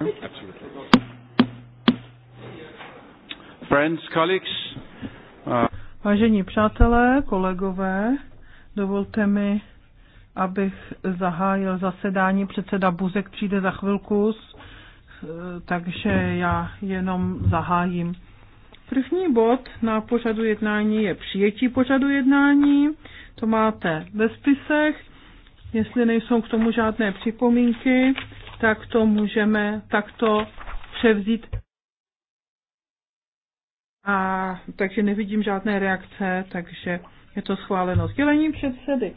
Absolutely. Friends, colleagues. Uh... Vážení přátelé, kolegové, dovolte mi, abych zahájil zasedání. Předseda Buzek přijde za chvilku, takže já jenom zahájím. První bod na pořadu jednání je přijetí pořadu jednání. To máte ve spisech. Jestli nejsou k tomu žádné připomínky, tak to můžeme takto převzít. A takže nevidím žádné reakce, takže je to schváleno sdělením předsedy.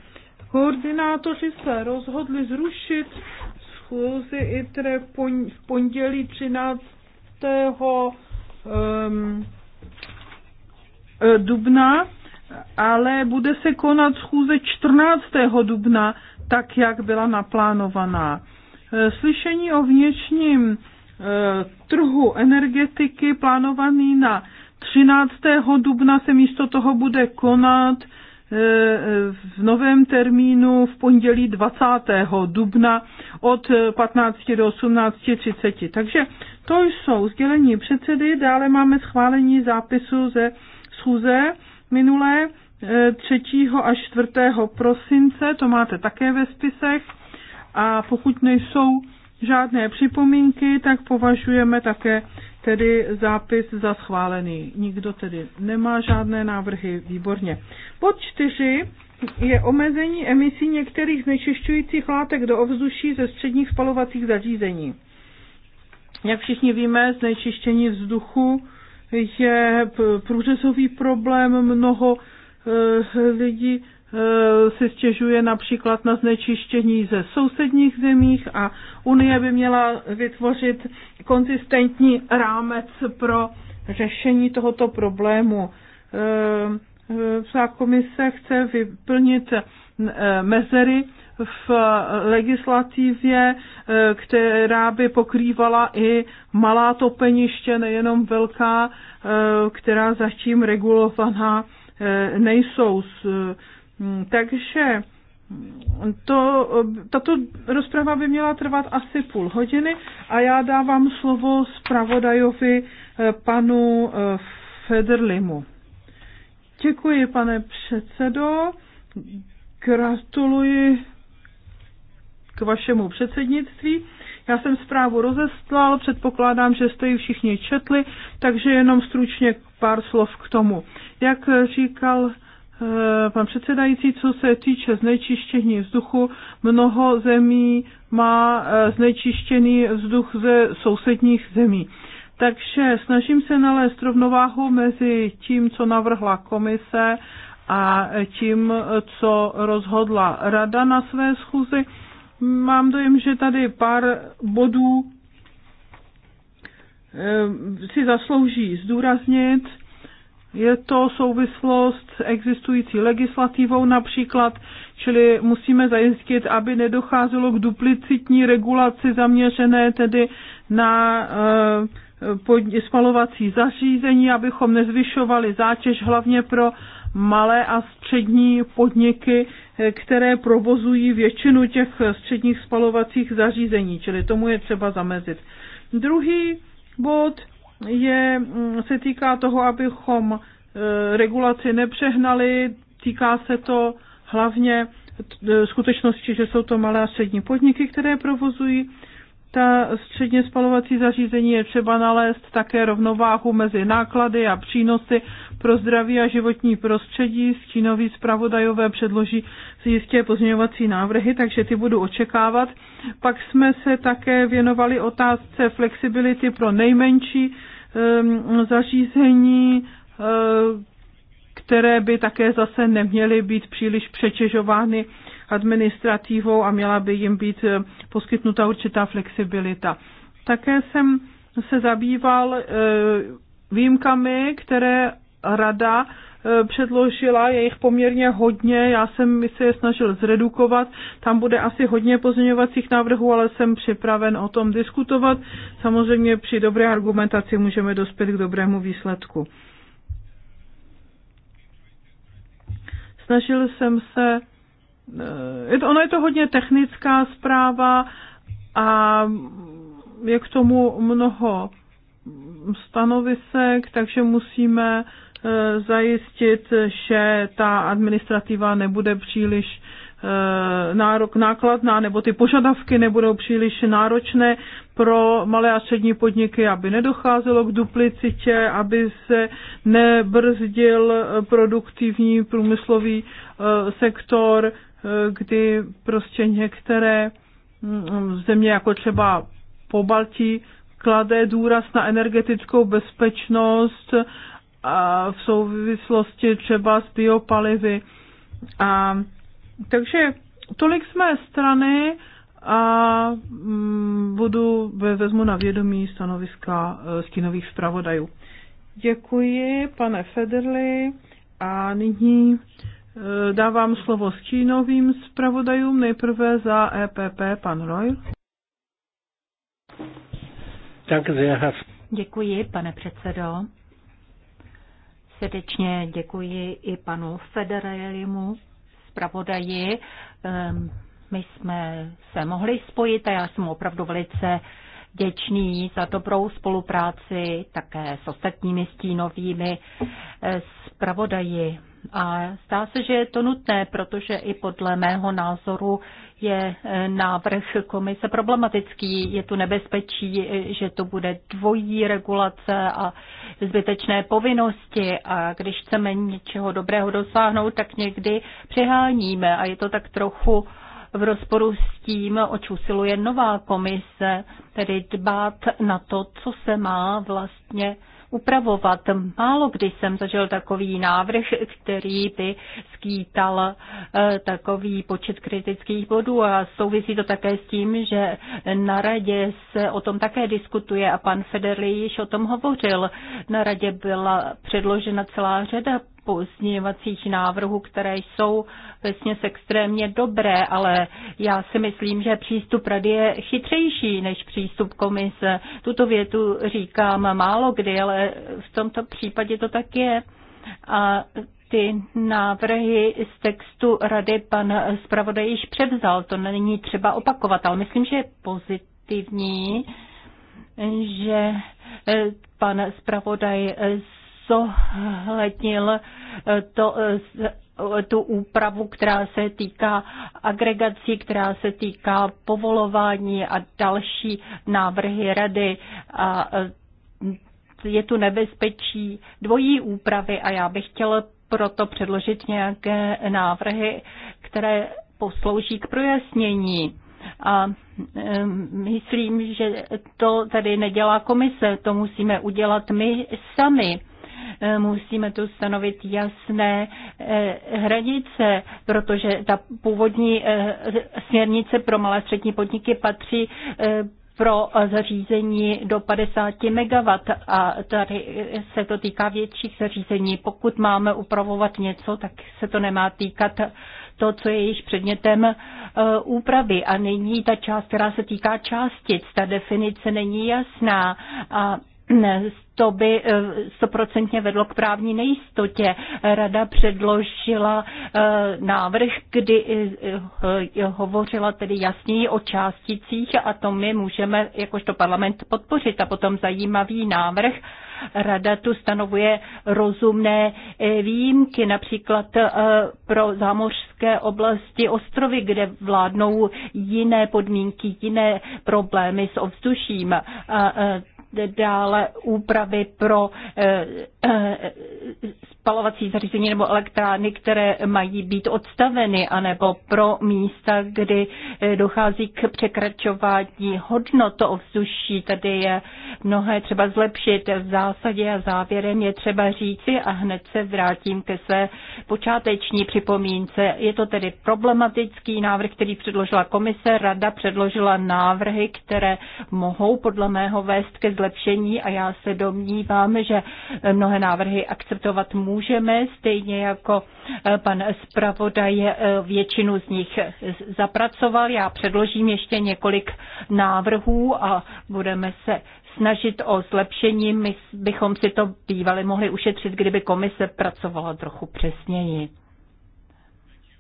Koordinátoři se rozhodli zrušit schůzi ITRE v pondělí 13. Um, ehm, e, dubna, ale bude se konat schůze 14. dubna, tak jak byla naplánovaná slyšení o vnitřním eh, trhu energetiky plánovaný na 13. dubna se místo toho bude konat eh, v novém termínu v pondělí 20. dubna od 15 do 18.30. Takže to jsou sdělení předsedy, dále máme schválení zápisu ze schůze minulé 3. až 4. prosince, to máte také ve spisech a pokud nejsou žádné připomínky, tak považujeme také tedy zápis za schválený. Nikdo tedy nemá žádné návrhy, výborně. Pod čtyři je omezení emisí některých znečišťujících látek do ovzduší ze středních spalovacích zařízení. Jak všichni víme, znečištění vzduchu je průřezový problém mnoho eh, lidí Eh, si stěžuje například na znečištění ze sousedních zemích a Unie by měla vytvořit konzistentní rámec pro řešení tohoto problému. Vsá eh, eh, komise chce vyplnit mezery v legislativě, která by pokrývala i malá topeniště, nejenom velká, která zatím regulovaná nejsou. Hmm, takže hmm, to, tato rozprava by měla trvat asi půl hodiny a já dávám slovo zpravodajovi eh, panu eh, Federlimu. Děkuji, pane předsedo. Gratuluji k vašemu předsednictví. Já jsem zprávu rozeslal, předpokládám, že jste ji všichni četli, takže jenom stručně pár slov k tomu. Jak říkal Eh, pan předsedající, co se týče znečištění vzduchu, mnoho zemí má eh, znečištěný vzduch ze sousedních zemí. Takže snažím se nalézt rovnováhu mezi tím, co navrhla komise a tím, co rozhodla rada na své schůzi. Mám dojem, že tady pár bodů eh, si zaslouží zdůraznit je to souvislost s existující legislativou například, čili musíme zajistit, aby nedocházelo k duplicitní regulaci zaměřené tedy na eh, spalovací zařízení, abychom nezvyšovali zátěž hlavně pro malé a střední podniky, eh, které provozují většinu těch středních spalovacích zařízení, čili tomu je třeba zamezit. Druhý bod je, mm, se týká toho, abychom e, regulaci nepřehnali, týká se to hlavně e, skutečnosti, že jsou to malé a střední podniky, které provozují ta středně spalovací zařízení je třeba nalézt také rovnováhu mezi náklady a přínosy pro zdraví a životní prostředí. Stínoví zpravodajové předloží jistě pozměňovací návrhy, takže ty budu očekávat. Pak jsme se také věnovali otázce flexibility pro nejmenší Ehm, zařízení, ehm, které by také zase neměly být příliš přečežovány administrativou a měla by jim být eh, poskytnuta určitá flexibilita. Také jsem se zabýval eh, výjimkami, které rada předložila, je jich poměrně hodně, já jsem se je snažil zredukovat, tam bude asi hodně pozměňovacích návrhů, ale jsem připraven o tom diskutovat. Samozřejmě při dobré argumentaci můžeme dospět k dobrému výsledku. Snažil jsem se, eh, ono je to hodně technická zpráva a je k tomu mnoho stanovisek, takže musíme Eh, zajistit, že ta administrativa nebude příliš eh, nárok nákladná, nebo ty požadavky nebudou příliš náročné pro malé a střední podniky, aby nedocházelo k duplicitě, aby se nebrzdil eh, produktivní průmyslový sektor, kdy prostě některé mm, země, jako třeba po Baltii, klade důraz na energetickou bezpečnost a v souvislosti třeba s biopalivy. A, takže tolik jsme strany a mm, budu, vezmu na vědomí stanoviska eh, stínových zpravodajů. Děkuji, pane Federli, a nyní eh, dávám slovo stínovým zpravodajům, nejprve za EPP, pan Roy. Tak Děkuji, pane předsedo. Srdečně děkuji i panu Federelimu, zpravodaji. Ehm, my jsme se mohli spojit a já jsem opravdu velice děčný za dobrou spolupráci také s ostatními stínovými eh, zpravodaji. A zdá se, že je to nutné, protože i podle mého názoru je eh, návrh komise problematický. Je tu nebezpečí, eh, že to bude dvojí regulace a zbytečné povinnosti. A když chceme něčeho dobrého dosáhnout, tak někdy přeháníme. A je to tak trochu v rozporu s tím, oč usiluje nová komise, tedy dbát na to, co se má vlastně upravovat. Málo kdy jsem zažil takový návrh, který by skýtal eh, takový počet kritických bodů a souvisí to také s tím, že na radě se o tom také diskutuje a pan Federli již o tom hovořil. Na radě byla předložena celá řada pozměňovacích návrhů, které jsou vesně extrémně dobré, ale já si myslím, že přístup rady je chytřejší než přístup komise. Tuto větu říkám málo kdy, ale v tomto případě to tak je. A ty návrhy z textu rady pan zpravodaj již převzal, to není třeba opakovat, ale myslím, že je pozitivní, že pan zpravodaj zohlednil eh, to, eh, eh, tu úpravu, která se týká agregací, která se týká povolování a další návrhy rady. A je tu nebezpečí dvojí úpravy a já bych chtěla proto předložit nějaké návrhy, které poslouží k projasnění. A myslím, že to tady nedělá komise, to musíme udělat my sami. Eh, musíme tu stanovit jasné eh, hranice, protože ta původní eh, směrnice pro malé střední podniky patří pro zařízení do 50 MW a tady se to týká větších zařízení. Pokud máme upravovat něco, tak se to nemá týkat to, co je již předmětem úpravy. A nyní ta část, která se týká částic, ta definice není jasná a to by eh, stoprocentně vedlo k právní nejistotě. Rada předložila eh, návrh, kdy eh, hovořila tedy jasněji o částicích a to my můžeme jakožto parlament podpořit. A potom zajímavý návrh. Rada tu stanovuje rozumné výjimky, například pro zámořské oblasti ostrovy, kde vládnou jiné podmínky, jiné problémy s ovzduším. A dále úpravy pro eh, eh, spalovací zařízení nebo elektrárny, které mají být odstaveny, anebo pro místa, kdy eh, dochází k překračování hodnot ovzduší. Tady je mnohé třeba zlepšit. V zásadě a závěrem je třeba říci a hned se vrátím ke své počáteční připomínce. Je to tedy problematický návrh, který předložila komise. Rada předložila návrhy, které mohou podle mého vést ke zlepšení a já se domnívám, že mnohé návrhy akceptovat můžu můžeme, stejně jako eh, pan zpravodaj eh, většinu z nich eh, zapracoval. Já předložím ještě několik návrhů a budeme se snažit o zlepšení. My bychom si to bývali mohli ušetřit, kdyby komise pracovala trochu přesněji.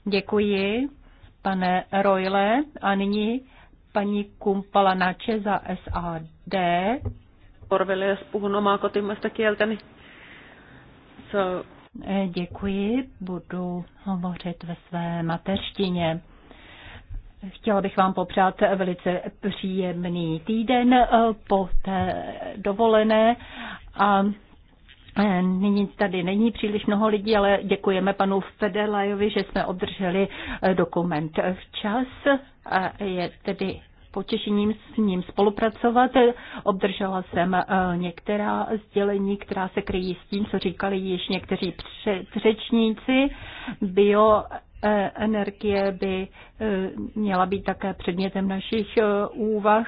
Děkuji, pane Royle. A nyní paní Kumpala Nače za SAD. Korvelies puhun omaa kotimaista kieltäni so... Eh, děkuji, budu hovořit ve své mateřtině. Chtěla bych vám popřát velice příjemný týden eh, po té dovolené a eh, Nyní tady není příliš mnoho lidí, ale děkujeme panu Fedelajovi, že jsme obdrželi dokument včas. A je tedy potěšením s ním spolupracovat. Obdržela jsem eh, některá sdělení, která se kryjí s tím, co říkali již někteří předřečníci. Bio eh, energie by eh, měla být také předmětem našich úvah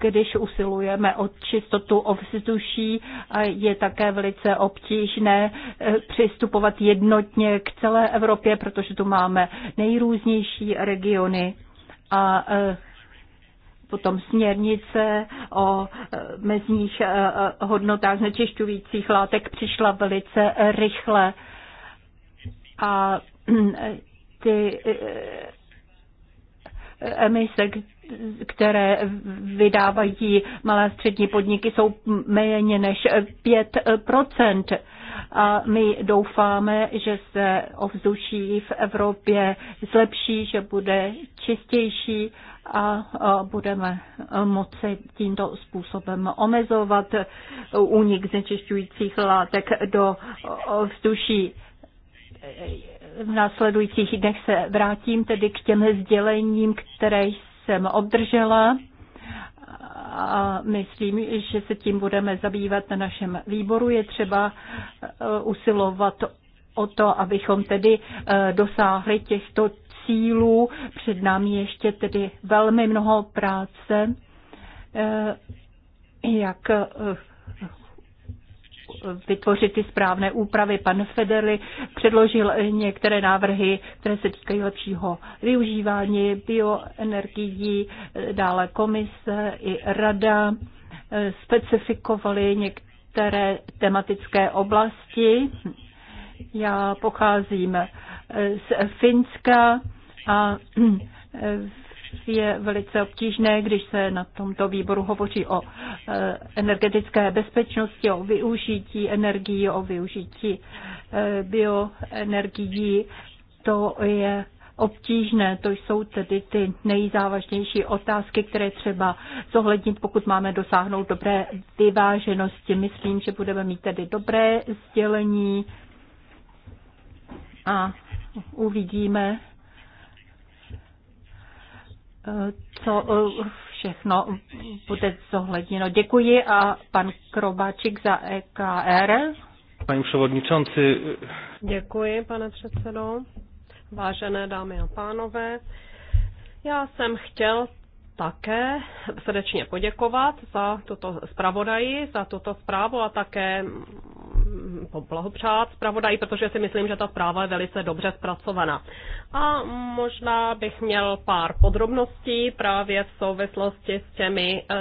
když usilujeme o čistotu ovzduší a je také velice obtížné přistupovat jednotně k celé Evropě, protože tu máme nejrůznější regiony a potom směrnice o e, mezních e, e, hodnotách znečišťujících látek přišla velice rychle. A mm, ty emise, které vydávají malé a střední podniky, jsou méně než 5 a my doufáme, že se ovzduší v Evropě zlepší, že bude čistější a budeme e, moci tímto způsobem omezovat e, únik znečišťujících látek do e, vzduší. V následujících dnech se vrátím tedy k těm sdělením, které jsem obdržela a myslím, že se tím budeme zabývat na našem výboru. Je třeba usilovat o to, abychom tedy dosáhli těchto cílů. Před námi ještě tedy velmi mnoho práce, eh, jak eh, vytvořit ty správné úpravy. Pan Federli předložil některé návrhy, které se týkají lepšího využívání bioenergií, dále komise i rada eh, specifikovali některé tematické oblasti, já pocházím z Finska a je velice obtížné, když se na tomto výboru hovoří o eh, energetické bezpečnosti, o využití energií, o využití eh, bioenergií. To je obtížné, to jsou tedy ty nejzávažnější otázky, které třeba zohlednit, pokud máme dosáhnout dobré vyváženosti. Myslím, že budeme mít tedy dobré sdělení a uvidíme, co všechno bude zohledněno. Děkuji a pan Krobáčik za EKR. Pani przewodniczący. Děkuji, pane předsedo. Vážené dámy a pánové, já jsem chtěl také srdečně poděkovat za tuto zpravodaji, za tuto zprávu a také poblahopřát zpravodají, protože si myslím, že ta zpráva je velice dobře zpracovaná. A možná bych měl pár podrobností právě v souvislosti s těmi eh,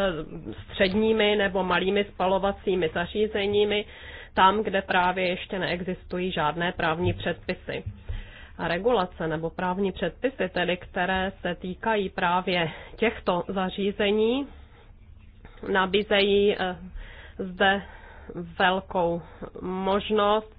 středními nebo malými spalovacími zařízeními, tam, kde právě ještě neexistují žádné právní předpisy. A regulace nebo právní předpisy, tedy které se týkají právě těchto zařízení, nabízejí eh, zde velkou možnost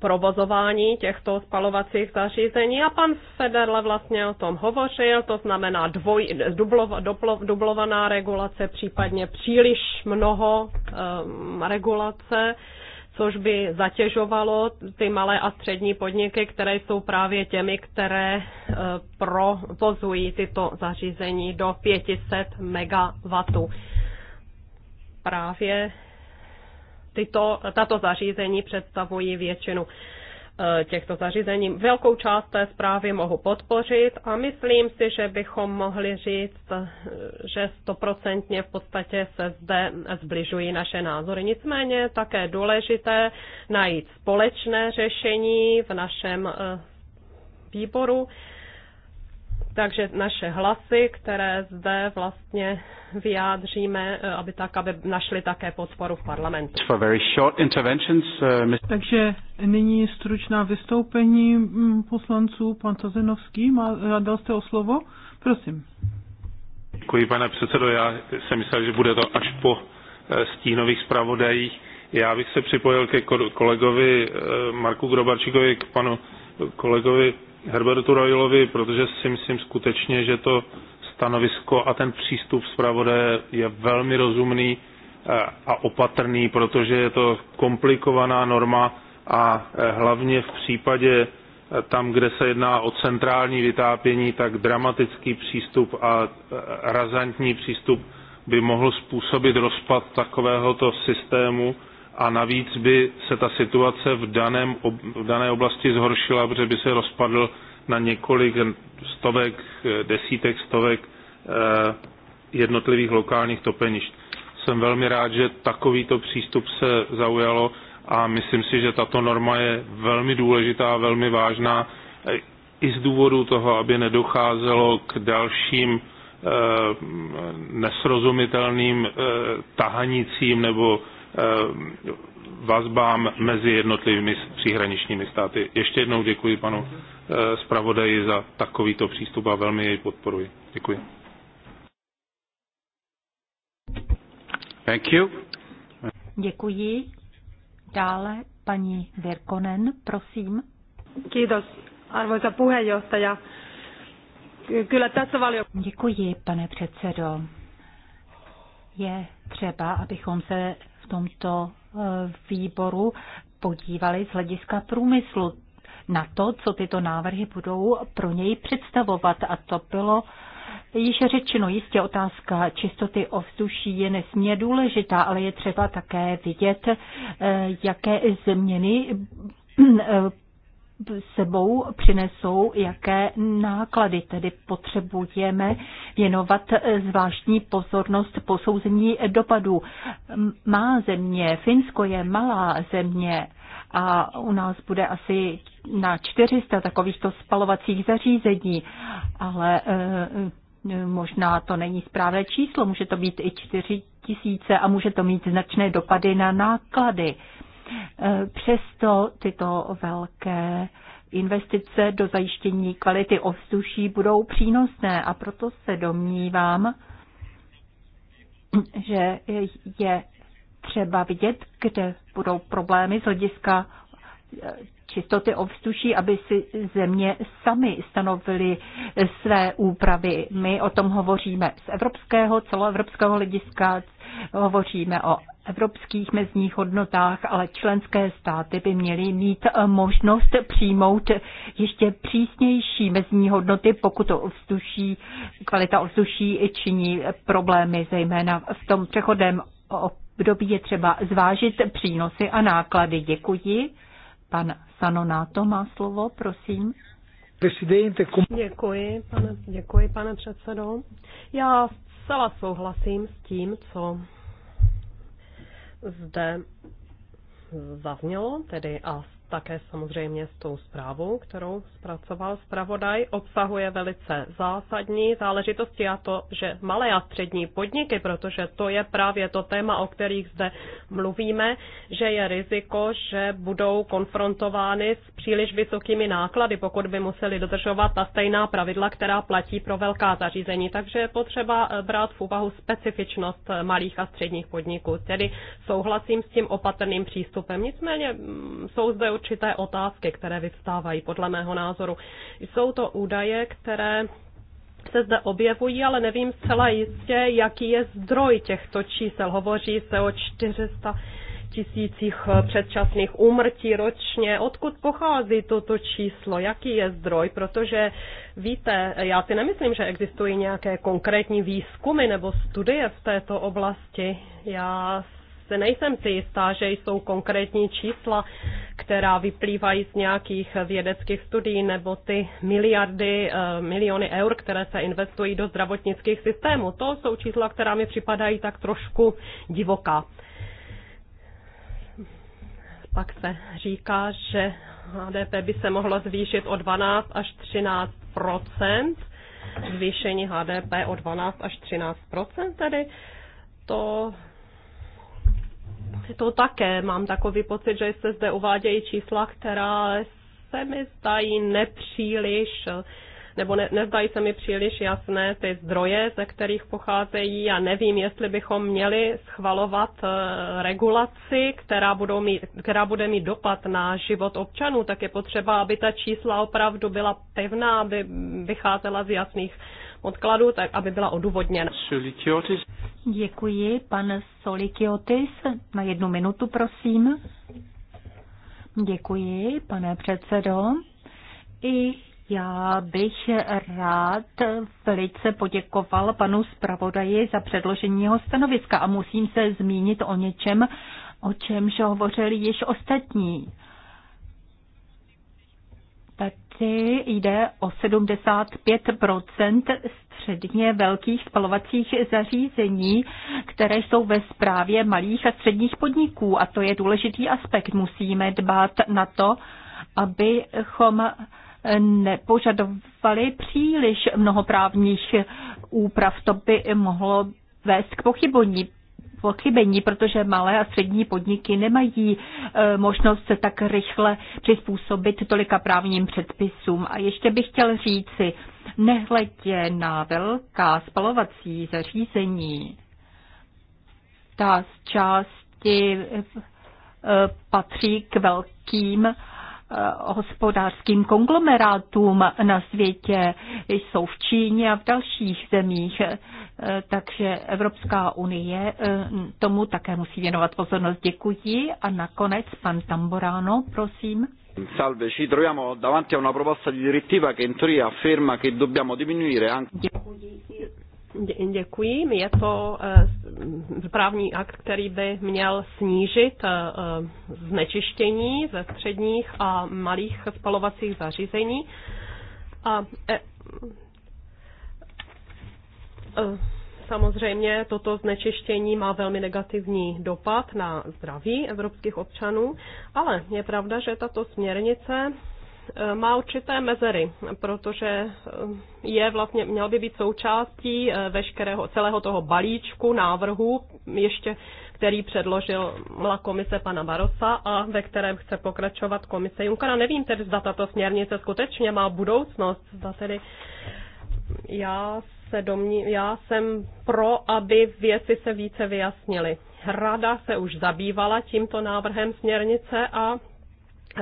provozování těchto spalovacích zařízení a pan Federle vlastně o tom hovořil, to znamená dvoj, dublova, dublo, dublovaná regulace, případně příliš mnoho um, regulace, což by zatěžovalo ty malé a střední podniky, které jsou právě těmi, které uh, provozují tyto zařízení do 500 MW právě tyto, tato zařízení představují většinu eh, těchto zařízení. Velkou část té zprávy mohu podpořit a myslím si, že bychom mohli říct, eh, že stoprocentně v podstatě se zde zbližují naše názory. Nicméně také důležité najít společné řešení v našem eh, výboru takže naše hlasy, které zde vlastně vyjádříme, eh, aby tak, aby našli také podporu v parlamentu. Uh, Takže nyní stručná vystoupení mm, poslanců. Pan Cazenovský, má, dal jste o slovo? Prosím. Děkuji, pane předsedo. Já jsem myslel, že bude to až po eh, stínových zpravodajích. Já bych se připojil ke kolegovi eh, Marku Grobarčíkovi, k panu kolegovi Herbertu Royalovi, protože si myslím skutečně, že to stanovisko a ten přístup zpravodaje je velmi rozumný eh, a opatrný, protože je to komplikovaná norma a eh, hlavně v případě eh, tam, kde se jedná o centrální vytápění, tak dramatický přístup a razantní přístup by mohl způsobit rozpad takovéhoto systému a navíc by se ta situace v, daném, v dané oblasti zhoršila, protože by se rozpadl na několik stovek, desítek stovek eh, jednotlivých lokálních topenišť. Jsem velmi rád, že takovýto přístup se zaujalo a myslím si, že tato norma je velmi důležitá, velmi vážná eh, i z důvodu toho, aby nedocházelo k dalším eh, nesrozumitelným tahanicím nebo Eh, vazbám mezi jednotlivými příhraničními státy. Ještě jednou děkuji panu eh, zpravodaji za takovýto přístup a velmi jej podporuji. Děkuji. Thank you. Děkuji. Dále paní Virkonen, prosím. Kiitos, arvoisa puheenjohtaja. Kyllä tässä valio... Děkuji, pane předsedo. Je třeba, abychom se v tomto e, výboru podívali z hlediska průmyslu na to, co tyto návrhy budou pro něj představovat. A to bylo již řečeno, jistě otázka čistoty ovzduší je nesmírně důležitá, ale je třeba také vidět, e, jaké změny e, sebou přinesou jaké náklady. Tedy potřebujeme věnovat eh, zvláštní pozornost posouzení dopadů. Má země, Finsko je malá země a u nás bude asi na 400 takovýchto spalovacích zařízení, ale eh, eh, možná to není správné číslo, může to být i 4 tisíce a může to mít značné dopady na náklady. Eh, přesto tyto velké investice do zajištění kvality ovzduší budou přínosné a proto se domnívám, že je třeba vidět, kde budou problémy z hlediska eh, čistoty ovzduší, aby si země sami stanovily své úpravy. My o tom hovoříme z evropského, celoevropského hlediska, hovoříme o evropských mezních hodnotách, ale členské státy by měly mít možnost přijmout ještě přísnější mezní hodnoty, pokud to ovzduší, kvalita ovzduší činí problémy, zejména v tom přechodem období je třeba zvážit přínosy a náklady. Děkuji. Pan to má slovo, prosím. Děkuji, pane, děkuji, pane předsedo. Já zcela souhlasím s tím, co zde zaznělo, tedy a také samozřejmě s tou zprávou, kterou zpracoval zpravodaj, obsahuje velice zásadní záležitosti a to, že malé a střední podniky, protože to je právě to téma, o kterých zde mluvíme, že je riziko, že budou konfrontovány s příliš vysokými náklady, pokud by museli dodržovat ta stejná pravidla, která platí pro velká zařízení. Takže je potřeba eh, brát v úvahu specifičnost eh, malých a středních podniků. Tedy souhlasím s tím opatrným přístupem. Nicméně mm, jsou zde určité otázky, které vyvstávají podle mého názoru. Jsou to údaje, které se zde objevují, ale nevím zcela jistě, jaký je zdroj těchto čísel. Hovoří se o 400 tisících předčasných úmrtí ročně. Odkud pochází toto číslo? Jaký je zdroj? Protože víte, já si nemyslím, že existují nějaké konkrétní výzkumy nebo studie v této oblasti. Já se nejsem si jistá, že jsou konkrétní čísla, která vyplývají z nějakých vědeckých studií nebo ty miliardy, eh, miliony eur, které se investují do zdravotnických systémů. To jsou čísla, která mi připadají tak trošku divoká. Pak se říká, že HDP by se mohlo zvýšit o 12 až 13 zvýšení HDP o 12 až 13 tedy. To to také mám takový pocit, že se zde uvádějí čísla, která se mi zdají nepříliš nebo ne, nezdají se mi příliš jasné ty zdroje, ze kterých pocházejí a nevím, jestli bychom měli schvalovat eh, regulaci, která, budou mít, která bude mít dopad na život občanů, tak je potřeba, aby ta čísla opravdu byla pevná, aby vycházela z jasných podkladu, tak aby byla odůvodněna. Děkuji, pan Solikiotis. Na jednu minutu, prosím. Děkuji, pane předsedo. I já bych rád velice poděkoval panu zpravodaji za předložení jeho stanoviska a musím se zmínit o něčem, o čemž hovořili již ostatní. Tady jde o 75 středně velkých spalovacích zařízení, které jsou ve správě malých a středních podniků. A to je důležitý aspekt. Musíme dbát na to, abychom nepožadovali příliš mnoho právních úprav. To by mohlo vést k pochybení pochybení, protože malé a střední podniky nemají e, možnost se tak rychle přizpůsobit tolika právním předpisům. A ještě bych chtěl říci, nehledě na velká spalovací zařízení, ta z části e, patří k velkým Eh, hospodářským konglomerátům na světě, jsou v Číně a v dalších zemích. Eh, takže Evropská unie eh, tomu také musí věnovat pozornost. Děkuji. A nakonec pan Tamborano, prosím. Salve, ci troviamo davanti a una proposta di direttiva che in teoria afferma che dobbiamo diminuire anche... Děkuji. Je to eh, právní akt, který by měl snížit eh, eh, znečištění ze středních a malých spalovacích zařízení. A samozřejmě toto znečištění má velmi negativní dopad na zdraví evropských občanů, ale je pravda, že tato směrnice Eh, má určité mezery, protože eh, je vlastně, měl by být součástí eh, veškerého celého toho balíčku návrhu, ještě, který předložila komise pana Barosa a ve kterém chce pokračovat komise Junkara. Nevím tedy, zda tato směrnice skutečně má budoucnost, zda tedy já se domní, já jsem pro, aby věci se více vyjasnily. Rada se už zabývala tímto návrhem směrnice a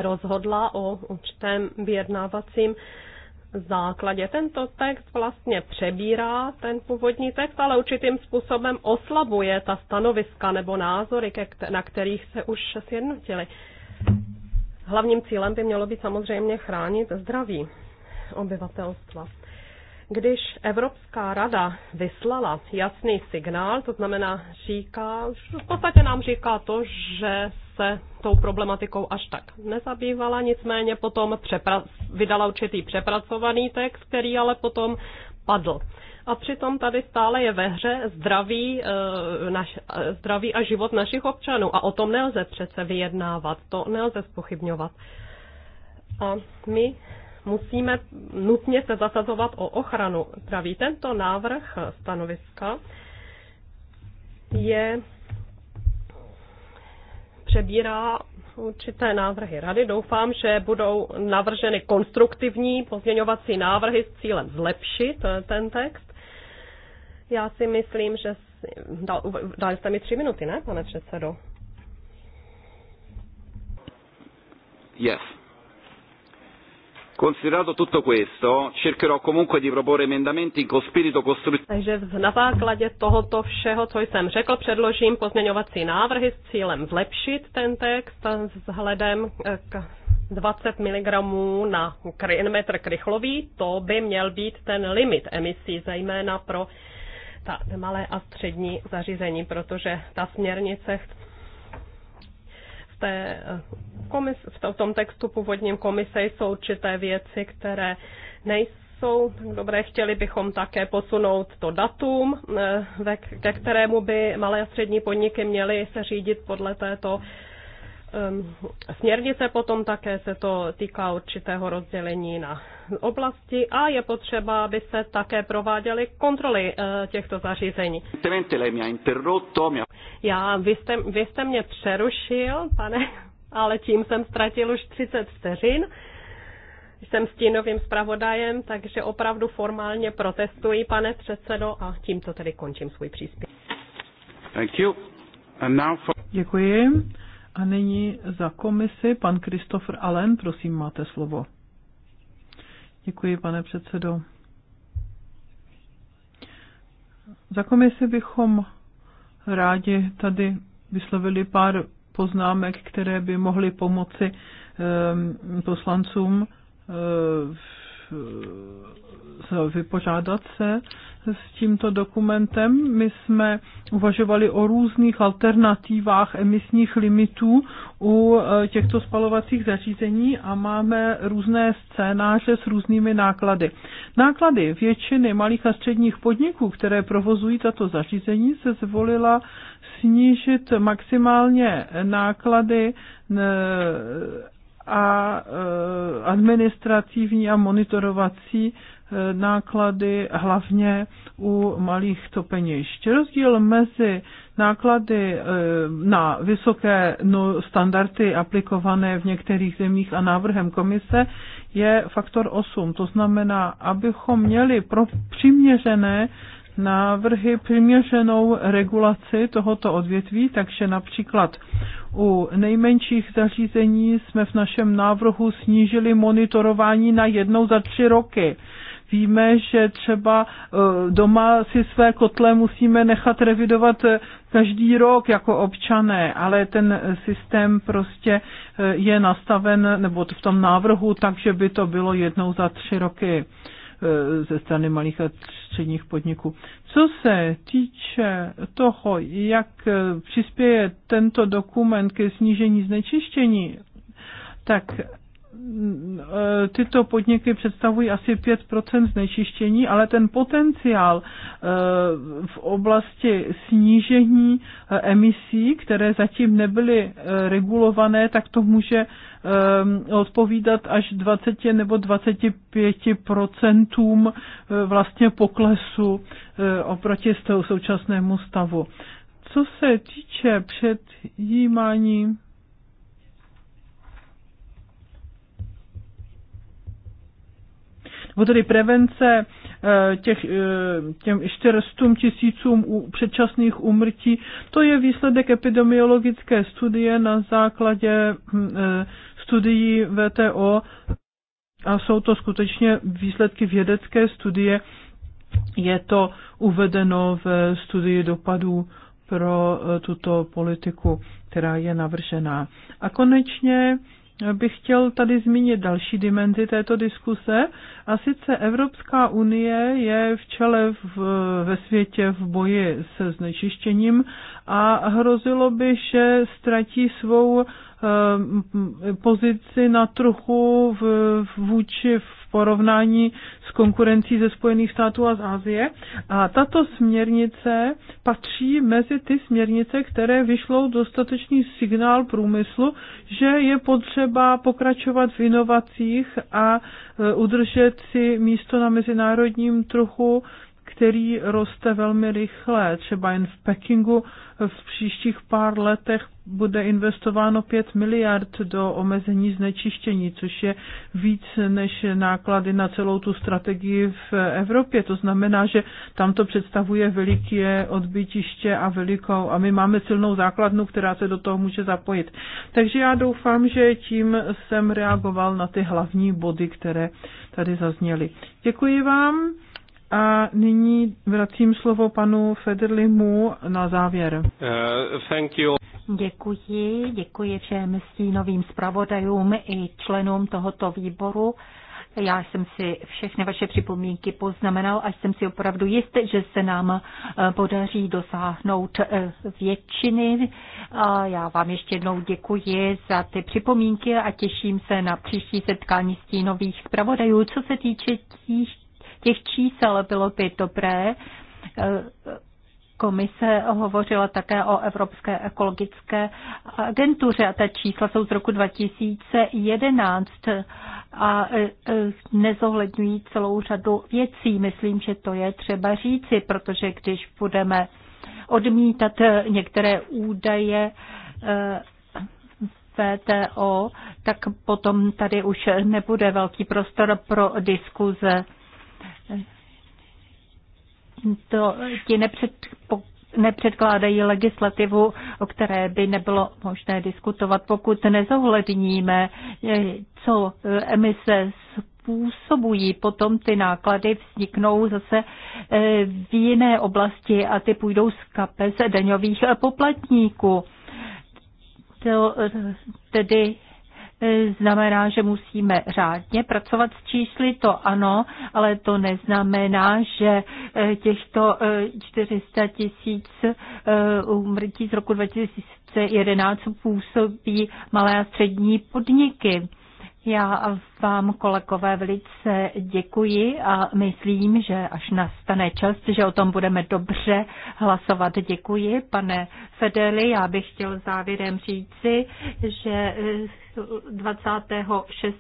rozhodla o určitém vyjednávacím základě. Tento text vlastně přebírá ten původní text, ale určitým způsobem oslabuje ta stanoviska nebo názory, na kterých se už sjednotili. Hlavním cílem by mělo být samozřejmě chránit zdraví obyvatelstva. Když Evropská rada vyslala jasný signál, to znamená, říká, v podstatě nám říká to, že se tou problematikou až tak nezabývala, nicméně potom vydala určitý přepracovaný text, který ale potom padl. A přitom tady stále je ve hře zdraví, eh, naš, eh, zdraví a život našich občanů. A o tom nelze přece vyjednávat, to nelze spochybňovat. A my musíme nutně se zasazovat o ochranu zdraví. Tento návrh stanoviska je přebírá určité návrhy rady. Doufám, že budou navrženy konstruktivní pozměňovací návrhy s cílem zlepšit eh, ten text. Já si myslím, že dal, dali jste mi tři minuty, ne, pane předsedo? Yes. Considerato tutto questo, cercherò comunque di proporre emendamenti con spirito costruttivo. Takže na základě tohoto všeho, co jsem řekl, předložím pozměňovací návrhy s cílem zlepšit ten text s hledem eh, k 20 mg na metr krychlový. To by měl být ten limit emisí, zejména pro ta malé a střední zařízení, protože ta směrnice chce v, té komis, v tom textu původním komise jsou určité věci, které nejsou dobré. Chtěli bychom také posunout to datum, eh, ke kterému by malé a střední podniky měly se řídit podle této ehm, směrnice. Potom také se to týká určitého rozdělení na oblasti a je potřeba, aby se také prováděly kontroly eh, těchto zařízení. Já, vy jste, vy jste mě přerušil, pane, ale tím jsem ztratil už 30 vteřin jsem stínovým zpravodajem, takže opravdu formálně protestuji, pane předsedo, a tímto tedy končím svůj příspěvek. for... Děkuji. A nyní za komisi pan Christopher Allen, prosím, máte slovo. Děkuji, pane předsedo. Za komisi bychom rádi tady vyslovili pár poznámek, které by mohly pomoci ehm, poslancům eh, vypořádat se s tímto dokumentem. My jsme uvažovali o různých alternativách emisních limitů u e, těchto spalovacích zařízení a máme různé scénáře s různými náklady. Náklady většiny malých a středních podniků, které provozují tato zařízení, se zvolila snížit maximálně náklady e, a e, administrativní a monitorovací Eh, náklady hlavně u malých topenišť. Rozdíl mezi náklady eh, na vysoké no, standardy aplikované v některých zemích a návrhem komise je faktor 8. To znamená, abychom měli pro přiměřené návrhy přiměřenou regulaci tohoto odvětví, takže například u nejmenších zařízení jsme v našem návrhu snížili monitorování na jednou za tři roky Víme, že třeba eh, doma si své kotle musíme nechat revidovat eh, každý rok jako občané, ale ten systém prostě eh, je nastaven, nebo v tom návrhu, takže by to bylo jednou za tři roky ze strany malých a středních podniků. Co se týče toho, jak přispěje tento dokument ke snížení znečištění, tak E, tyto podniky představují asi 5 znečištění, ale ten potenciál e, v oblasti snížení e, emisí, které zatím nebyly regulované, tak to může odpovídat až 20 nebo 25 vlastně poklesu oproti současnému stavu. Co se týče předjímání nebo tedy prevence eh, těch, eh, těm 400 tisícům předčasných úmrtí. To je výsledek epidemiologické studie na základě hm, eh, studií VTO a jsou to skutečně výsledky vědecké studie. Je to uvedeno v studii dopadů pro tuto politiku, která je navržená. A konečně bych chtěl tady zmínit další dimenzi této diskuse, a sice Evropská unie je v čele v, ve světě v boji se znečištěním a hrozilo by, že ztratí svou eh, pozici na trochu v, vůči v porovnání s konkurencí ze Spojených států a z Asie. A tato směrnice patří mezi ty směrnice, které vyšlou dostatečný signál průmyslu, že je potřeba pokračovat v inovacích a e, udržet si místo na mezinárodním trhu který roste velmi rychle. Třeba jen v Pekingu v příštích pár letech bude investováno 5 miliard do omezení znečištění, což je víc než náklady na celou tu strategii v Evropě. To znamená, že tam to představuje veliké odbytiště a velikou a my máme silnou základnu, která se do toho může zapojit. Takže já doufám, že tím jsem reagoval na ty hlavní body, které tady zazněly. Děkuji vám. A nyní vracím slovo panu Federlimu na závěr. Uh, thank you. Děkuji, děkuji všem stínovým zpravodajům i členům tohoto výboru. Já jsem si všechny vaše připomínky poznamenal a jsem si opravdu jist, že se nám uh, podaří dosáhnout uh, většiny. A já vám ještě jednou děkuji za ty připomínky a těším se na příští setkání stínových zpravodajů. Co se týče těch těch čísel bylo by dobré. E, komise hovořila také o Evropské ekologické agentuře a ta čísla jsou z roku 2011 a e, e, nezohledňují celou řadu věcí. Myslím, že to je třeba říci, protože když budeme odmítat některé údaje VTO, tak potom tady už nebude velký prostor pro diskuze. To ti nepředpo, nepředkládají legislativu, o které by nebylo možné diskutovat, pokud nezohledníme, co e, emise způsobují. Potom ty náklady vzniknou zase e, v jiné oblasti a ty půjdou z kapes daňových poplatníků. To e, tedy E, znamená, že musíme řádně pracovat s čísly, to ano, ale to neznamená, že e, těchto 400 e, tisíc úmrtí z roku 2011 působí malé a střední podniky. Já vám, kolegové, velice děkuji a myslím, že až nastane čas, že o tom budeme dobře hlasovat. Děkuji, pane Fedeli. Já bych chtěl závěrem říci, že 26.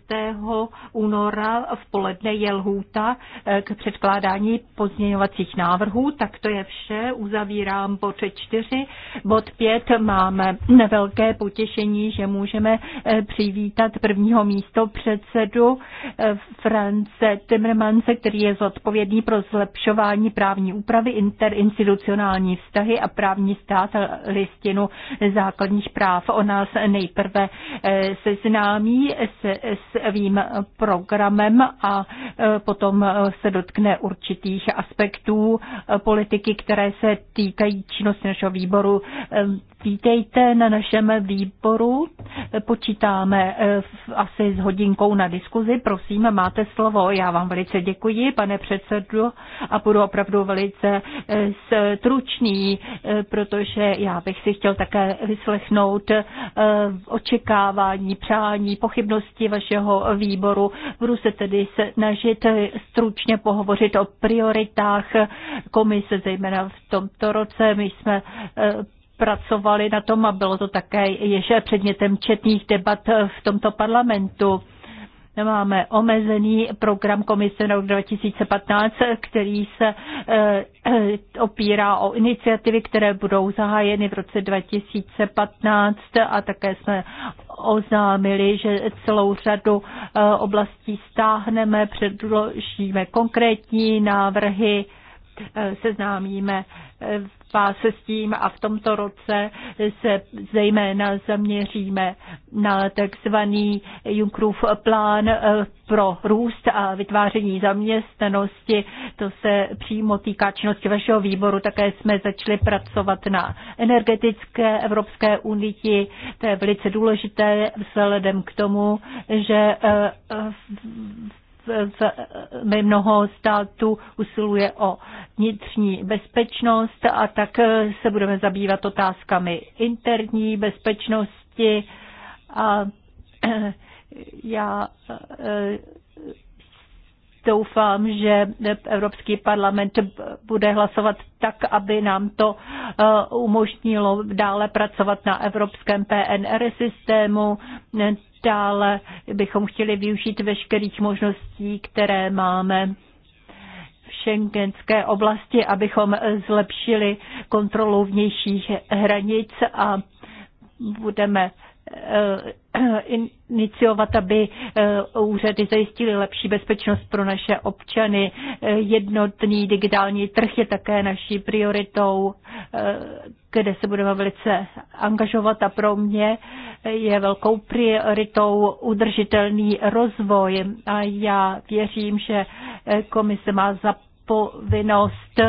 února v poledne je lhůta eh, k předkládání pozměňovacích návrhů. Tak to je vše. Uzavírám počet 4. Bod 5 máme velké potěšení, že můžeme eh, přivítat prvního místo předsedu eh, France Timmermanse, který je zodpovědný pro zlepšování právní úpravy, interinstitucionální vztahy a právní stát listinu základních práv. O nás nejprve seznámí s svým programem a e, potom se dotkne určitých aspektů e, politiky, které se týkají činnosti našeho výboru e, vítejte na našem výboru. Počítáme eh, asi s hodinkou na diskuzi. Prosím, máte slovo. Já vám velice děkuji, pane předsedu, a budu opravdu velice eh, stručný, eh, protože já bych si chtěl také vyslechnout očekávání, přání, pochybnosti vašeho výboru. Budu se tedy snažit stručně pohovořit o prioritách komise, zejména v tomto roce. My jsme pracovali na tom a bylo to také ještě předmětem četných debat v tomto parlamentu. Máme omezený program komise na rok 2015, který se eh, opírá o iniciativy, které budou zahájeny v roce 2015 a také jsme oznámili, že celou řadu eh, oblastí stáhneme, předložíme konkrétní návrhy Eh, seznámíme eh, vás se s tím a v tomto roce se zejména zaměříme na takzvaný Junckerův plán eh, pro růst a vytváření zaměstnanosti. To se přímo týká činnosti vašeho výboru. Také jsme začali pracovat na energetické Evropské unii. To je velice důležité vzhledem k tomu, že v v mnoho států usiluje o vnitřní bezpečnost a tak se budeme zabývat otázkami interní bezpečnosti a já doufám, že Evropský parlament bude hlasovat tak, aby nám to eh, umožnilo dále pracovat na evropském PNR systému. Dále bychom chtěli využít veškerých možností, které máme v šengenské oblasti, abychom zlepšili kontrolu vnějších hranic a budeme Eh, iniciovat, aby eh, úřady zajistily lepší bezpečnost pro naše občany. Eh, jednotný digitální trh je také naší prioritou, kde se budeme velice angažovat a pro mě je velkou prioritou udržitelný rozvoj. A já věřím, že komise má za povinnost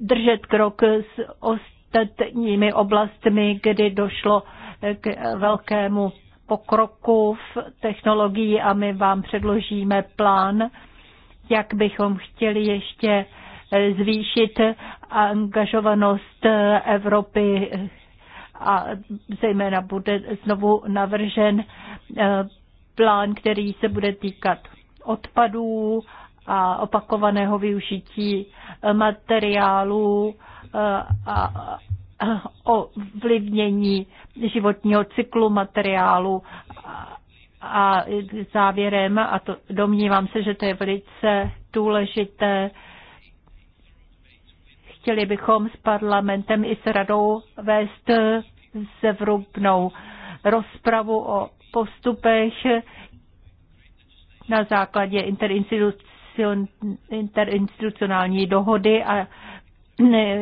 držet krok s ostatními ostatními oblastmi, kdy došlo k velkému pokroku v technologii a my vám předložíme plán, jak bychom chtěli ještě zvýšit angažovanost Evropy a zejména bude znovu navržen eh, plán, který se bude týkat odpadů a opakovaného využití materiálů a ovlivnění životního cyklu materiálu a závěrem, a to domnívám se, že to je velice důležité, chtěli bychom s parlamentem i s radou vést zevrubnou rozpravu o postupech na základě interinstitucionální dohody a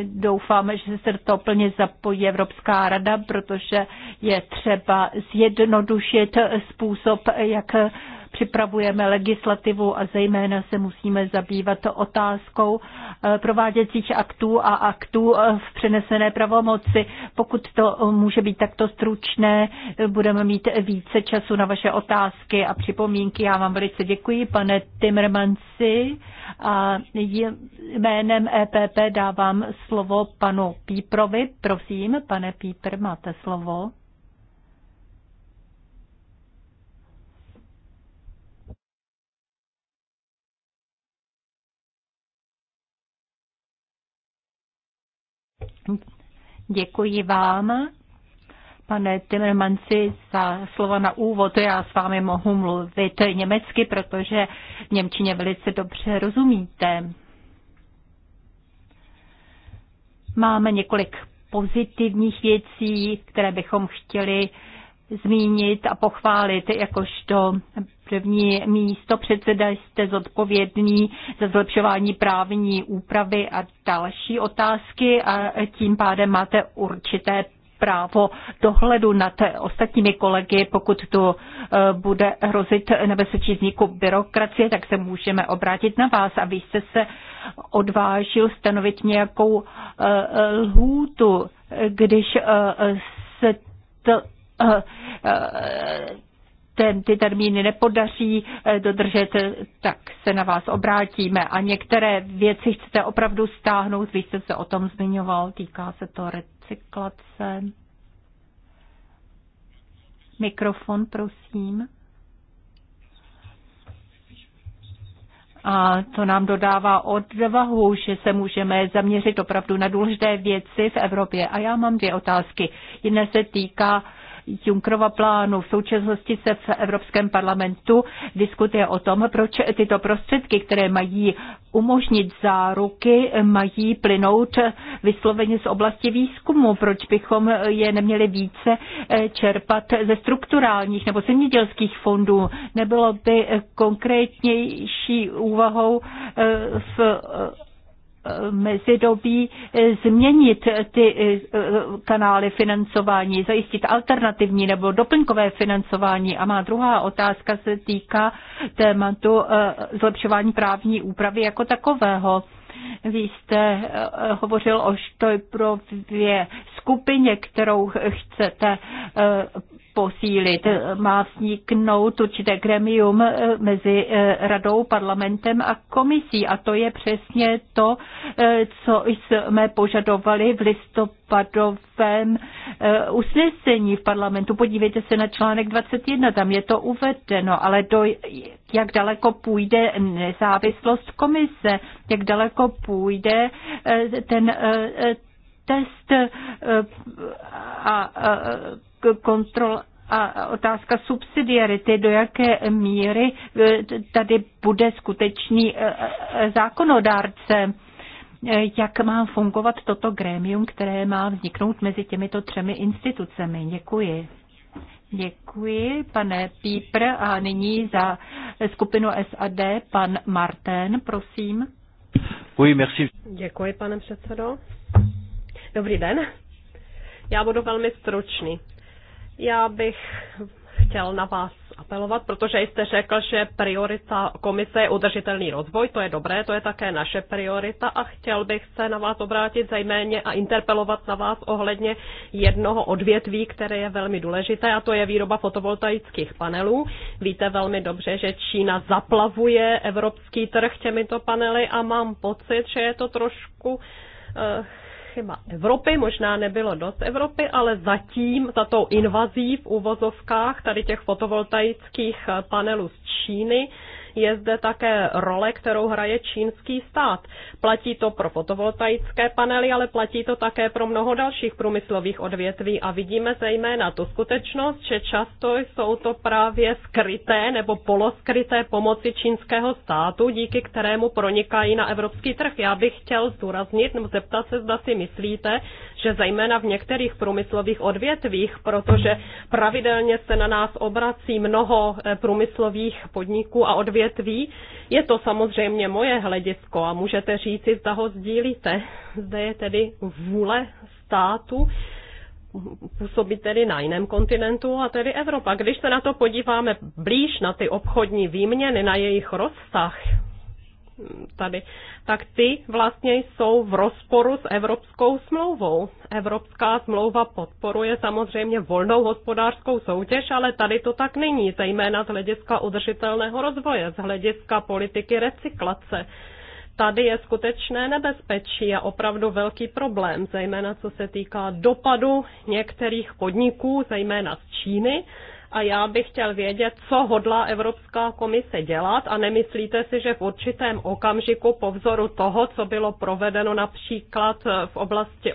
Doufáme, že se to plně zapojí Evropská rada, protože je třeba zjednodušit způsob, jak připravujeme legislativu a zejména se musíme zabývat otázkou eh, prováděcích aktů a aktů eh, v přenesené pravomoci. Pokud to může být takto stručné, eh, budeme mít více času na vaše otázky a připomínky. Já vám velice děkuji, pane Timmermansi. A jménem EPP dávám slovo panu Píprovi. Prosím, pane Píper, máte slovo. Děkuji vám, pane Timmermansi, za slova na úvod. Já s vámi mohu mluvit německy, protože v Němčině velice dobře rozumíte. Máme několik pozitivních věcí, které bychom chtěli uh, zmínit a pochválit, jakožto první místo předseda jste zodpovědný za zlepšování právní úpravy a další otázky a tím pádem máte určité právo dohledu nad ostatními kolegy, pokud tu eh, bude hrozit nebezpečí vzniku byrokracie, tak se můžeme obrátit na vás. A vy jste se odvážil stanovit nějakou eh, lhůtu, když eh, se to Eh, eh, ten, ty termíny nepodaří eh, dodržet, tak se na vás obrátíme. A některé věci chcete opravdu stáhnout, vy jste se o tom zmiňoval, týká se to recyklace. Mikrofon, prosím. A to nám dodává odvahu, že se můžeme zaměřit opravdu na důležité věci v Evropě. A já mám dvě otázky. Jedna se týká Junkrova plánu. V současnosti se v Evropském parlamentu diskutuje o tom, proč tyto prostředky, které mají umožnit záruky, mají plynout vysloveně z oblasti výzkumu. Proč bychom je neměli více eh, čerpat ze strukturálních nebo zemědělských fondů? Nebylo by konkrétnější úvahou eh, v eh, mezidobí eh, změnit ty eh, eh, kanály financování, zajistit alternativní nebo doplňkové financování. A má druhá otázka se týká tématu zlepšování právní úpravy jako takového. Vy jste hovořil o Štojprově skupině, kterou chcete posílit. Má vzniknout určité gremium eh, mezi eh, radou, parlamentem a komisí. A to je přesně to, eh, co jsme požadovali v listopadovém usnesení v parlamentu. Podívejte se na článek 21, tam je to uvedeno, ale do, jak daleko půjde nezávislost komise, jak daleko půjde ten test a kontrol a otázka subsidiarity, do jaké míry eh, tady bude skutečný eh, eh, zákonodárce. Jak má fungovat toto grémium, které má vzniknout mezi těmito třemi institucemi? Děkuji. Děkuji, pane Pípr. A nyní za skupinu SAD pan Martin, prosím. Oui, merci. Děkuji, pane předsedo. Dobrý den. Já budu velmi stručný. Já bych chtěl na vás apelovat, protože jste řekl, že priorita komise je udržitelný rozvoj, to je dobré, to je také naše priorita a chtěl bych se na vás obrátit zejména a interpelovat na vás ohledně jednoho odvětví, které je velmi důležité a to je výroba fotovoltaických panelů. Víte velmi dobře, že Čína zaplavuje evropský trh těmito panely a mám pocit, že je to trošku eh, chyba Evropy, možná nebylo dost Evropy, ale zatím za tou invazí v uvozovkách tady těch fotovoltaických panelů z Číny je zde také role, kterou hraje čínský stát. Platí to pro fotovoltaické panely, ale platí to také pro mnoho dalších průmyslových odvětví a vidíme zejména tu skutečnost, že často jsou to právě skryté nebo poloskryté pomoci čínského státu, díky kterému pronikají na evropský trh. Já bych chtěl zdůraznit nebo zeptat se, zda si myslíte, že zejména v některých průmyslových odvětvích, protože pravidelně se na nás obrací mnoho eh, průmyslových podniků a odvětví, odvětví. Je to samozřejmě moje hledisko a můžete říci, zda ho sdílíte. Zde je tedy vůle státu působí tedy na jiném kontinentu a tedy Evropa. Když se na to podíváme blíž na ty obchodní výměny, na jejich rozsah, tady, tak ty vlastně jsou v rozporu s Evropskou smlouvou. Evropská smlouva podporuje samozřejmě volnou hospodářskou soutěž, ale tady to tak není, zejména z hlediska udržitelného rozvoje, z hlediska politiky recyklace. Tady je skutečné nebezpečí a opravdu velký problém, zejména co se týká dopadu některých podniků, zejména z Číny, a já bych chtěl vědět, co hodlá Evropská komise dělat a nemyslíte si, že v určitém okamžiku po vzoru toho, co bylo provedeno například eh, v oblasti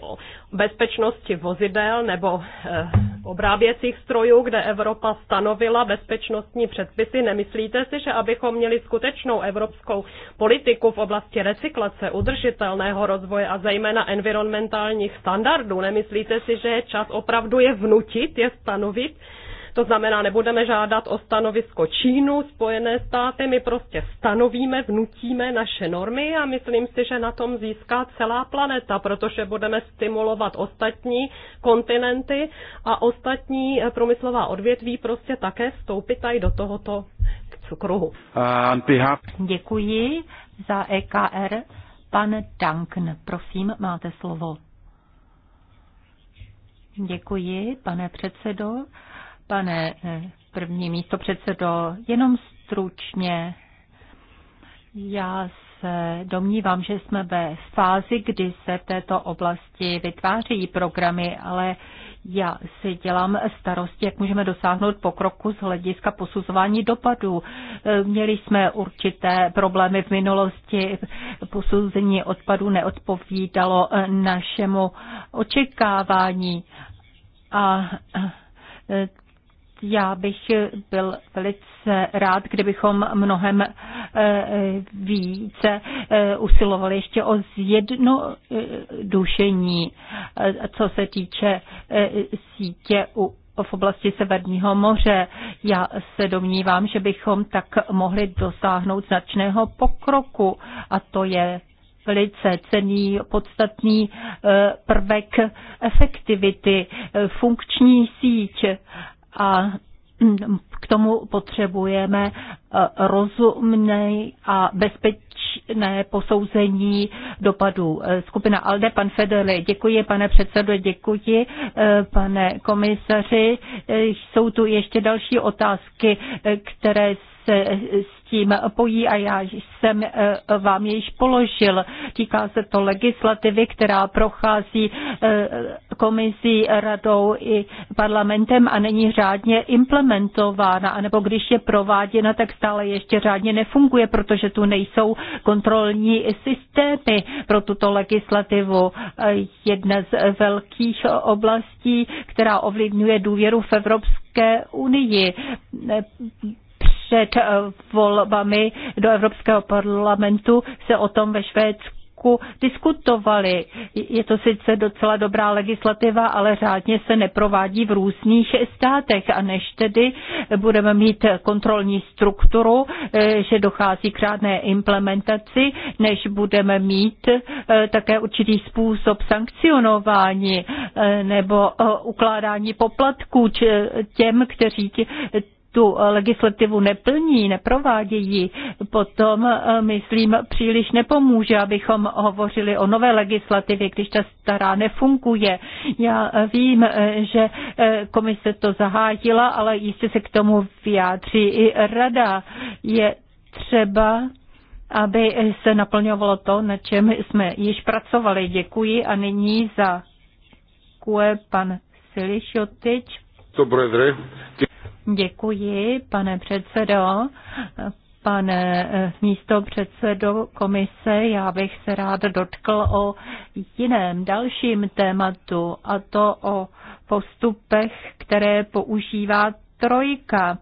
bezpečnosti vozidel nebo eh, obráběcích strojů, kde Evropa stanovila bezpečnostní předpisy, nemyslíte si, že abychom měli skutečnou evropskou politiku v oblasti recyklace, udržitelného rozvoje a zejména environmentálních standardů, nemyslíte si, že je čas opravdu je vnutit, je stanovit? To znamená, nebudeme žádat o stanovisko Čínu, Spojené státy, my prostě stanovíme, vnutíme naše normy a myslím si, že na tom získá celá planeta, protože budeme stimulovat ostatní kontinenty a ostatní eh, průmyslová odvětví prostě také vstoupit tady do tohoto kruhu. Eh, Děkuji za EKR. Pan Duncan, prosím, máte slovo. Děkuji, pane předsedo. Pane eh, první místo předsedo, jenom stručně. Já se domnívám, že jsme ve fázi, kdy se v této oblasti vytváří programy, ale já si dělám starosti, jak můžeme dosáhnout pokroku z hlediska posuzování dopadů. Eh, měli jsme určité problémy v minulosti, posuzení odpadů neodpovídalo eh, našemu očekávání a já bych byl velice rád, kdybychom mnohem eh, více eh, usilovali ještě o zjednodušení, eh, co se týče sítě u v oblasti Severního moře. Já se domnívám, že bychom tak mohli dosáhnout značného pokroku a to je velice cený, podstatný prvek efektivity, funkční síť a k tomu potřebujeme eh, rozumné a bezpečné posouzení dopadů. Eh, skupina ALDE, pan Federle, děkuji, pane předsedo, děkuji, eh, pane komisaři. Jsou tu ještě další otázky, které se s tím pojí a já jsem eh, vám již položil. Týká se to legislativy, která prochází eh, komisí, radou i parlamentem a není řádně implementována, anebo když je prováděna, tak stále ještě řádně nefunguje, protože tu nejsou kontrolní systémy pro tuto legislativu. Eh, jedna z velkých oblastí, která ovlivňuje důvěru v Evropské unii, před eh, volbami do Evropského parlamentu se o tom ve Švédsku diskutovali. Je to sice docela dobrá legislativa, ale řádně se neprovádí v různých státech a než tedy budeme mít kontrolní strukturu, eh, že dochází k řádné implementaci, než budeme mít eh, také určitý způsob sankcionování nebo ukládání poplatků těm, kteří tu legislativu neplní, neprovádějí, potom, eh, myslím, příliš nepomůže, abychom hovořili o nové legislativě, když ta stará nefunguje. Já vím, eh, že eh, komise to zahájila, ale jistě se k tomu vyjádří i rada. Je třeba aby se naplňovalo to, na čem jsme již pracovali. Děkuji a nyní za kue pan Silišotič. To, dne. Děkuji, pane předsedo. Pane eh, místo předsedo komise, já bych se rád dotkl o jiném dalším tématu, a to o postupech, které používá trojka.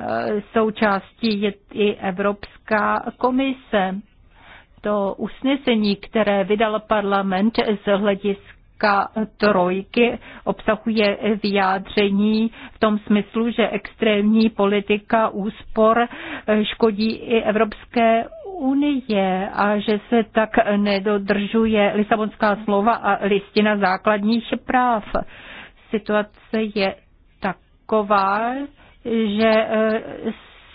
Eh, součástí je i Evropská komise. To usnesení, které vydal parlament z hlediska k trojky obsahuje vyjádření v tom smyslu, že extrémní politika úspor škodí i Evropské unie a že se tak nedodržuje Lisabonská slova a listina základních práv. Situace je taková, že eh,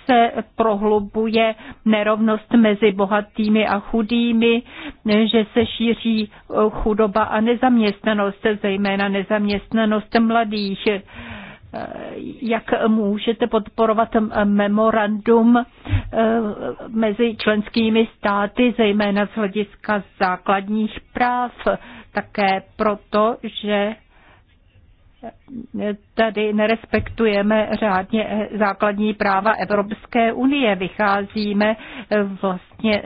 se prohlubuje nerovnost mezi bohatými a chudými, že se šíří eh, chudoba a nezaměstnanost, zejména nezaměstnanost mladých. Eh, jak můžete podporovat memorandum eh, mezi členskými státy, zejména z hlediska základních práv, také proto, že tady nerespektujeme řádně základní práva Evropské unie. Vycházíme eh, vlastně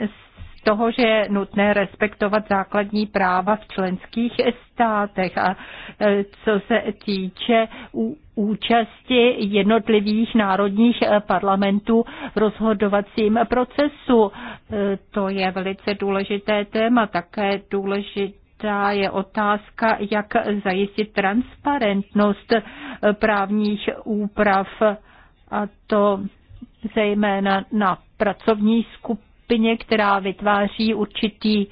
z toho, že je nutné respektovat základní práva v členských státech. A eh, co se týče účasti jednotlivých národních eh, parlamentů v rozhodovacím procesu, to je velice důležité téma, také důležité padá, je otázka, jak zajistit transparentnost právních úprav a to zejména na pracovní skupině, která vytváří určitý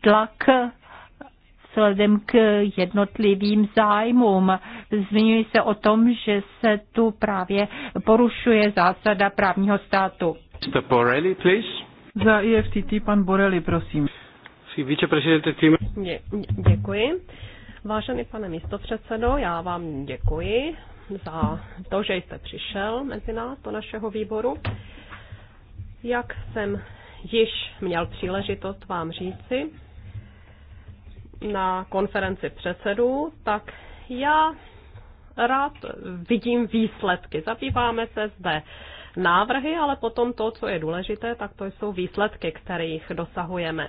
tlak vzhledem k jednotlivým zájmům. Zmiňuji se o tom, že se tu právě porušuje zásada právního státu. Mr. Borelli, please. Za IFTT e pan Borelli, prosím. Dě, děkuji. Vážený pane místopředsedo, já vám děkuji za to, že jste přišel mezi nás do našeho výboru. Jak jsem již měl příležitost vám říci na konferenci předsedů, tak já rád vidím výsledky. Zabýváme se zde návrhy, ale potom to, co je důležité, tak to jsou výsledky, kterých dosahujeme.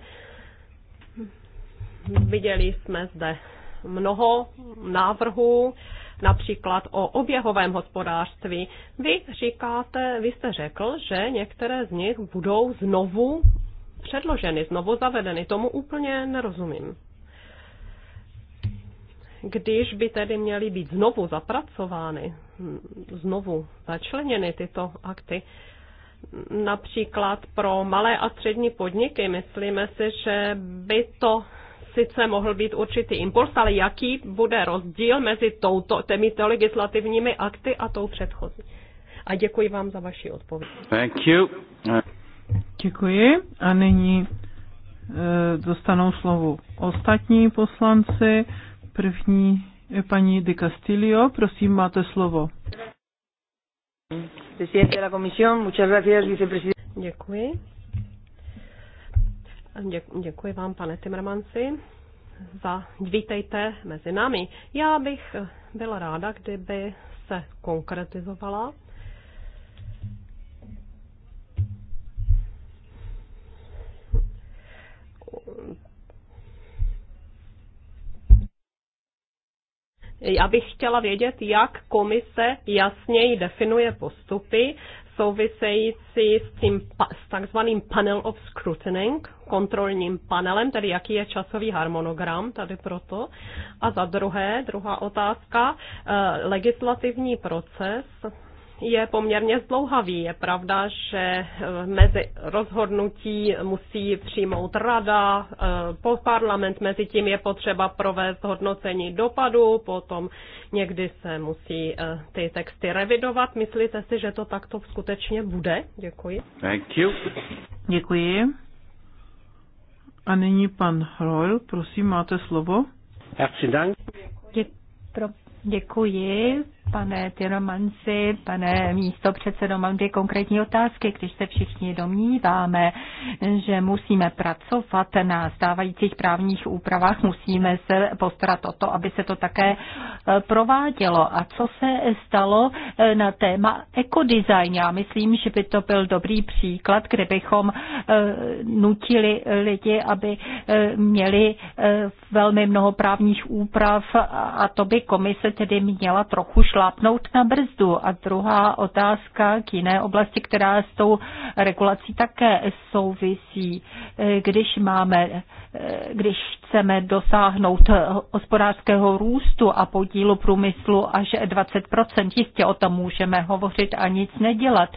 Viděli jsme zde mnoho návrhů, například o oběhovém hospodářství. Vy říkáte, vy jste řekl, že některé z nich budou znovu předloženy, znovu zavedeny. Tomu úplně nerozumím. Když by tedy měly být znovu zapracovány, znovu začleněny tyto akty, například pro malé a střední podniky, myslíme si, že by to sice mohl být určitý impuls, ale jaký bude rozdíl mezi touto, těmito legislativními akty a tou předchozí? A děkuji vám za vaši odpověď. Thank you. Děkuji. A nyní e, dostanou slovo ostatní poslanci. První je paní De Castillo. Prosím, máte slovo. Děkuji. Děkuji vám, pane Timmermansi, za vítejte mezi námi. Já bych byla ráda, kdyby se konkretizovala Já bych chtěla vědět, jak komise jasněji definuje postupy související s, tím, s takzvaným panel of scrutining, kontrolním panelem, tedy jaký je časový harmonogram tady proto. A za druhé, druhá otázka, eh, legislativní proces je poměrně zdlouhavý. Je pravda, že eh, mezi rozhodnutí musí přijmout rada, po eh, parlament, mezi tím je potřeba provést hodnocení dopadu, potom někdy se musí eh, ty texty revidovat. Myslíte si, že to takto skutečně bude? Děkuji. Thank you. Děkuji. A nyní pan Hroil, prosím, máte slovo. Herzlichen Dank. Děkuji. děkuji Pane Tyromanci, pane místo předsedo, mám dvě konkrétní otázky. Když se všichni domníváme, že musíme pracovat na stávajících právních úpravách, musíme se postarat o to, aby se to také e, provádělo. A co se stalo e, na téma ekodesign? Já myslím, že by to byl dobrý příklad, kde bychom e, nutili lidi, aby měli velmi mnoho právních úprav a to by komise tedy měla trochu šlápnout na brzdu. A druhá otázka k jiné oblasti, která s tou regulací také souvisí. Když máme, když chceme dosáhnout hospodářského růstu a podílu průmyslu až 20%, jistě o tom můžeme hovořit a nic nedělat,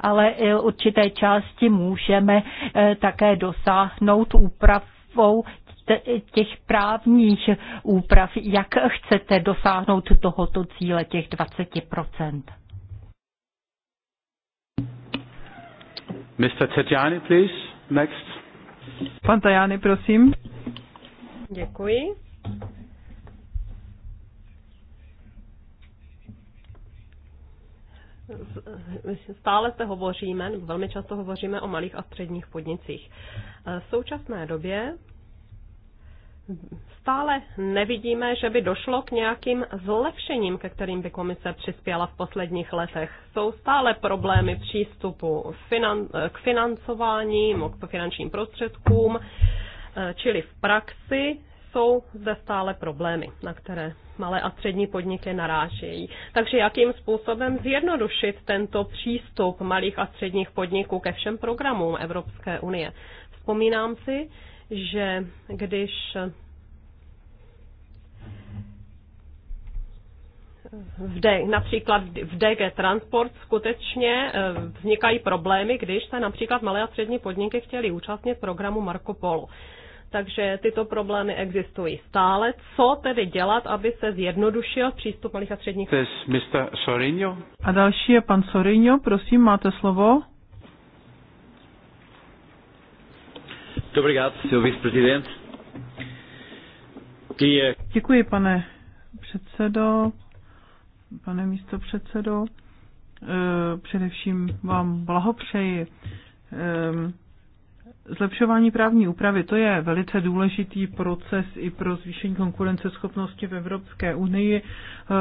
ale i určité části můžeme eh, také dosáhnout úprav těch právních úprav, jak chcete dosáhnout tohoto cíle těch 20 Mr. Tajani, please. Next. Pan Tajani, prosím. Děkuji. Stále se hovoříme, velmi často hovoříme o malých a středních podnicích. V současné době stále nevidíme, že by došlo k nějakým zlepšením, ke kterým by komise přispěla v posledních letech. Jsou stále problémy přístupu finan- k financování, k finančním prostředkům, čili v praxi jsou zde stále problémy, na které malé a střední podniky narážejí. Takže jakým způsobem zjednodušit tento přístup malých a středních podniků ke všem programům Evropské unie? Vzpomínám si, že když v de, například v DG Transport skutečně eh, vznikají problémy, když se například malé a střední podniky chtěly účastnit programu Marco Polo. Takže tyto problémy existují stále. Co tedy dělat, aby se zjednodušil přístup malých a středních? A další je pan Sorinho, prosím, máte slovo. Děkuji, pane předsedo, pane místo předsedo. Eh, především vám blahopřeji. Ehm, zlepšování právní úpravy, to je velice důležitý proces i pro zvýšení konkurenceschopnosti v Evropské unii eh,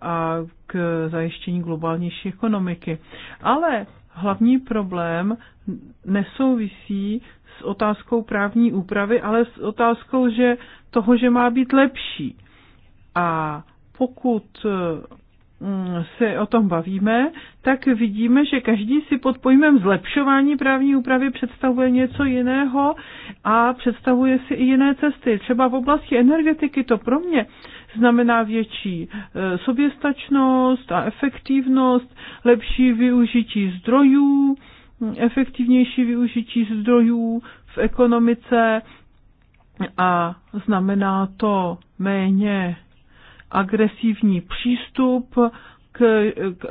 a k zajištění globálnější ekonomiky. Ale hlavní problém nesouvisí s otázkou právní úpravy, ale s otázkou, že toho, že má být lepší. A pokud mm, se o tom bavíme, tak vidíme, že každý si pod pojmem zlepšování právní úpravy představuje něco jiného a představuje si i jiné cesty. Třeba v oblasti energetiky to pro mě znamená větší e, soběstačnost a efektivnost, lepší využití zdrojů, efektivnější využití zdrojů v ekonomice a znamená to méně agresivní přístup k, k, eh,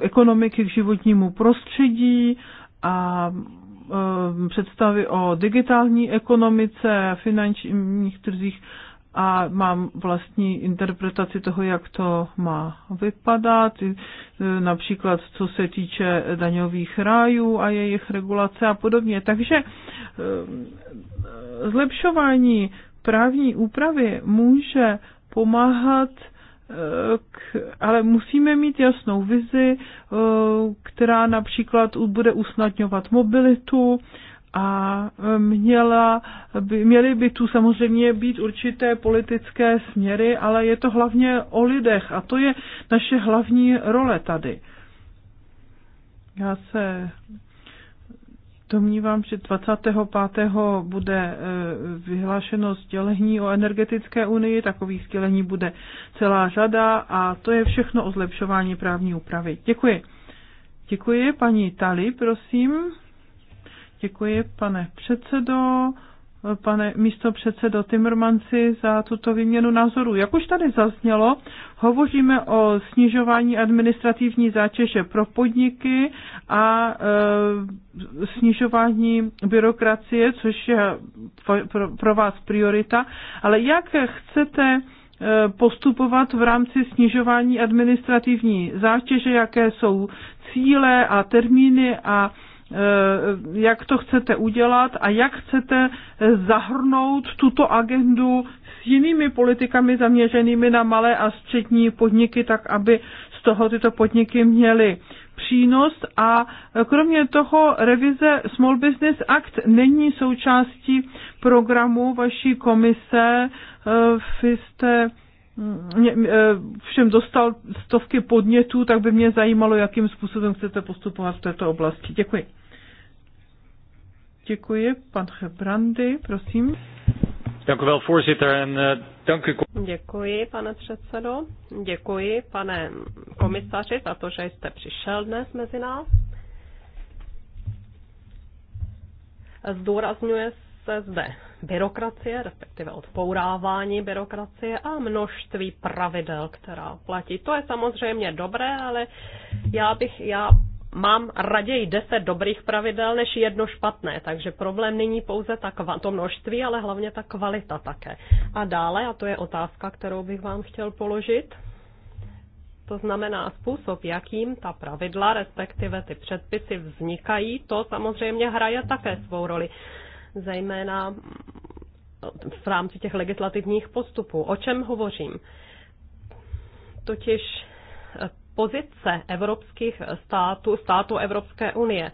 ekonomiky k životnímu prostředí a eh, představy o digitální ekonomice a finančních trzích a mám vlastní interpretaci toho, jak to má vypadat, e, například co se týče daňových rájů a jejich regulace a podobně. Takže e, zlepšování právní úpravy může pomáhat e, k, ale musíme mít jasnou vizi, která například bude usnadňovat mobilitu, a měla, by, měly by tu samozřejmě být určité politické směry, ale je to hlavně o lidech a to je naše hlavní role tady. Já se domnívám, že 25. bude e, vyhlášeno sdělení o energetické unii, takových sdělení bude celá řada a to je všechno o zlepšování právní úpravy. Děkuji. Děkuji, paní Tali, prosím. Děkuji, pane předsedo, pane místo předsedo Timmermansi za tuto výměnu názorů. Jak už tady zaznělo, hovoříme o snižování administrativní zátěže pro podniky a e, snižování byrokracie, což je pro, pro vás priorita, ale jak chcete e, postupovat v rámci snižování administrativní zátěže, jaké jsou cíle a termíny a Eh, jak to chcete udělat a jak chcete eh, zahrnout tuto agendu s jinými politikami zaměřenými na malé a střední podniky, tak aby z toho tyto podniky měly přínos a eh, kromě toho revize Small Business Act není součástí programu vaší komise. Vy jste Eh, všem dostal stovky podnětů, tak by mě zajímalo, jakým způsobem chcete postupovat v této oblasti. Děkuji. Děkuji. Pan Hebrandy, prosím. Eh, Děkuji, pane předsedo. Děkuji, pane komisaři, za to, že jste přišel dnes mezi nás. Zdůrazňuje se zde byrokracie, respektive odpourávání byrokracie a množství pravidel, která platí. To je samozřejmě dobré, ale já bych, já mám raději deset dobrých pravidel než jedno špatné, takže problém není pouze ta kva- to množství, ale hlavně ta kvalita také. A dále, a to je otázka, kterou bych vám chtěl položit, to znamená způsob, jakým ta pravidla, respektive ty předpisy vznikají, to samozřejmě hraje také svou roli zejména v rámci těch legislativních postupů. O čem hovořím? Totiž pozice evropských států, států Evropské unie.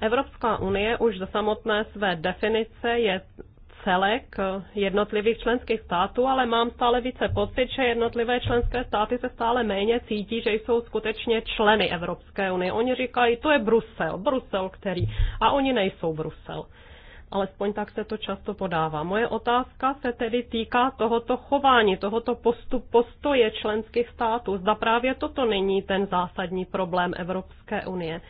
Evropská unie už za samotné své definice je celek jednotlivých členských států, ale mám stále více pocit, že jednotlivé členské státy se stále méně cítí, že jsou skutečně členy Evropské unie. Oni říkají, to je Brusel, Brusel který. A oni nejsou Brusel. Alespoň tak se to často podává. Moje otázka se tedy týká tohoto chování, tohoto postup, postoje členských států. Zda právě toto není ten zásadní problém Evropské unie.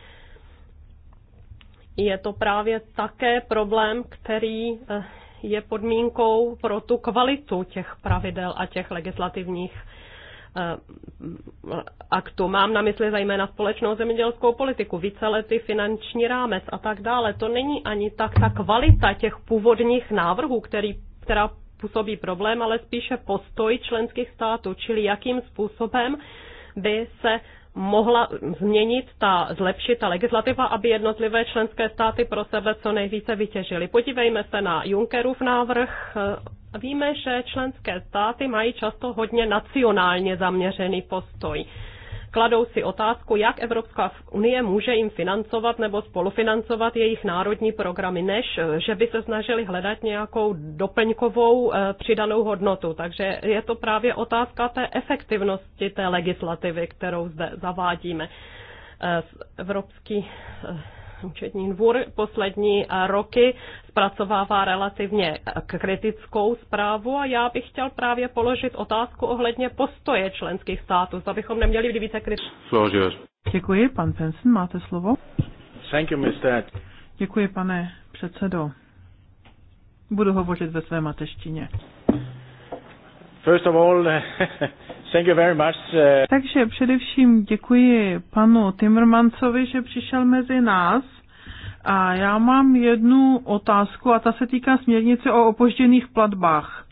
Je to právě také problém, který eh, je podmínkou pro tu kvalitu těch pravidel a těch legislativních to Mám na mysli zejména společnou zemědělskou politiku, víceletý finanční rámec a tak dále. To není ani tak ta kvalita těch původních návrhů, který, která působí problém, ale spíše postoj členských států, čili jakým způsobem by se mohla změnit ta, zlepšit ta legislativa, aby jednotlivé členské státy pro sebe co nejvíce vytěžily. Podívejme se na Junckerův návrh Víme, že členské státy mají často hodně nacionálně zaměřený postoj. Kladou si otázku, jak Evropská unie může jim financovat nebo spolufinancovat jejich národní programy, než že by se snažili hledat nějakou doplňkovou eh, přidanou hodnotu. Takže je to právě otázka té efektivnosti té legislativy, kterou zde zavádíme. Eh, Evropský eh, Účetní dvůr poslední eh, roky zpracovává relativně eh, kritickou zprávu a já bych chtěl právě položit otázku ohledně postoje členských států, abychom neměli kdy více kritiky. Děkuji, pan Penson, máte slovo. Thank you, Mr. Děkuji, pane předsedo. Budu hovořit ve své mateštině. First of all, thank you very much. Uh, Takže především děkuji panu Timmermansovi, že přišel mezi nás. A já mám jednu otázku a ta se týká směrnice o opožděných platbách.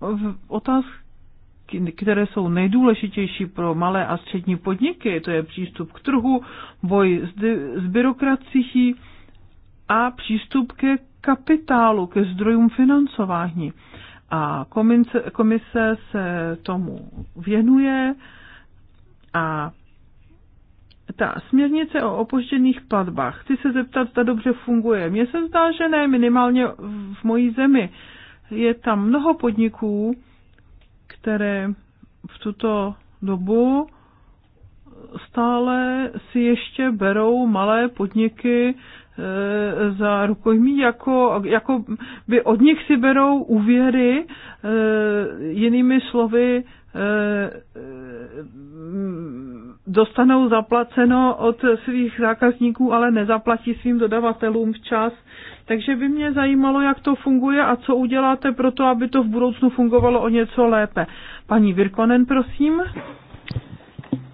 Uh, otázky, které jsou nejdůležitější pro malé a střední podniky, to je přístup k trhu, boj s, s byrokracií a přístup ke kapitálu, ke zdrojům financování. A komise, komise se tomu věnuje a ta směrnice o opožděných platbách. Chci se zeptat, zda dobře funguje. Mně se zdá, že ne, minimálně v mojí zemi. Je tam mnoho podniků, které v tuto dobu stále si ještě berou malé podniky Eh, za rukojmí, jako, jako by od nich si berou úvěry, eh, jinými slovy, eh, mm, dostanou zaplaceno od svých zákazníků, ale nezaplatí svým dodavatelům včas. Takže by mě zajímalo, jak to funguje a co uděláte pro to, aby to v budoucnu fungovalo o něco lépe. Paní Virkonen, prosím.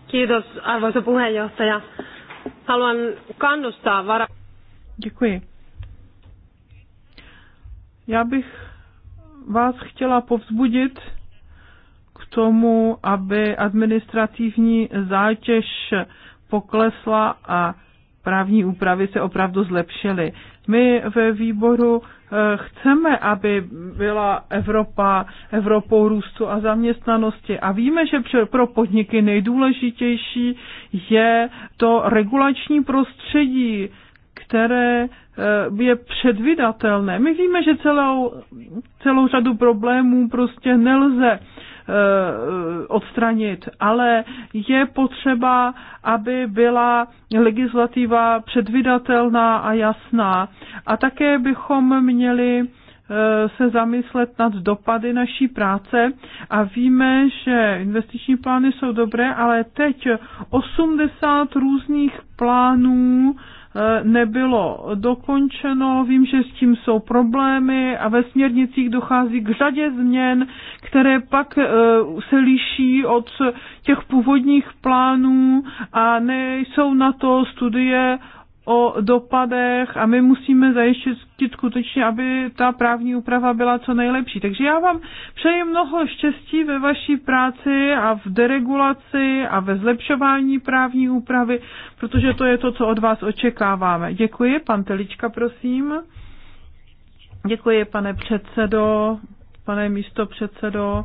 Kiitos, arvoisa puheenjohtaja. Haluan kannustaa vara... Děkuji. Já bych vás chtěla povzbudit k tomu, aby administrativní zátěž poklesla a právní úpravy se opravdu zlepšily. My ve výboru eh, chceme, aby byla Evropa Evropou růstu a zaměstnanosti. A víme, že pro podniky nejdůležitější je to regulační prostředí, které eh, je předvydatelné. My víme, že celou, celou řadu problémů prostě nelze eh, odstranit, ale je potřeba, aby byla legislativa předvydatelná a jasná. A také bychom měli eh, se zamyslet nad dopady naší práce a víme, že investiční plány jsou dobré, ale teď 80 různých plánů Eh, nebylo dokončeno. Vím, že s tím jsou problémy a ve směrnicích dochází k řadě změn, které pak eh, se liší od těch původních plánů a nejsou na to studie o dopadech a my musíme zajistit skutečně, aby ta právní úprava byla co nejlepší. Takže já vám přeji mnoho štěstí ve vaší práci a v deregulaci a ve zlepšování právní úpravy, protože to je to, co od vás očekáváme. Děkuji, pan Telička, prosím. Děkuji, pane předsedo, pane místo předsedo.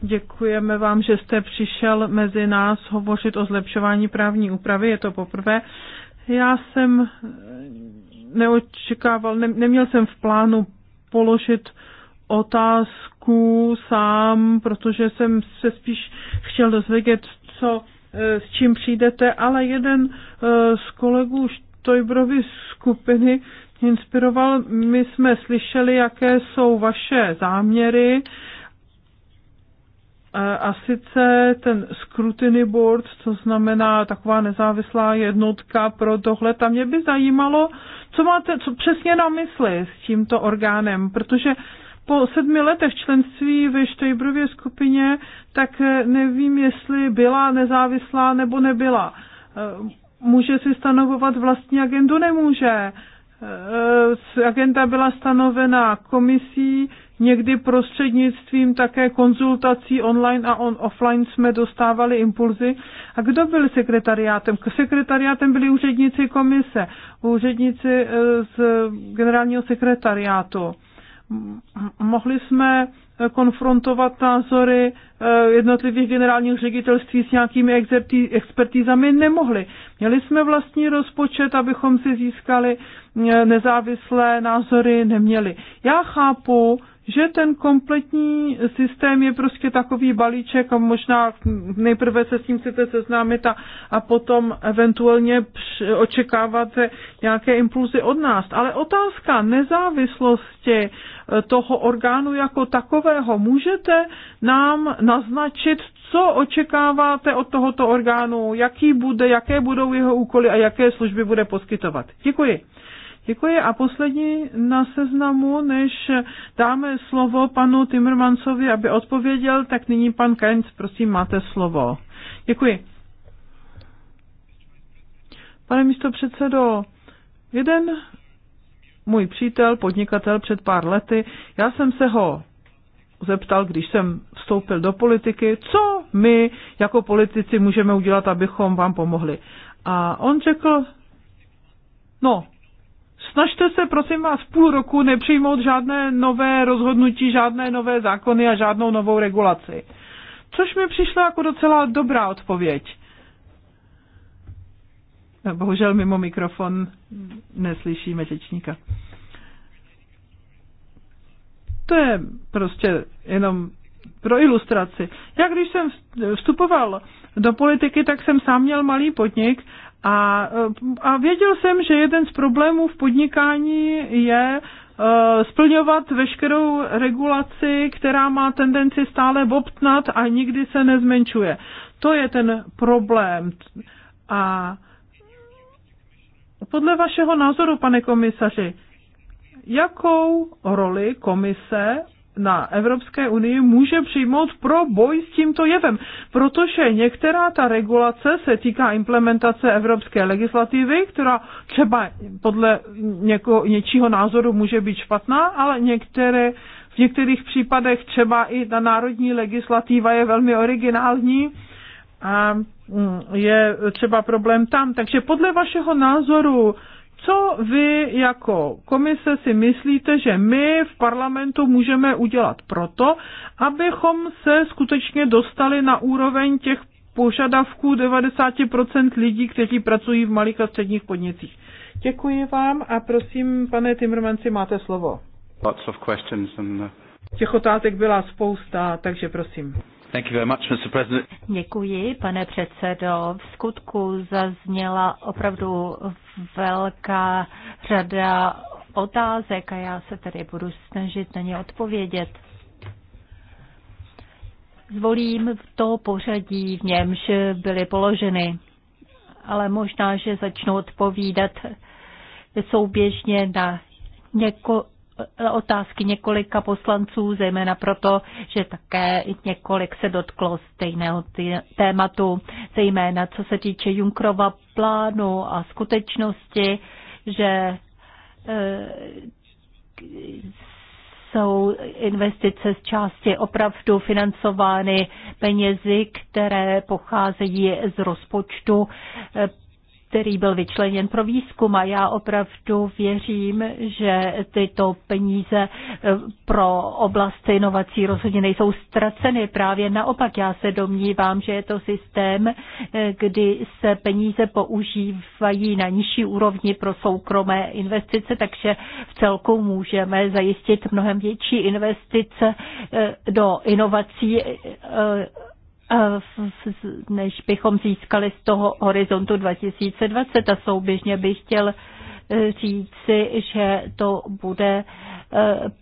Děkujeme vám, že jste přišel mezi nás hovořit o zlepšování právní úpravy. Je to poprvé. Já jsem eh, neočekával, ne, neměl jsem v plánu položit otázku sám, protože jsem se spíš chtěl dozvědět, co, eh, s čím přijdete, ale jeden eh, z kolegů Štojbrovy skupiny inspiroval. My jsme slyšeli, jaké jsou vaše záměry E, a sice ten scrutiny board, co znamená taková nezávislá jednotka pro tohle. Tam mě by zajímalo, co máte co přesně na mysli s tímto orgánem, protože po sedmi letech členství ve Štejbrově skupině, tak e, nevím, jestli byla nezávislá nebo nebyla. E, může si stanovovat vlastní agendu? Nemůže. Agenda byla stanovena komisí, Někdy prostřednictvím také konzultací online a on, offline jsme dostávali impulzy. A kdo byl sekretariátem? K sekretariátem byli úředníci komise, úředníci eh, z generálního sekretariátu. Mohli jsme eh, konfrontovat názory eh, jednotlivých generálních ředitelství s nějakými expertízami nemohli. Měli jsme vlastní rozpočet, abychom si získali nezávislé názory, neměli. Já chápu, že ten kompletní systém je prostě takový balíček a možná nejprve se s tím chcete seznámit a, a potom eventuálně očekáváte nějaké impulzy od nás. Ale otázka nezávislosti eh, toho orgánu jako takového, můžete nám naznačit, co očekáváte od tohoto orgánu, jaký bude, jaké budou jeho úkoly a jaké služby bude poskytovat. Děkuji. Děkuji. A poslední na seznamu, než dáme slovo panu Timmermansovi, aby odpověděl, tak nyní pan Kainz, prosím, máte slovo. Děkuji. Pane místo předsedo, jeden můj přítel, podnikatel před pár lety, já jsem se ho zeptal, když jsem vstoupil do politiky, co my jako politici můžeme udělat, abychom vám pomohli. A on řekl, no, Snažte se, prosím vás, půl roku nepřijmout žádné nové rozhodnutí, žádné nové zákony a žádnou novou regulaci. Což mi přišlo jako docela dobrá odpověď. No, bohužel mimo mikrofon neslyšíme řečníka. To je prostě jenom pro ilustraci. Já když jsem vstupoval do politiky, tak jsem sám měl malý podnik a, a věděl jsem, že jeden z problémů v podnikání je e, splňovat veškerou regulaci, která má tendenci stále bobtnat a nikdy se nezmenšuje. To je ten problém. A podle vašeho názoru, pane komisaři, jakou roli komise na Evropské unii může přijmout pro boj s tímto jevem, protože některá ta regulace se týká implementace evropské legislativy, která třeba podle něko, něčího názoru může být špatná, ale některé v některých případech třeba i ta národní legislativa je velmi originální a mm, je třeba problém tam. Takže podle vašeho názoru co vy jako komise si myslíte, že my v parlamentu můžeme udělat proto, abychom se skutečně dostali na úroveň těch požadavků 90% lidí, kteří pracují v malých a středních podnicích. Děkuji vám a prosím, pane Timmermanci, máte slovo. Lots of questions and... Uh, těch otázek byla spousta, takže prosím. Děkuji, pane předsedo. V skutku zazněla opravdu velká řada otázek a já se tedy budu snažit na ně odpovědět. Zvolím to pořadí, v němž byly položeny, ale možná, že začnu odpovídat souběžně na něko, otázky několika poslanců, zejména proto, že také několik se dotklo stejného tématu, zejména co se týče Junkrova plánu a skutečnosti, že eh, jsou investice z části opravdu financovány penězi, které pocházejí z rozpočtu eh, který byl vyčleněn pro výzkum a já opravdu věřím, že tyto peníze eh, pro oblast inovací rozhodně nejsou ztraceny. Právě naopak já se domnívám, že je to systém, eh, kdy se peníze používají na nižší úrovni pro soukromé investice, takže v celku můžeme zajistit mnohem větší investice eh, do inovací než bychom získali z toho horizontu 2020 a souběžně bych chtěl e, říci, že to bude e,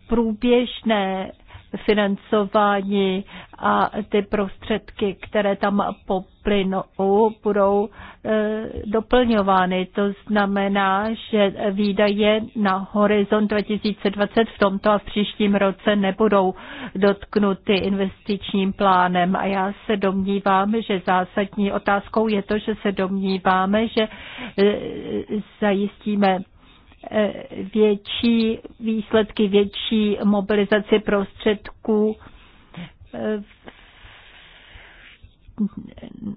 průběžné financování a ty prostředky, které tam plynu budou e, doplňovány. To znamená, že výdaje na horizont 2020 v tomto a v příštím roce nebudou dotknuty investičním plánem. A já se domnívám, že zásadní otázkou je to, že se domníváme, že e, zajistíme větší výsledky, větší mobilizaci prostředků eh,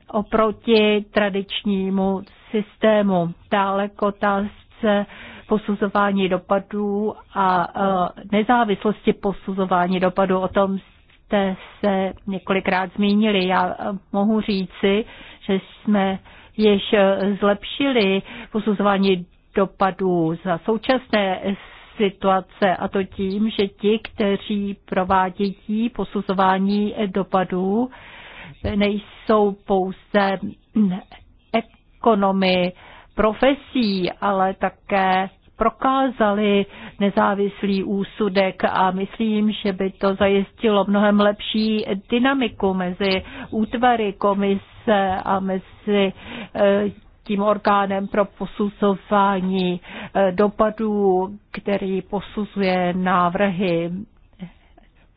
oproti tradičnímu systému. Dále k otázce posuzování dopadů a eh, nezávislosti posuzování dopadů. O tom jste se několikrát zmínili. Já eh, mohu říci, že jsme již zlepšili posuzování dopadů za současné situace a to tím, že ti, kteří provádějí posuzování dopadů, nejsou pouze ekonomy profesí, ale také prokázali nezávislý úsudek a myslím, že by to zajistilo mnohem lepší dynamiku mezi útvary komise a mezi eh, tím orgánem pro posuzování eh, dopadů, který posuzuje návrhy.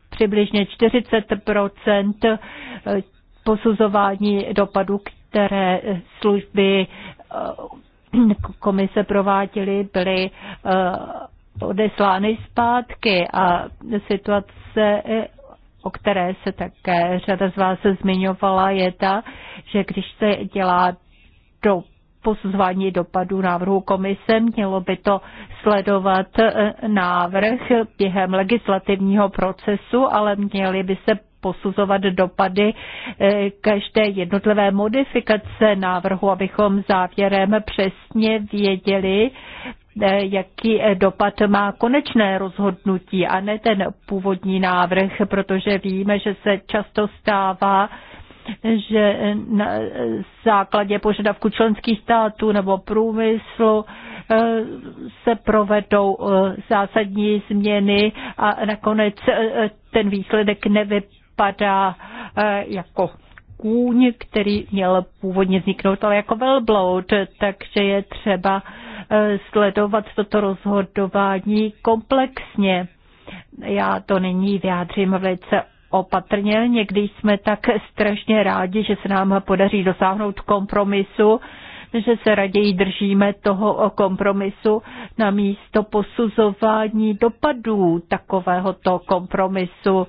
Přibližně 40 eh, posuzování dopadů, které eh, služby komise prováděly, byly odeslány zpátky a situace, o které se také řada z vás zmiňovala, je ta, že když se dělá do posuzování dopadu návrhu komise. Mělo by to sledovat e, návrh během legislativního procesu, ale měly by se posuzovat dopady e, každé jednotlivé modifikace návrhu, abychom závěrem přesně věděli, e, jaký dopad má konečné rozhodnutí a ne ten původní návrh, protože víme, že se často stává, že na základě požadavku členských států nebo průmyslu eh, se provedou eh, zásadní změny a nakonec eh, ten výsledek nevypadá jako kůň, který měl původně vzniknout, ale jako velbloud, takže je třeba sledovat toto rozhodování komplexně. Já to nyní vyjádřím velice opatrně. Někdy jsme tak strašně rádi, že se nám podaří dosáhnout kompromisu, že se raději držíme toho kompromisu na místo posuzování dopadů takovéhoto kompromisu,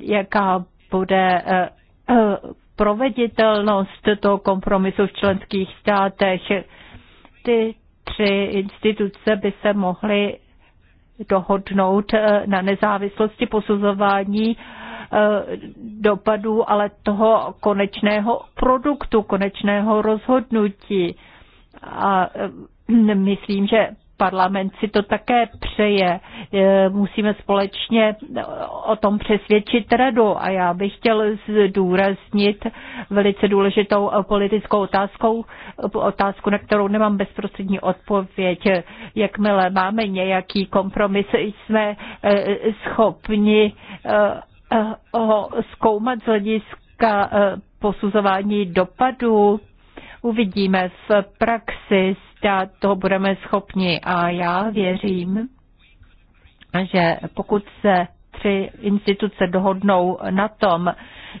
jaká bude eh, eh, proveditelnost toho kompromisu v členských státech. Ty tři instituce by se mohly dohodnout eh, na nezávislosti posuzování Eh, dopadů, ale toho konečného produktu, konečného rozhodnutí. A eh, myslím, že parlament si to také přeje. Eh, musíme společně o tom přesvědčit radu a já bych chtěl zdůraznit velice důležitou politickou otázkou, otázku, na kterou nemám bezprostřední odpověď. Jakmile máme nějaký kompromis, jsme schopni ho eh, zkoumat z hlediska eh, posuzování dopadů. Uvidíme v praxi, zda toho budeme schopni a já věřím, že pokud se tři instituce dohodnou na tom,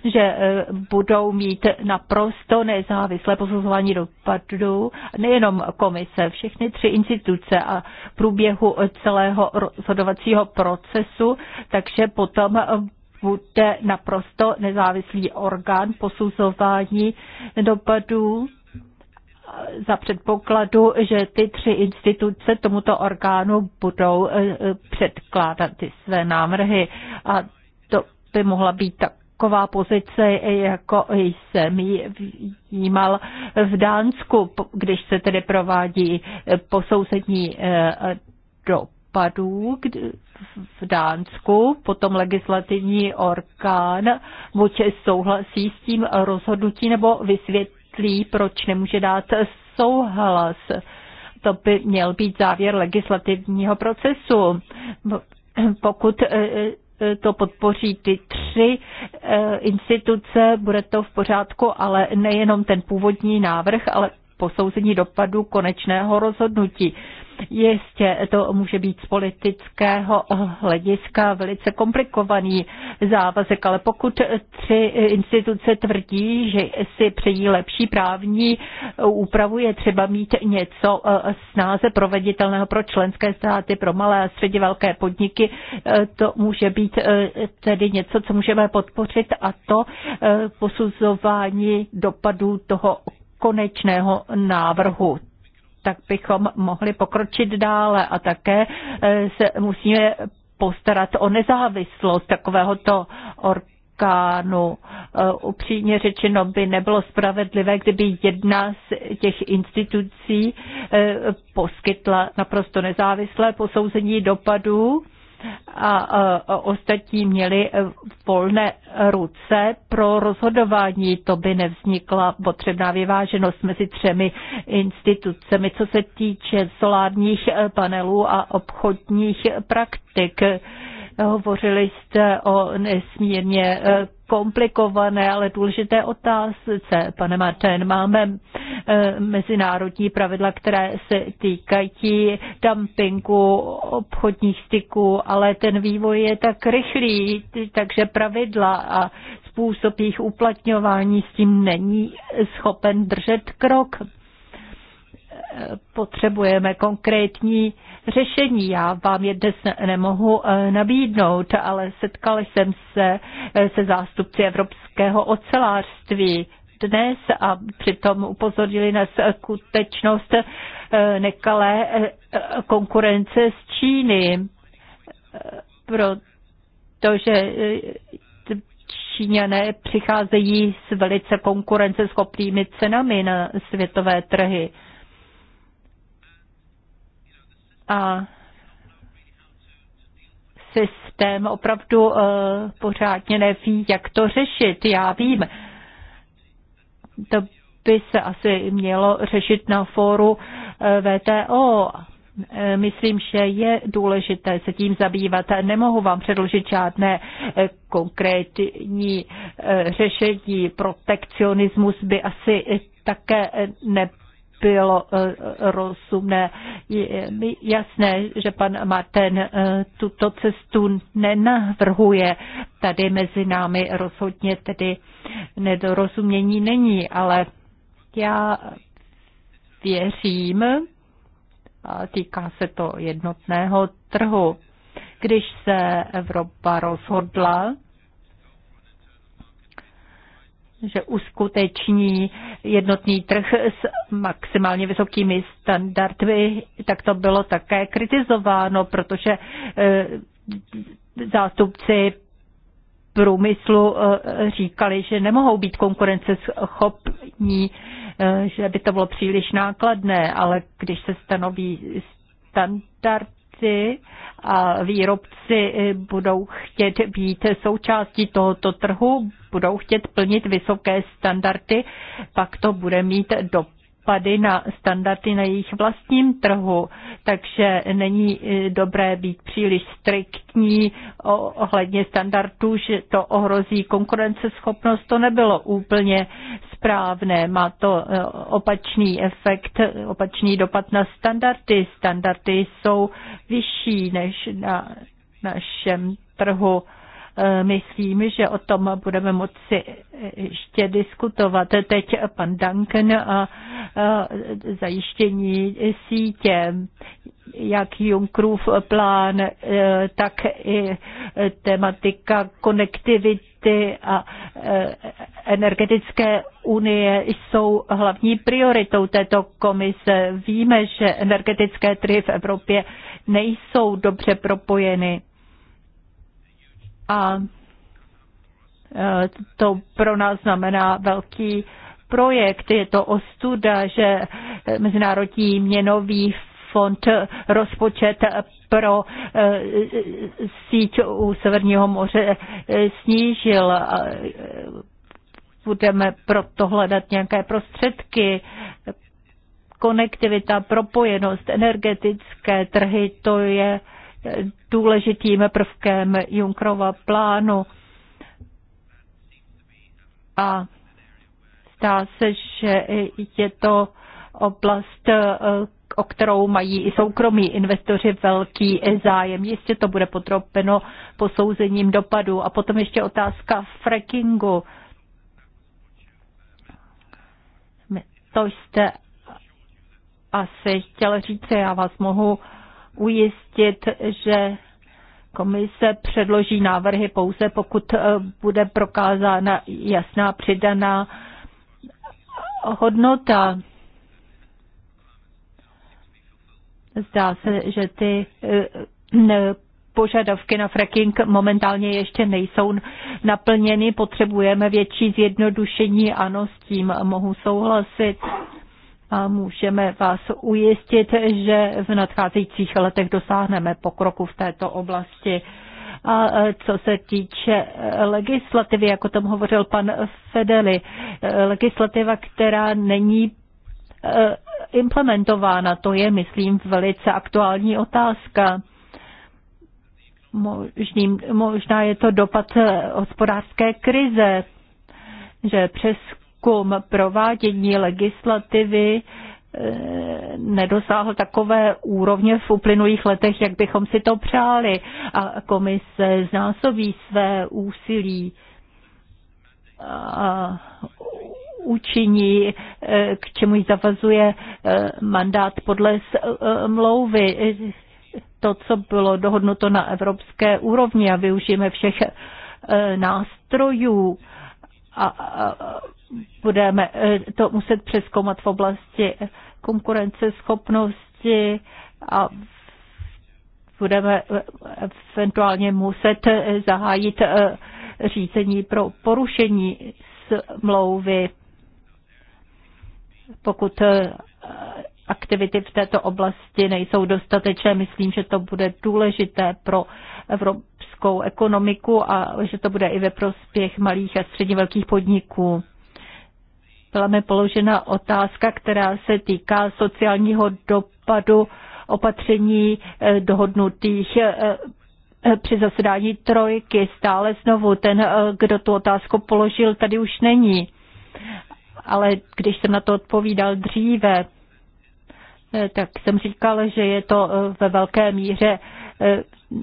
že eh, budou mít naprosto nezávislé posuzování dopadů, nejenom komise, všechny tři instituce a průběhu celého rozhodovacího procesu, takže potom bude naprosto nezávislý orgán posuzování dopadů za předpokladu, že ty tři instituce tomuto orgánu budou eh, předkládat ty své návrhy a to by mohla být taková pozice, jako jsem ji vnímal v Dánsku, když se tedy provádí eh, posouzení eh, do případů v Dánsku potom legislativní orgán buď souhlasí s tím rozhodnutí nebo vysvětlí, proč nemůže dát souhlas. To by měl být závěr legislativního procesu. Pokud eh, eh, to podpoří ty tři eh, instituce, bude to v pořádku, ale nejenom ten původní návrh, ale posouzení dopadu konečného rozhodnutí. Jistě to může být z politického hlediska velice komplikovaný závazek, ale pokud tři instituce tvrdí, že si přejí lepší právní úpravu, je třeba mít něco eh, snáze proveditelného pro členské státy, pro malé a středně velké podniky. Eh, to může být eh, tedy něco, co můžeme podpořit a to posuzování dopadů toho konečného návrhu tak bychom mohli pokročit dále a také eh, se musíme postarat o nezávislost takovéhoto orgánu. Eh, upřímně řečeno by nebylo spravedlivé, kdyby jedna z těch institucí eh, poskytla naprosto nezávislé posouzení dopadů a ostatní měli volné ruce pro rozhodování. To by nevznikla potřebná vyváženost mezi třemi institucemi, co se týče solárních panelů a obchodních praktik. Hovořili jste o nesmírně eh, komplikované, ale důležité otázce. Pane Martin, máme eh, mezinárodní pravidla, které se týkají dumpingu, obchodních styků, ale ten vývoj je tak rychlý, takže pravidla a způsob jejich uplatňování s tím není schopen držet krok potřebujeme konkrétní řešení. Já vám je dnes nemohu eh, nabídnout, ale setkal jsem se eh, se zástupci evropského ocelářství dnes a přitom upozornili na skutečnost eh, nekalé konkurence z Číny, protože Číňané přicházejí s velice konkurenceschopnými cenami na světové trhy a systém opravdu eh, pořádně neví, jak to řešit. Já vím, to by se asi mělo řešit na fóru eh, VTO. Eh, myslím, že je důležité se tím zabývat. Nemohu vám předložit žádné konkrétní řešení. Protekcionismus by asi také nebyl bylo eh, rozumné. Je mi jasné, že pan Martin eh, tuto cestu nenavrhuje. Tady mezi námi rozhodně tedy nedorozumění není, ale já věřím, a týká se to jednotného trhu, když se Evropa rozhodla, že uskuteční jednotný trh s maximálně vysokými standardy, tak to bylo také kritizováno, protože e, zástupci průmyslu e, říkali, že nemohou být konkurenceschopní, e, že by to bylo příliš nákladné, ale když se stanoví standard, výrobci a výrobci eh, budou chtět být součástí tohoto trhu, budou chtět plnit vysoké standardy, pak to bude mít dopad dopady na standardy na jejich vlastním trhu, takže není eh, dobré být příliš striktní ohledně standardů, že to ohrozí konkurenceschopnost. To nebylo úplně správné. Má to eh, opačný efekt, opačný dopad na standardy. Standardy jsou vyšší než na našem trhu myslím, že o tom budeme moci ještě diskutovat. Teď pan Duncan a zajištění sítě, jak Junckerův plán, e, tak i tematika konektivity a e, energetické unie jsou hlavní prioritou této komise. Víme, že energetické trhy v Evropě nejsou dobře propojeny a e, to pro nás znamená velký projekt. Je to ostuda, že Mezinárodní měnový fond rozpočet pro e, síť u Severního moře e, snížil. Budeme proto hledat nějaké prostředky. Konektivita, propojenost, energetické trhy, to je důležitým prvkem Junkrova plánu. A zdá se, že je to oblast, o kterou mají i soukromí investoři velký zájem. Jistě to bude potropeno posouzením dopadu. A potom ještě otázka frackingu. To jste asi chtěl říct, já vás mohu ujistit, že komise předloží návrhy pouze, pokud eh, bude prokázána jasná přidaná hodnota. Zdá se, že ty eh, požadavky na fracking momentálně ještě nejsou naplněny. Potřebujeme větší zjednodušení. Ano, s tím mohu souhlasit a můžeme vás ujistit, že v nadcházejících letech dosáhneme pokroku v této oblasti. A e, co se týče e, legislativy, jako tom hovořil pan Fedeli, e, legislativa, která není implementována, to je, myslím, velice aktuální otázka. Možným, možná je to dopad hospodářské krize, že přes výzkum provádění legislativy eh, nedosáhl takové úrovně v uplynulých letech, jak bychom si to přáli. A komise znásobí své úsilí a učiní, eh, k čemu ji zavazuje eh, mandát podle mlouvy. To, co bylo dohodnuto na evropské úrovni a využijeme všech nástrojů a budeme eh, to muset přeskoumat v oblasti konkurenceschopnosti a budeme eh, eventuálně muset eh, zahájit řízení pro porušení smlouvy, pokud aktivity v této oblasti nejsou dostatečné. Myslím, že to bude důležité pro evropskou ekonomiku a že to bude i ve prospěch malých a středně velkých podniků byla mi položena otázka, která se týká sociálního dopadu opatření eh, dohodnutých eh, eh, při zasedání trojky. Stále znovu ten, kdo tu otázku položil, tady už není. Ale když jsem na to odpovídal dříve, tak jsem říkal, že je to ve velké míře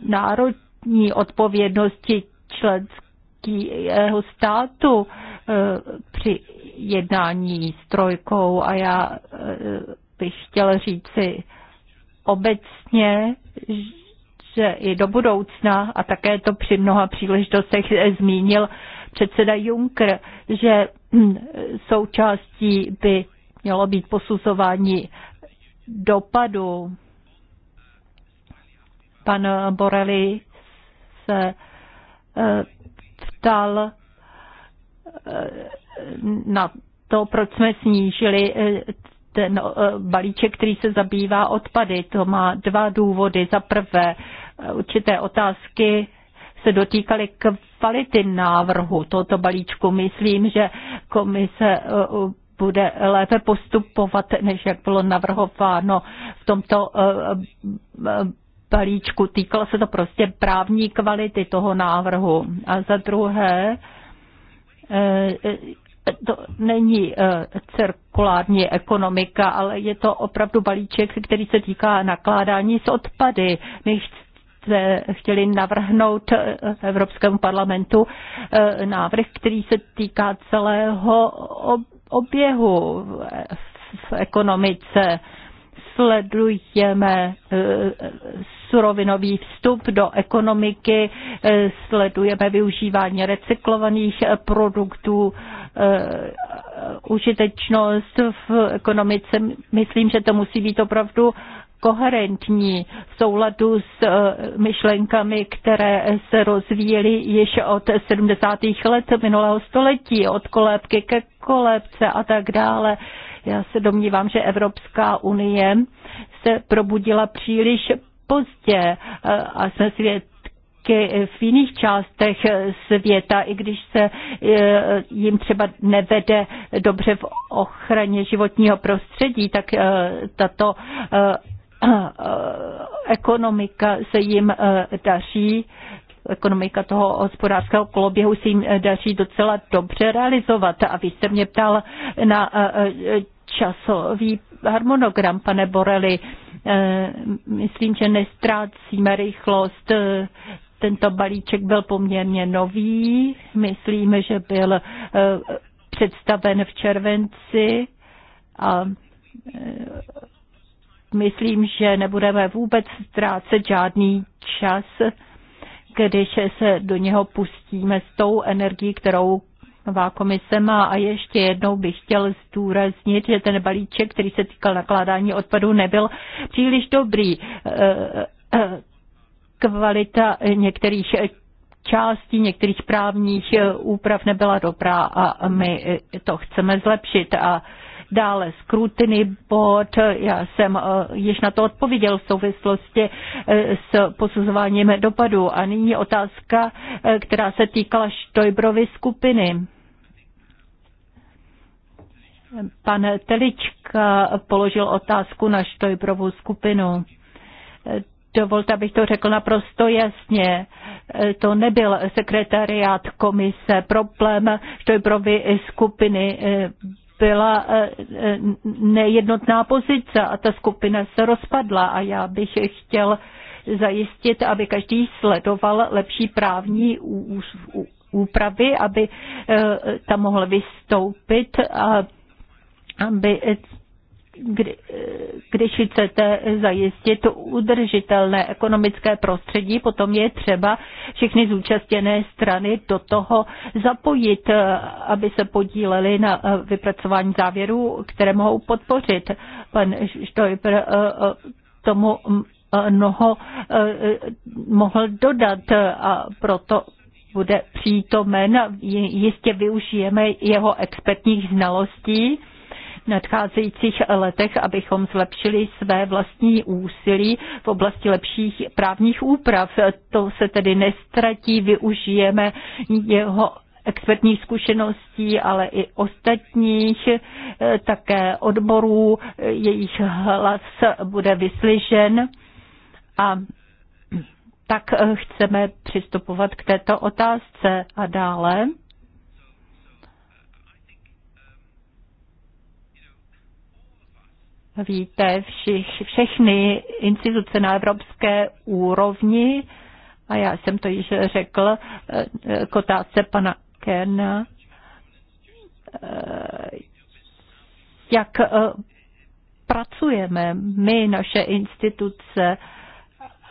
národní odpovědnosti členského státu při jednání s trojkou a já eh, bych chtěl říci obecně, že i do budoucna, a také to při mnoha příležitostech eh, zmínil předseda Juncker, že hm, součástí by mělo být posuzování dopadu. Pan Borelli se eh, ptal, na to, proč jsme snížili eh, ten eh, balíček, který se zabývá odpady. To má dva důvody. Za prvé, eh, určité otázky se dotýkaly kvality návrhu tohoto balíčku. Myslím, že komise bude lépe postupovat, než jak bylo navrhováno v tomto balíčku. Týkalo se to prostě právní kvality toho návrhu. A za druhé, to není eh, cirkulární ekonomika, ale je to opravdu balíček, který se týká nakládání s odpady. My chtěli navrhnout eh, Evropskému parlamentu eh, návrh, který se týká celého oběhu v ekonomice. Sledujeme surovinový vstup do ekonomiky, sledujeme využívání recyklovaných produktů, Eh, užitečnost v ekonomice. Myslím, že to musí být opravdu koherentní v souladu s eh, myšlenkami, které se rozvíjely již od 70. let minulého století, od kolébky ke kolébce a tak dále. Já se domnívám, že Evropská unie se probudila příliš pozdě eh, a jsme svět války v jiných částech světa, i když se e, jim třeba nevede dobře v ochraně životního prostředí, tak e, tato e, ekonomika se jim daří, ekonomika toho hospodářského koloběhu se jim daří docela dobře realizovat. A vy jste mě ptal na časový harmonogram, pane Borely. Myslím, že nestrácíme rychlost. Tento balíček byl poměrně nový, myslíme, že byl eh, představen v červenci a eh, myslím, že nebudeme vůbec ztrácet žádný čas, když se do něho pustíme s tou energií, kterou nová komise má. A ještě jednou bych chtěl zdůraznit, že ten balíček, který se týkal nakládání odpadů, nebyl příliš dobrý eh, kvalita některých částí některých právních úprav nebyla dobrá a my to chceme zlepšit. A dále skrutiny, bod, já jsem eh, již na to odpověděl v souvislosti eh, s posuzováním dopadu. A nyní otázka, eh, která se týkala Štojbrovy skupiny. Pan Telička položil otázku na Štojbrovou skupinu. Dovolte, abych to řekl naprosto jasně. E, to nebyl sekretariát komise. Problém pro vy skupiny e, byla e, nejednotná pozice a ta skupina se rozpadla a já bych chtěl zajistit, aby každý sledoval lepší právní úpravy, aby tam mohl vystoupit a aby kdy, když chcete zajistit udržitelné ekonomické prostředí, potom je třeba všechny zúčastněné strany do toho zapojit, aby se podíleli na vypracování závěrů, které mohou podpořit. Pan Štojpr tomu mnoho mohl dodat a proto bude přítomen. Jistě využijeme jeho expertních znalostí nadcházejících letech, abychom zlepšili své vlastní úsilí v oblasti lepších právních úprav. To se tedy nestratí, využijeme jeho expertních zkušeností, ale i ostatních, eh, také odborů, jejich hlas bude vyslyšen a tak eh, chceme přistupovat k této otázce a dále. víte, všich, všechny instituce na evropské úrovni, a já jsem to již řekl eh, eh, k otázce pana Kena, eh, jak pracujeme my, naše instituce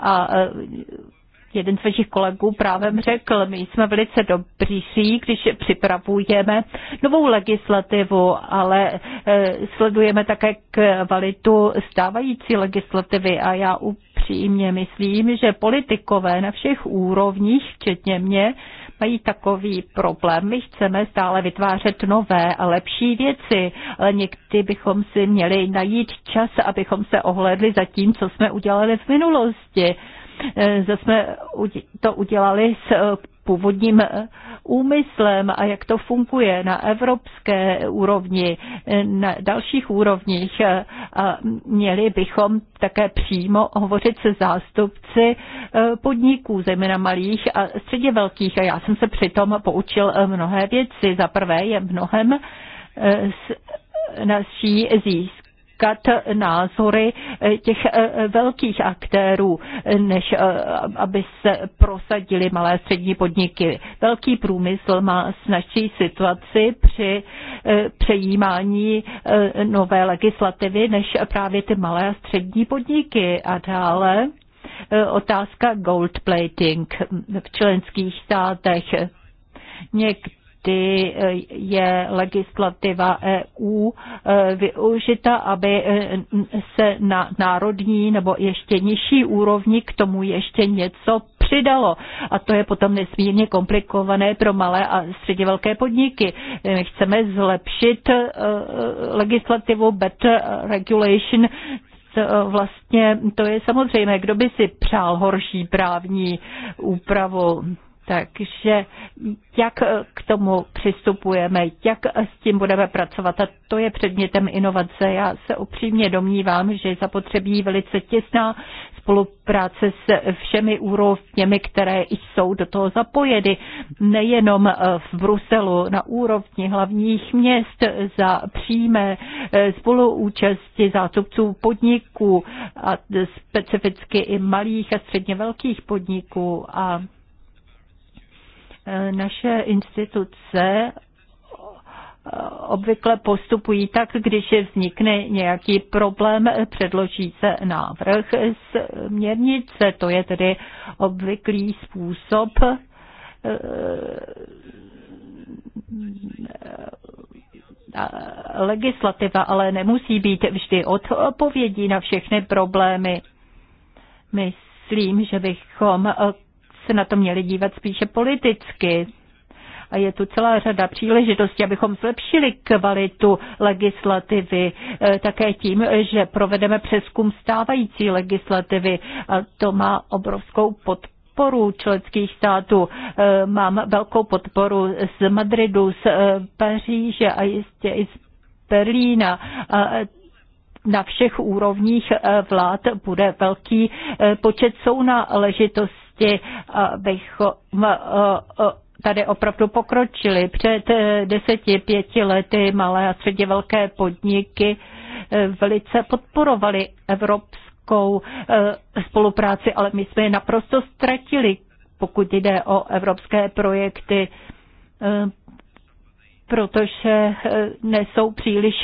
a jeden z vašich kolegů právě řekl, my jsme velice dobří, když připravujeme novou legislativu, ale eh, sledujeme také kvalitu stávající legislativy a já upřímně myslím, že politikové na všech úrovních, včetně mě, mají takový problém. My chceme stále vytvářet nové a lepší věci, ale někdy bychom si měli najít čas, abychom se ohledli za tím, co jsme udělali v minulosti že eh, jsme to udělali s eh, původním eh, úmyslem a jak to funguje na evropské úrovni, na dalších úrovních. A měli bychom také přímo hovořit se zástupci podniků, zejména malých a středně velkých. A já jsem se přitom poučil mnohé věci. Za prvé je mnohem s naší získ získat názory eh, těch eh, velkých aktérů, eh, než aby se prosadili malé střední podniky. Velký průmysl má snažší situaci při přejímání nové legislativy, než právě ty malé a střední podniky. A dále otázka gold plating v členských státech. Někdy kdy eh, je legislativa EU eh, využita, aby eh, se na národní nebo ještě nižší úrovni k tomu ještě něco přidalo. A to je potom nesmírně komplikované pro malé a středně velké podniky. My chceme zlepšit legislativu better regulation, vlastně to je samozřejmé, kdo by si přál horší právní úpravu. Takže jak k tomu přistupujeme, jak s tím budeme pracovat a to je předmětem inovace. Já se upřímně domnívám, že zapotřebí velice těsná spolupráce s všemi úrovněmi, které jsou do toho zapojeny, nejenom v Bruselu, na úrovni hlavních měst za přímé spoluúčasti zástupců podniků a specificky i malých a středně velkých podniků a Eh, naše instituce eh, obvykle postupují tak, když vznikne nějaký problém, eh, předloží se návrh směrnice. To je tedy obvyklý způsob legislativa, ale nemusí být vždy odpovědí na všechny problémy. Myslím, že bychom se na to měli dívat spíše politicky. A je tu celá řada příležitostí, abychom zlepšili kvalitu legislativy e, také tím, že provedeme přeskum stávající legislativy. A to má obrovskou podporu členských států. E, mám velkou podporu z Madridu, z e, Paříže a jistě i z Berlína. Na všech úrovních vlád bude velký počet sounáležitostí oblasti, abychom eh, eh, eh, tady opravdu pokročili. Před deseti, pěti lety malé a středně velké podniky velice podporovali evropskou spolupráci, ale my jsme je naprosto ztratili, pokud jde o evropské projekty, protože nesou příliš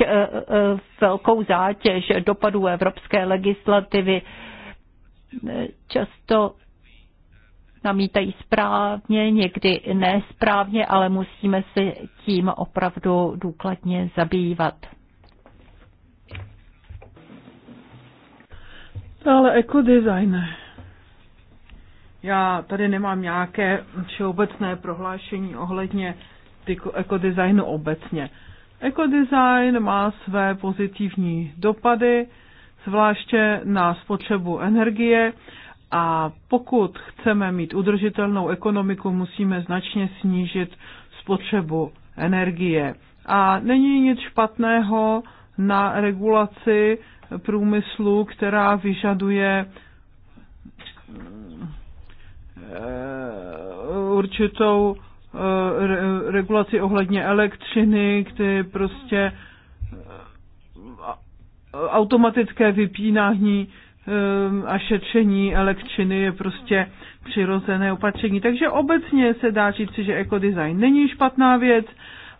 velkou zátěž dopadů evropské legislativy. Často namítají správně, někdy nesprávně, ale musíme se tím opravdu důkladně zabývat. Ale ekodesign. Já tady nemám nějaké všeobecné prohlášení ohledně ekodesignu obecně. Ekodesign má své pozitivní dopady, zvláště na spotřebu energie, a pokud chceme mít udržitelnou ekonomiku, musíme značně snížit spotřebu energie. A není nic špatného na regulaci průmyslu, která vyžaduje eh, určitou eh, regulaci ohledně elektřiny, kdy prostě eh, automatické vypínání Ehm, a šetření elektřiny je prostě přirozené opatření. Takže obecně se dá říci, že ekodesign není špatná věc,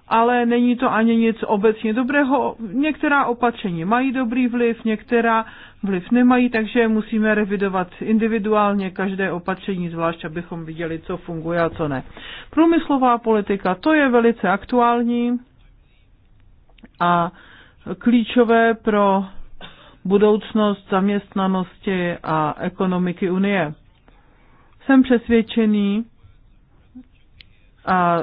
ale není to ani nic obecně dobrého. Některá opatření mají dobrý vliv, některá vliv nemají, takže musíme revidovat individuálně každé opatření, zvlášť abychom viděli, co funguje a co ne. Průmyslová politika, to je velice aktuální a klíčové pro budoucnost zaměstnanosti a ekonomiky Unie. Jsem přesvědčený, a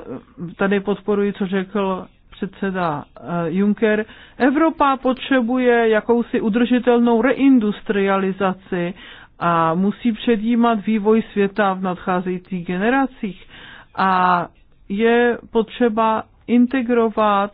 tady podporuji, co řekl předseda eh, Juncker, Evropa potřebuje jakousi udržitelnou reindustrializaci a musí předjímat vývoj světa v nadcházejících generacích. A je potřeba integrovat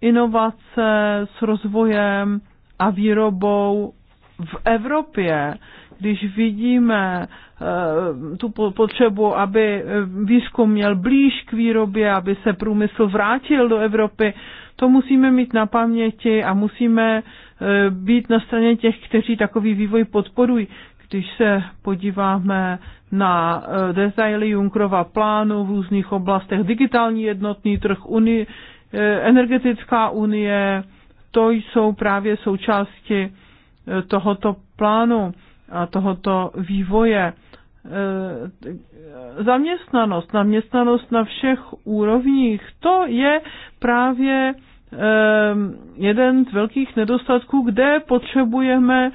inovace s rozvojem a výrobou v Evropě, když vidíme eh, tu potřebu, aby eh, výzkum měl blíž k výrobě, aby se průmysl vrátil do Evropy, to musíme mít na paměti a musíme eh, být na straně těch, kteří takový vývoj podporují. Když se podíváme na detaily Junkrova plánu v různých oblastech, digitální jednotný trh, uni, energetická unie, to jsou právě součásti e, tohoto plánu a tohoto vývoje. E, zaměstnanost, zaměstnanost na všech úrovních, to je právě e, jeden z velkých nedostatků, kde potřebujeme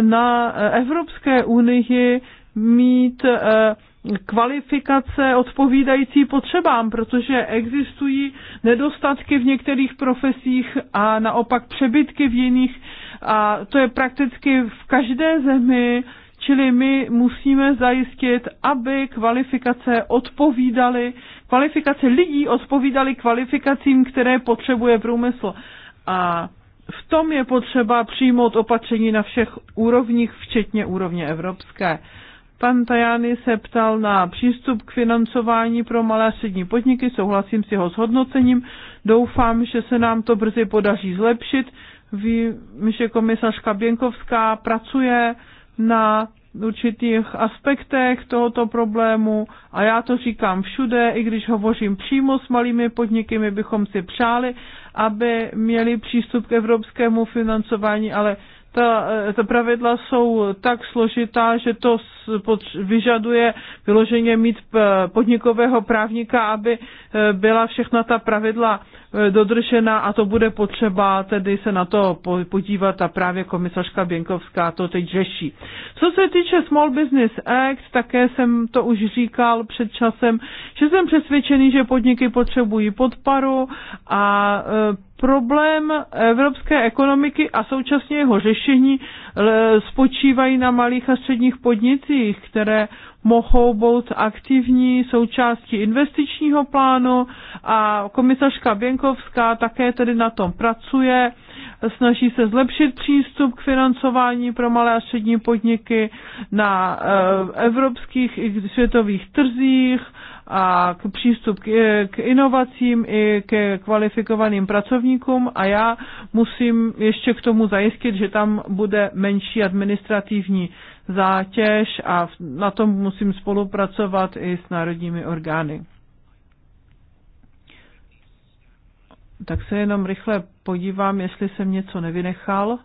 na Evropské unii mít kvalifikace odpovídající potřebám, protože existují nedostatky v některých profesích a naopak přebytky v jiných a to je prakticky v každé zemi, čili my musíme zajistit, aby kvalifikace odpovídaly, kvalifikace lidí odpovídaly kvalifikacím, které potřebuje průmysl. A v tom je potřeba přijmout opatření na všech úrovních, včetně úrovně evropské. Pan Tajany se ptal na přístup k financování pro malé a střední podniky, souhlasím s jeho zhodnocením, doufám, že se nám to brzy podaří zlepšit. Vím, že komisařka Běnkovská pracuje na určitých aspektech tohoto problému a já to říkám všude, i když hovořím přímo s malými podniky, my bychom si přáli, aby měli přístup k evropskému financování, ale ta, eh, ta pravidla jsou tak složitá, že to vyžaduje vyloženě mít eh, podnikového právníka, aby eh, byla všechna ta pravidla dodržena a to bude potřeba tedy se na to podívat a právě komisařka Běnkovská to teď řeší. Co se týče Small Business Act, také jsem to už říkal před časem, že jsem přesvědčený, že podniky potřebují podporu a problém evropské ekonomiky a současně jeho řešení eh, spočívají na malých a středních podnicích, které mohou být aktivní součástí investičního plánu a komisařka Věnkovská také tedy na tom pracuje, snaží se zlepšit přístup k financování pro malé a střední podniky na eh, evropských i světových trzích a k přístup k, k inovacím i ke kvalifikovaným pracovníkům a já musím ještě k tomu zajistit, že tam bude menší administrativní zátěž a na tom musím spolupracovat i s národními orgány. Tak se jenom rychle podívám, jestli jsem něco nevynechal.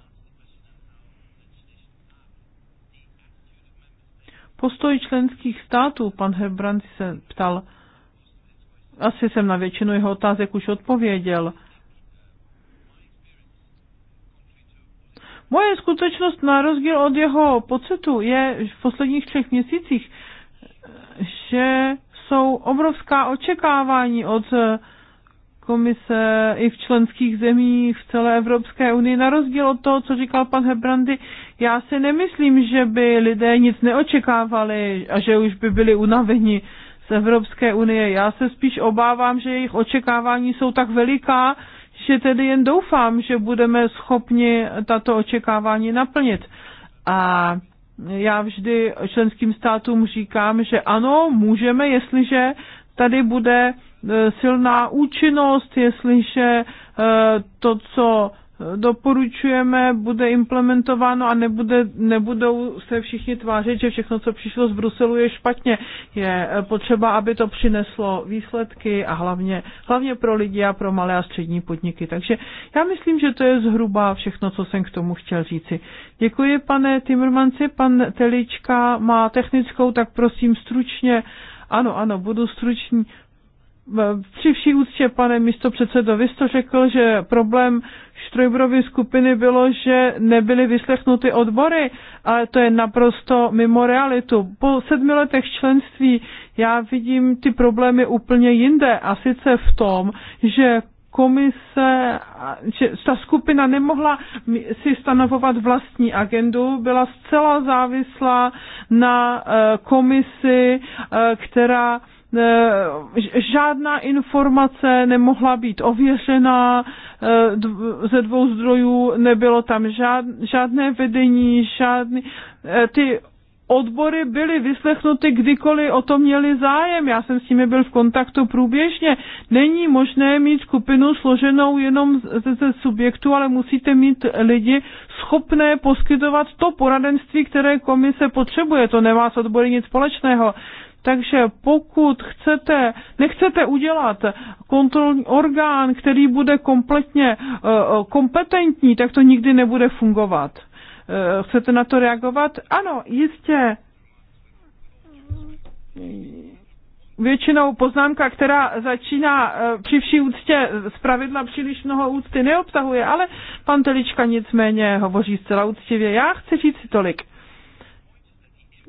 Postoj členských států, pan Herbrand se ptal, asi jsem na většinu jeho otázek už odpověděl. Moje skutečnost na rozdíl od jeho pocitu je v posledních třech měsících, že jsou obrovská očekávání od komise i v členských zemích v celé Evropské unii. Na rozdíl od toho, co říkal pan Hebrandy, já si nemyslím, že by lidé nic neočekávali a že už by byli unaveni z Evropské unie. Já se spíš obávám, že jejich očekávání jsou tak veliká, že tedy jen doufám, že budeme schopni tato očekávání naplnit. A já vždy členským státům říkám, že ano, můžeme, jestliže tady bude Eh, silná účinnost, jestliže eh, to, co eh, doporučujeme, bude implementováno a nebude, nebudou se všichni tvářit, že všechno, co přišlo z Bruselu, je špatně. Je potřeba, aby to přineslo výsledky a hlavně, hlavně pro lidi a pro malé a střední podniky. Takže já myslím, že to je zhruba všechno, co jsem k tomu chtěl říci. Děkuji, pane Timmermanci. Pan Telička má technickou, tak prosím stručně. Ano, ano, budu stručný. Eh, při vší úctě, pane místo předsedo, vy jste řekl, že problém Štrojbrovy skupiny bylo, že nebyly vyslechnuty odbory, ale to je naprosto mimo realitu. Po sedmi letech členství já vidím ty problémy úplně jinde a sice v tom, že komise, že ta skupina nemohla si stanovovat vlastní agendu, byla zcela závislá na eh, komisi, eh, která žádná informace nemohla být ověřena eh, ze dvou zdrojů, nebylo tam žádné vedení, žádný, eh, ty odbory byly vyslechnuty kdykoliv o to měli zájem. Já jsem s nimi byl v kontaktu průběžně. Není možné mít skupinu složenou jenom ze, ze subjektu, ale musíte mít lidi schopné poskytovat to poradenství, které komise potřebuje. To nemá s odbory nic společného. Takže pokud chcete, nechcete udělat kontrolní orgán, který bude kompletně eh, eh, kompetentní, tak to nikdy nebude fungovat. Eh, chcete na to reagovat? Ano, jistě. Většinou poznámka, která začíná při vší úctě z pravidla příliš mnoho úcty neobsahuje, ale pan Telička nicméně hovoří zcela úctivě. Já chci říct si tolik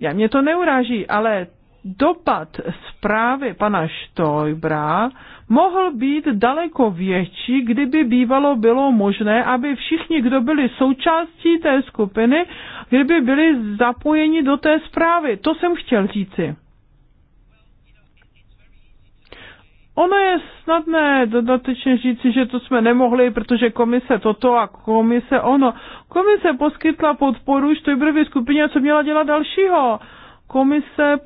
já mě to neuráží, ale dopad zprávy pana Štojbra mohl být daleko větší, kdyby bývalo bylo možné, aby všichni, kdo byli součástí té skupiny, kdyby byli zapojeni do té zprávy. To jsem chtěl říci. Ono je snadné dodatečně říci, že to jsme nemohli, protože komise toto a komise ono. Komise poskytla podporu Štojbrově skupině, co měla dělat dalšího. Komise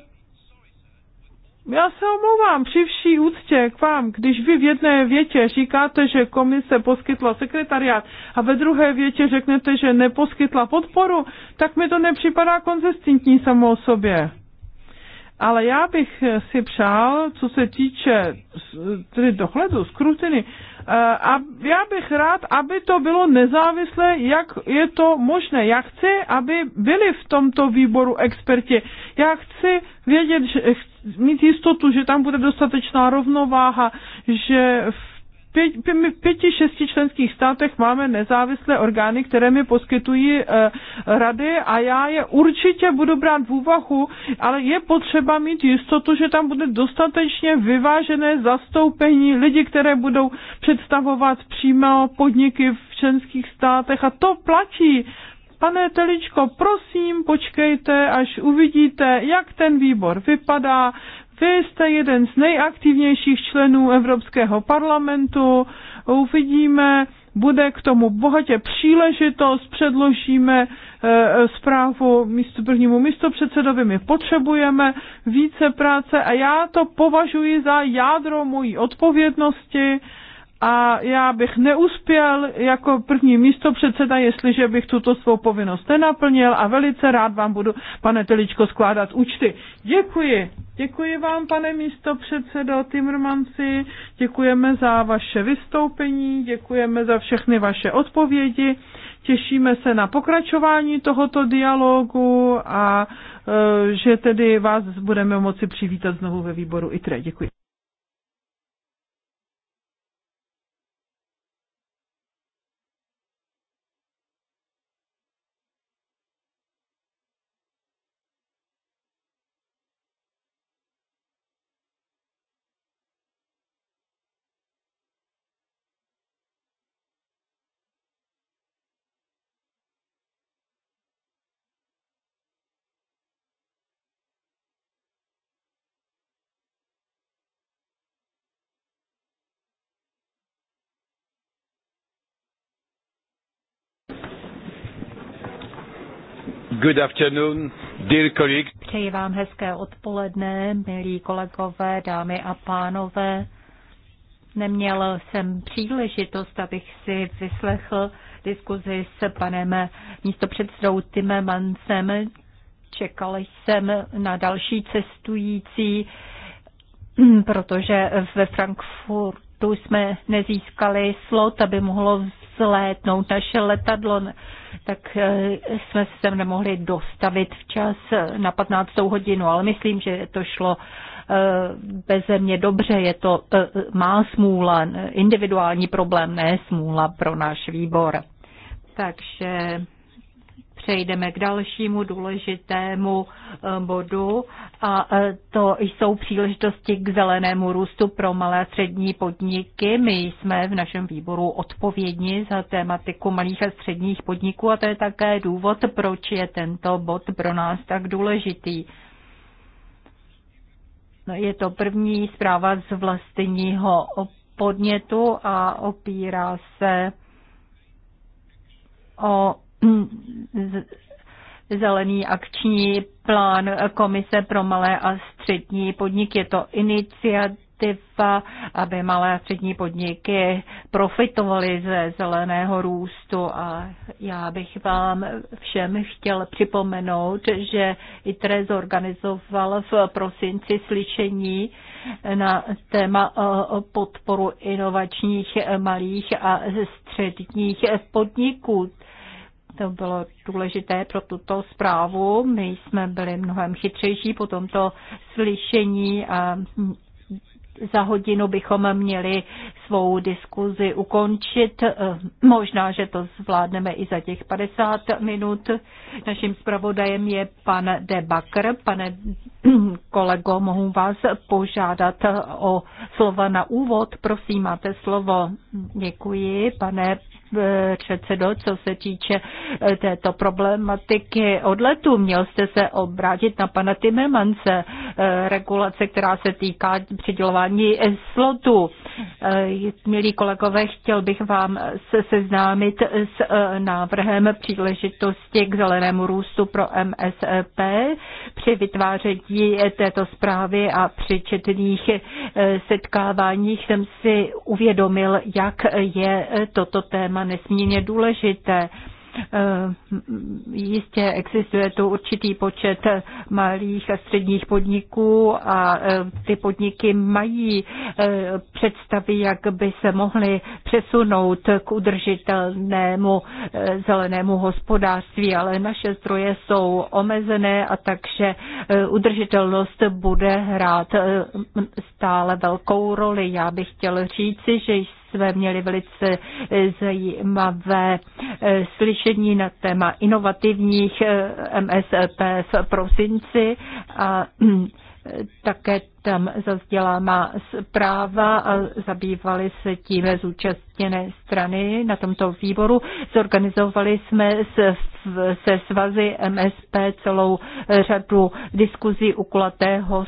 já se omlouvám při vší úctě k vám, když vy v jedné větě říkáte, že komise poskytla sekretariát a ve druhé větě řeknete, že neposkytla podporu, tak mi to nepřipadá konzistentní samo o sobě. Ale já bych si přál, co se týče tedy dohledu, skrutiny, Eh, a já bych rád, aby to bylo nezávislé, jak je to možné. Já chci, aby byli v tomto výboru experti. Já chci vědět, že, mít jistotu, že tam bude dostatečná rovnováha, že v v pěti, šesti členských státech máme nezávislé orgány, které mi poskytují eh, rady a já je určitě budu brát v úvahu, ale je potřeba mít jistotu, že tam bude dostatečně vyvážené zastoupení lidí, které budou představovat přímo podniky v členských státech a to platí Pane Teličko, prosím, počkejte, až uvidíte, jak ten výbor vypadá, vy jste jeden z nejaktivnějších členů Evropského parlamentu. Uvidíme, bude k tomu bohatě příležitost, předložíme e, zprávu místo prvnímu místopředsedovi, my potřebujeme více práce a já to považuji za jádro mojí odpovědnosti a já bych neuspěl jako první místo předseda, jestliže bych tuto svou povinnost nenaplnil a velice rád vám budu, pane Teličko, skládat účty. Děkuji. Děkuji vám, pane místo předsedo Timmermansi, děkujeme za vaše vystoupení, děkujeme za všechny vaše odpovědi, těšíme se na pokračování tohoto dialogu a e, že tedy vás budeme moci přivítat znovu ve výboru ITRE. Děkuji. Good afternoon, dear colleagues. Přeji vám hezké odpoledne, milí kolegové, dámy a pánové. Neměl jsem příležitost, abych si vyslechl diskuzi s panem místopředsedou Timmermansem. Čekal jsem na další cestující, protože ve Frankfurtu jsme nezískali slot, aby mohlo vzlétnout naše letadlo, tak eh, jsme se sem nemohli dostavit včas eh, na 15. hodinu, ale myslím, že to šlo eh, bez země dobře, je to má smůla, individuální problém, ne smůla pro náš výbor. Takže přejdeme k dalšímu důležitému eh, bodu a eh, to jsou příležitosti k zelenému růstu pro malé a střední podniky. My jsme v našem výboru odpovědní za tématiku malých a středních podniků a to je také důvod, proč je tento bod pro nás tak důležitý. No, je to první zpráva z vlastního podnětu a opírá se o zelený akční plán Komise pro malé a střední podniky. Je to iniciativa, aby malé a střední podniky profitovaly ze zeleného růstu a já bych vám všem chtěl připomenout, že ITRE zorganizoval v prosinci slyšení na téma eh, podporu inovačních malých a středních podniků to bylo důležité pro tuto zprávu. My jsme byli mnohem chytřejší po tomto slyšení a za hodinu bychom měli svou diskuzi ukončit. Možná, že to zvládneme i za těch 50 minut. Naším zpravodajem je pan De Bakr. Pane kolego, mohu vás požádat o slova na úvod. Prosím, máte slovo. Děkuji, pane Eh, předsedo, co se týče eh, této problematiky odletu. Měl jste se obrátit na pana Timemance, eh, regulace, která se týká přidělování slotu. Milí kolegové, chtěl bych vám se seznámit s návrhem příležitosti k zelenému růstu pro MSP při vytváření této zprávy a při četných setkáváních jsem si uvědomil, jak je toto téma téma nesmírně důležité. Eh, jistě existuje tu určitý počet malých a středních podniků a eh, ty podniky mají eh, představy, jak by se mohly přesunout k udržitelnému zelenému hospodářství, ale naše zdroje jsou omezené a takže udržitelnost bude hrát stále velkou roli. Já bych chtěl říci, že jsme měli velice zajímavé eh, slyšení na téma inovativních eh, MSP v prosinci a eh, také tam zazděla má zpráva a zabývali se tím zúčastněné strany na tomto výboru. Zorganizovali jsme se svazy MSP celou řadu diskuzí u kulatého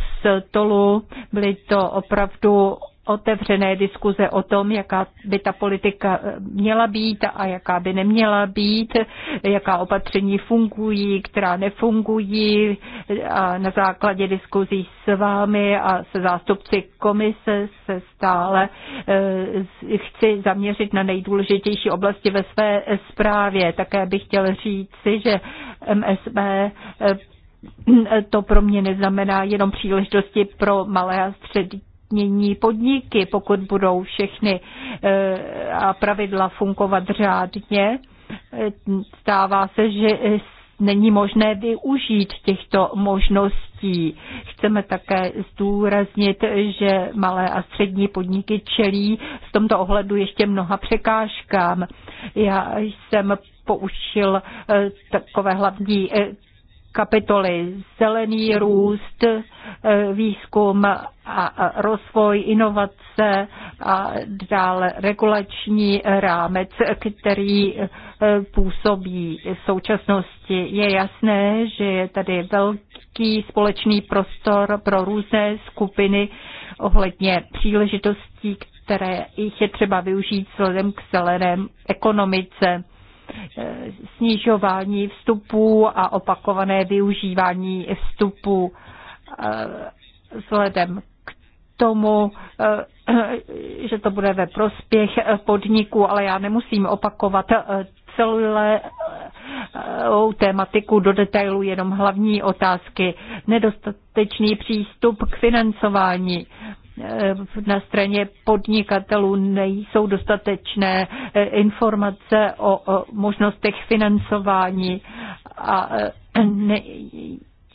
stolu. Byly to opravdu otevřené diskuze o tom, jaká by ta politika eh, měla být a jaká by neměla být, jaká opatření fungují, která nefungují eh, a na základě diskuzí s vámi a se zástupci komise se stále eh, chci zaměřit na nejdůležitější oblasti ve své zprávě. Také bych chtěl říci, že MSB to pro mě neznamená jenom příležitosti pro malé a střední zúčastnění podniky, pokud budou všechny eh, a pravidla fungovat řádně. Eh, stává se, že eh, není možné využít těchto možností. Chceme také zdůraznit, že malé a střední podniky čelí v tomto ohledu ještě mnoha překážkám. Já jsem poučil takové hlavní kapitoly zelený růst, Eh, výzkum a rozvoj, inovace a dále regulační rámec, který eh, působí v současnosti. Je jasné, že je tady velký společný prostor pro různé skupiny ohledně příležitostí, které jich je třeba využít vzhledem k zelené ekonomice eh, snižování vstupů a opakované využívání vstupů vzhledem eh, k tomu, eh, že to bude ve prospěch podniků, ale já nemusím opakovat eh, celou tématiku do detailu, jenom hlavní otázky. Nedostatečný přístup k financování na straně podnikatelů nejsou dostatečné informace o možnostech financování a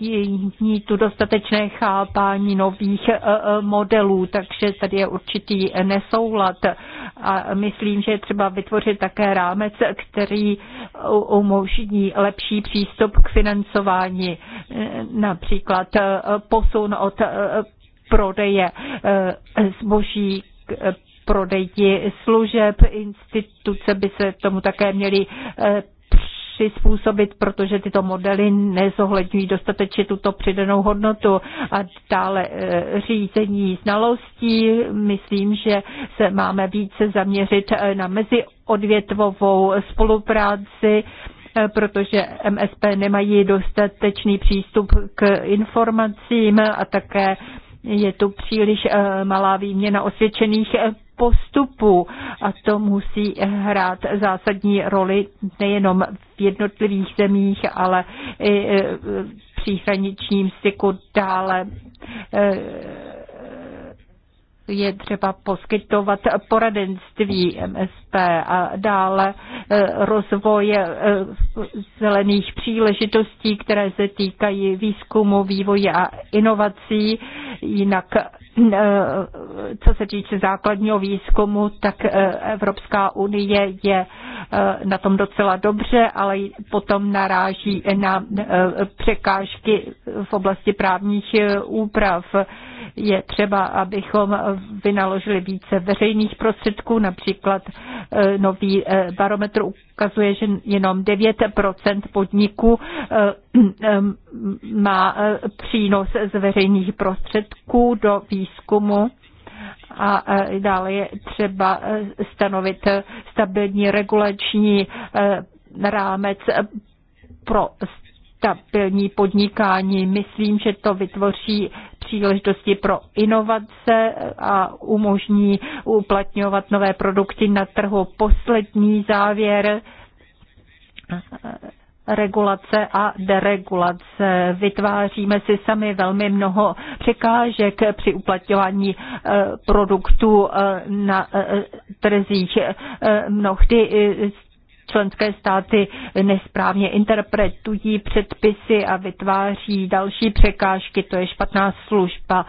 není tu dostatečné chápání nových eh, eh, modelů, takže tady je určitý nesoulad. A myslím, že je třeba vytvořit také rámec, který umožní lepší přístup k financování, eh, například posun od prodeje zboží k prodeji služeb. Instituce by se tomu také měly přizpůsobit, protože tyto modely nezohledňují dostatečně tuto přidanou hodnotu a dále e, řízení znalostí. Myslím, že se máme více zaměřit e, na meziodvětvovou spolupráci e, protože MSP nemají dostatečný přístup k informacím a také je tu příliš malá výměna osvědčených postupu a to musí hrát zásadní roli nejenom v jednotlivých zemích, ale i e, v příhraničním styku dále e, je třeba poskytovat poradenství MSP a dále e, rozvoj zelených příležitostí, které se týkají výzkumu, vývoje a inovací. Jinak Eh, co se týče základního výzkumu, tak eh, Evropská unie je eh, na tom docela dobře, ale potom naráží na překážky v oblasti právních úprav. Je třeba, abychom vynaložili více veřejných prostředků, například nový barometr ukazuje, že jenom 9% podniků eh, eh, má eh, přínos z veřejných prostředků do výzkumu a dále je třeba stanovit stabilní regulační rámec pro stabilní podnikání. Myslím, že to vytvoří příležitosti pro inovace a umožní uplatňovat nové produkty na trhu. Poslední závěr regulace a deregulace. Vytváříme si sami velmi mnoho překážek při uplatňování eh, produktů eh, na eh, trzích. Mnohdy členské státy nesprávně interpretují předpisy a vytváří další překážky. To je špatná služba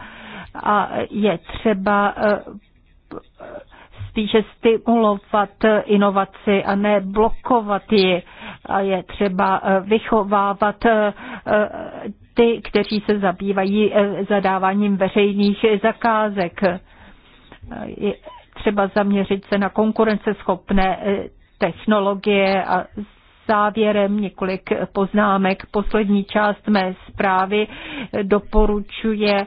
a je třeba eh, spíše stimulovat inovaci a ne blokovat ji. A je třeba eh, vychovávat eh, ty, kteří se zabývají zadáváním veřejných zakázek. Je třeba zaměřit se na konkurenceschopné technologie a závěrem několik poznámek. Poslední část mé zprávy doporučuje eh,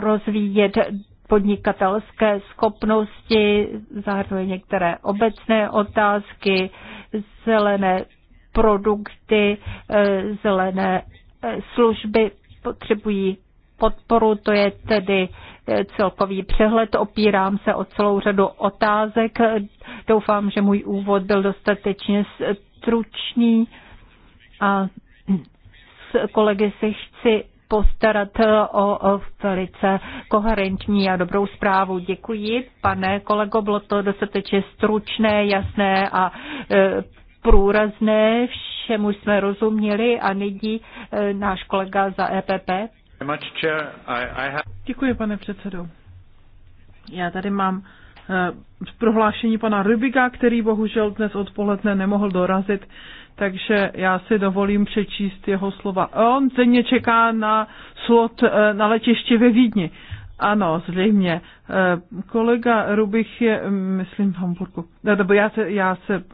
rozvíjet podnikatelské schopnosti, zahrnuje některé obecné otázky, zelené produkty, eh, zelené eh, služby potřebují podporu, to je tedy Eh, celkový přehled. Opírám se o celou řadu otázek. Doufám, že můj úvod byl dostatečně stručný a s kolegy si chci postarat eh, o, velice koherentní a dobrou zprávu. Děkuji, pane kolego, bylo to dostatečně stručné, jasné a eh, průrazné, všemu jsme rozuměli a nyní náš kolega za EPP, Děkuji, pane předsedo. Já tady mám eh, prohlášení pana Rybiga, který bohužel dnes odpoledne nemohl dorazit, takže já si dovolím přečíst jeho slova. On země čeká na slot eh, na letiště ve Vídni. Ano, zřejmě. Eh, kolega Rubich je, mm, myslím, v Hamburgu. No, nebo já se, já se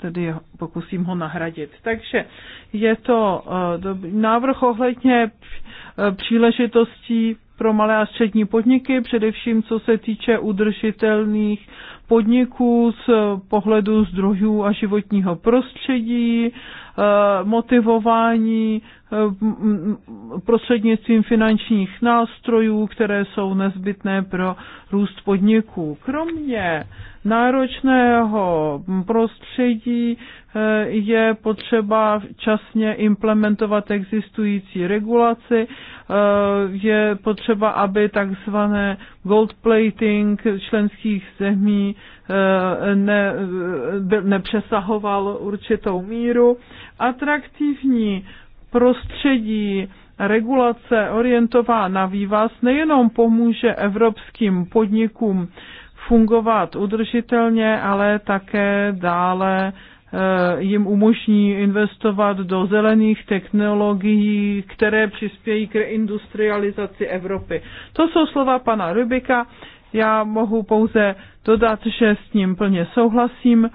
tedy pokusím ho nahradit. Takže je to návrh ohledně Eh, příležitostí pro malé a střední podniky, především co se týče udržitelných podniků z pohledu zdrojů a životního prostředí, eh, motivování prostřednictvím finančních nástrojů, které jsou nezbytné pro růst podniků. Kromě náročného prostředí eh, je potřeba časně implementovat existující regulaci, eh, je potřeba, aby takzvané gold plating členských zemí eh, ne, nepřesahoval určitou míru. Atraktivní prostředí regulace orientová na vývaz nejenom pomůže evropským podnikům fungovat udržitelně, ale také dále eh, jim umožní investovat do zelených technologií, které přispějí k reindustrializaci Evropy. To jsou slova pana Rubika. Já mohu pouze dodat, že s ním plně souhlasím.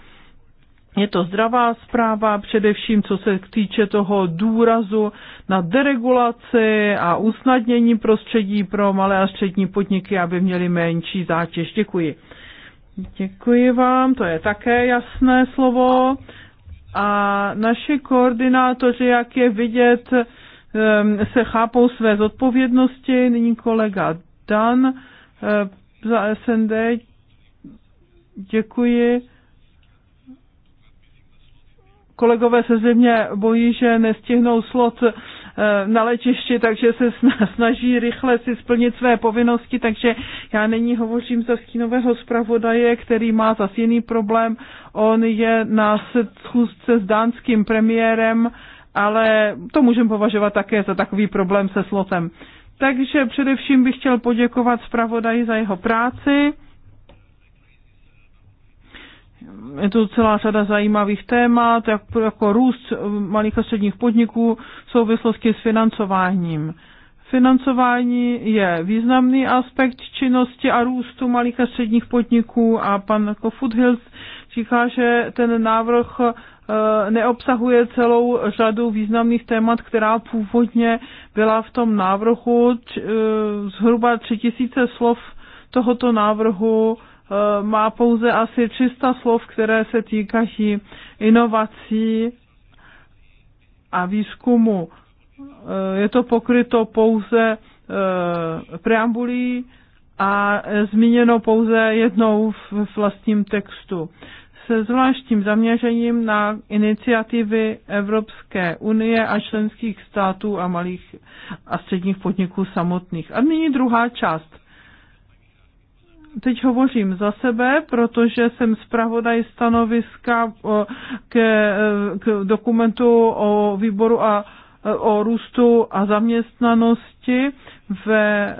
Je to zdravá zpráva, především co se týče toho důrazu na deregulaci a usnadnění prostředí pro malé a střední podniky, aby měly menší zátěž. Děkuji. Děkuji vám, to je také jasné slovo. A naši koordinátoři, jak je vidět, ehm, se chápou své zodpovědnosti. Nyní kolega Dan eh, za SND. Děkuji kolegové se země bojí, že nestihnou slot eh, na letišti, takže se snaží rychle si splnit své povinnosti, takže já není hovořím za stínového zpravodaje, který má zase jiný problém. On je na schůzce s dánským premiérem, ale to můžeme považovat také za takový problém se slotem. Takže především bych chtěl poděkovat zpravodaji za jeho práci je to celá řada zajímavých témat, jak, jako růst malých a středních podniků v souvislosti s financováním. Financování je významný aspekt činnosti a růstu malých a středních podniků a pan Kofuthils říká, že ten návrh eh, neobsahuje celou řadu významných témat, která původně byla v tom návrhu. Eh, zhruba tři tisíce slov tohoto návrhu Eh, má pouze asi 300 slov, které se týkají inovací a výzkumu. Eh, je to pokryto pouze eh, preambulí a zmíněno pouze jednou v vlastním textu. Se zvláštním zaměřením na iniciativy Evropské unie a členských států a malých a středních podniků samotných. A nyní druhá část teď hovořím za sebe, protože jsem zpravodaj stanoviska k, k dokumentu o výboru a o růstu a zaměstnanosti ve e,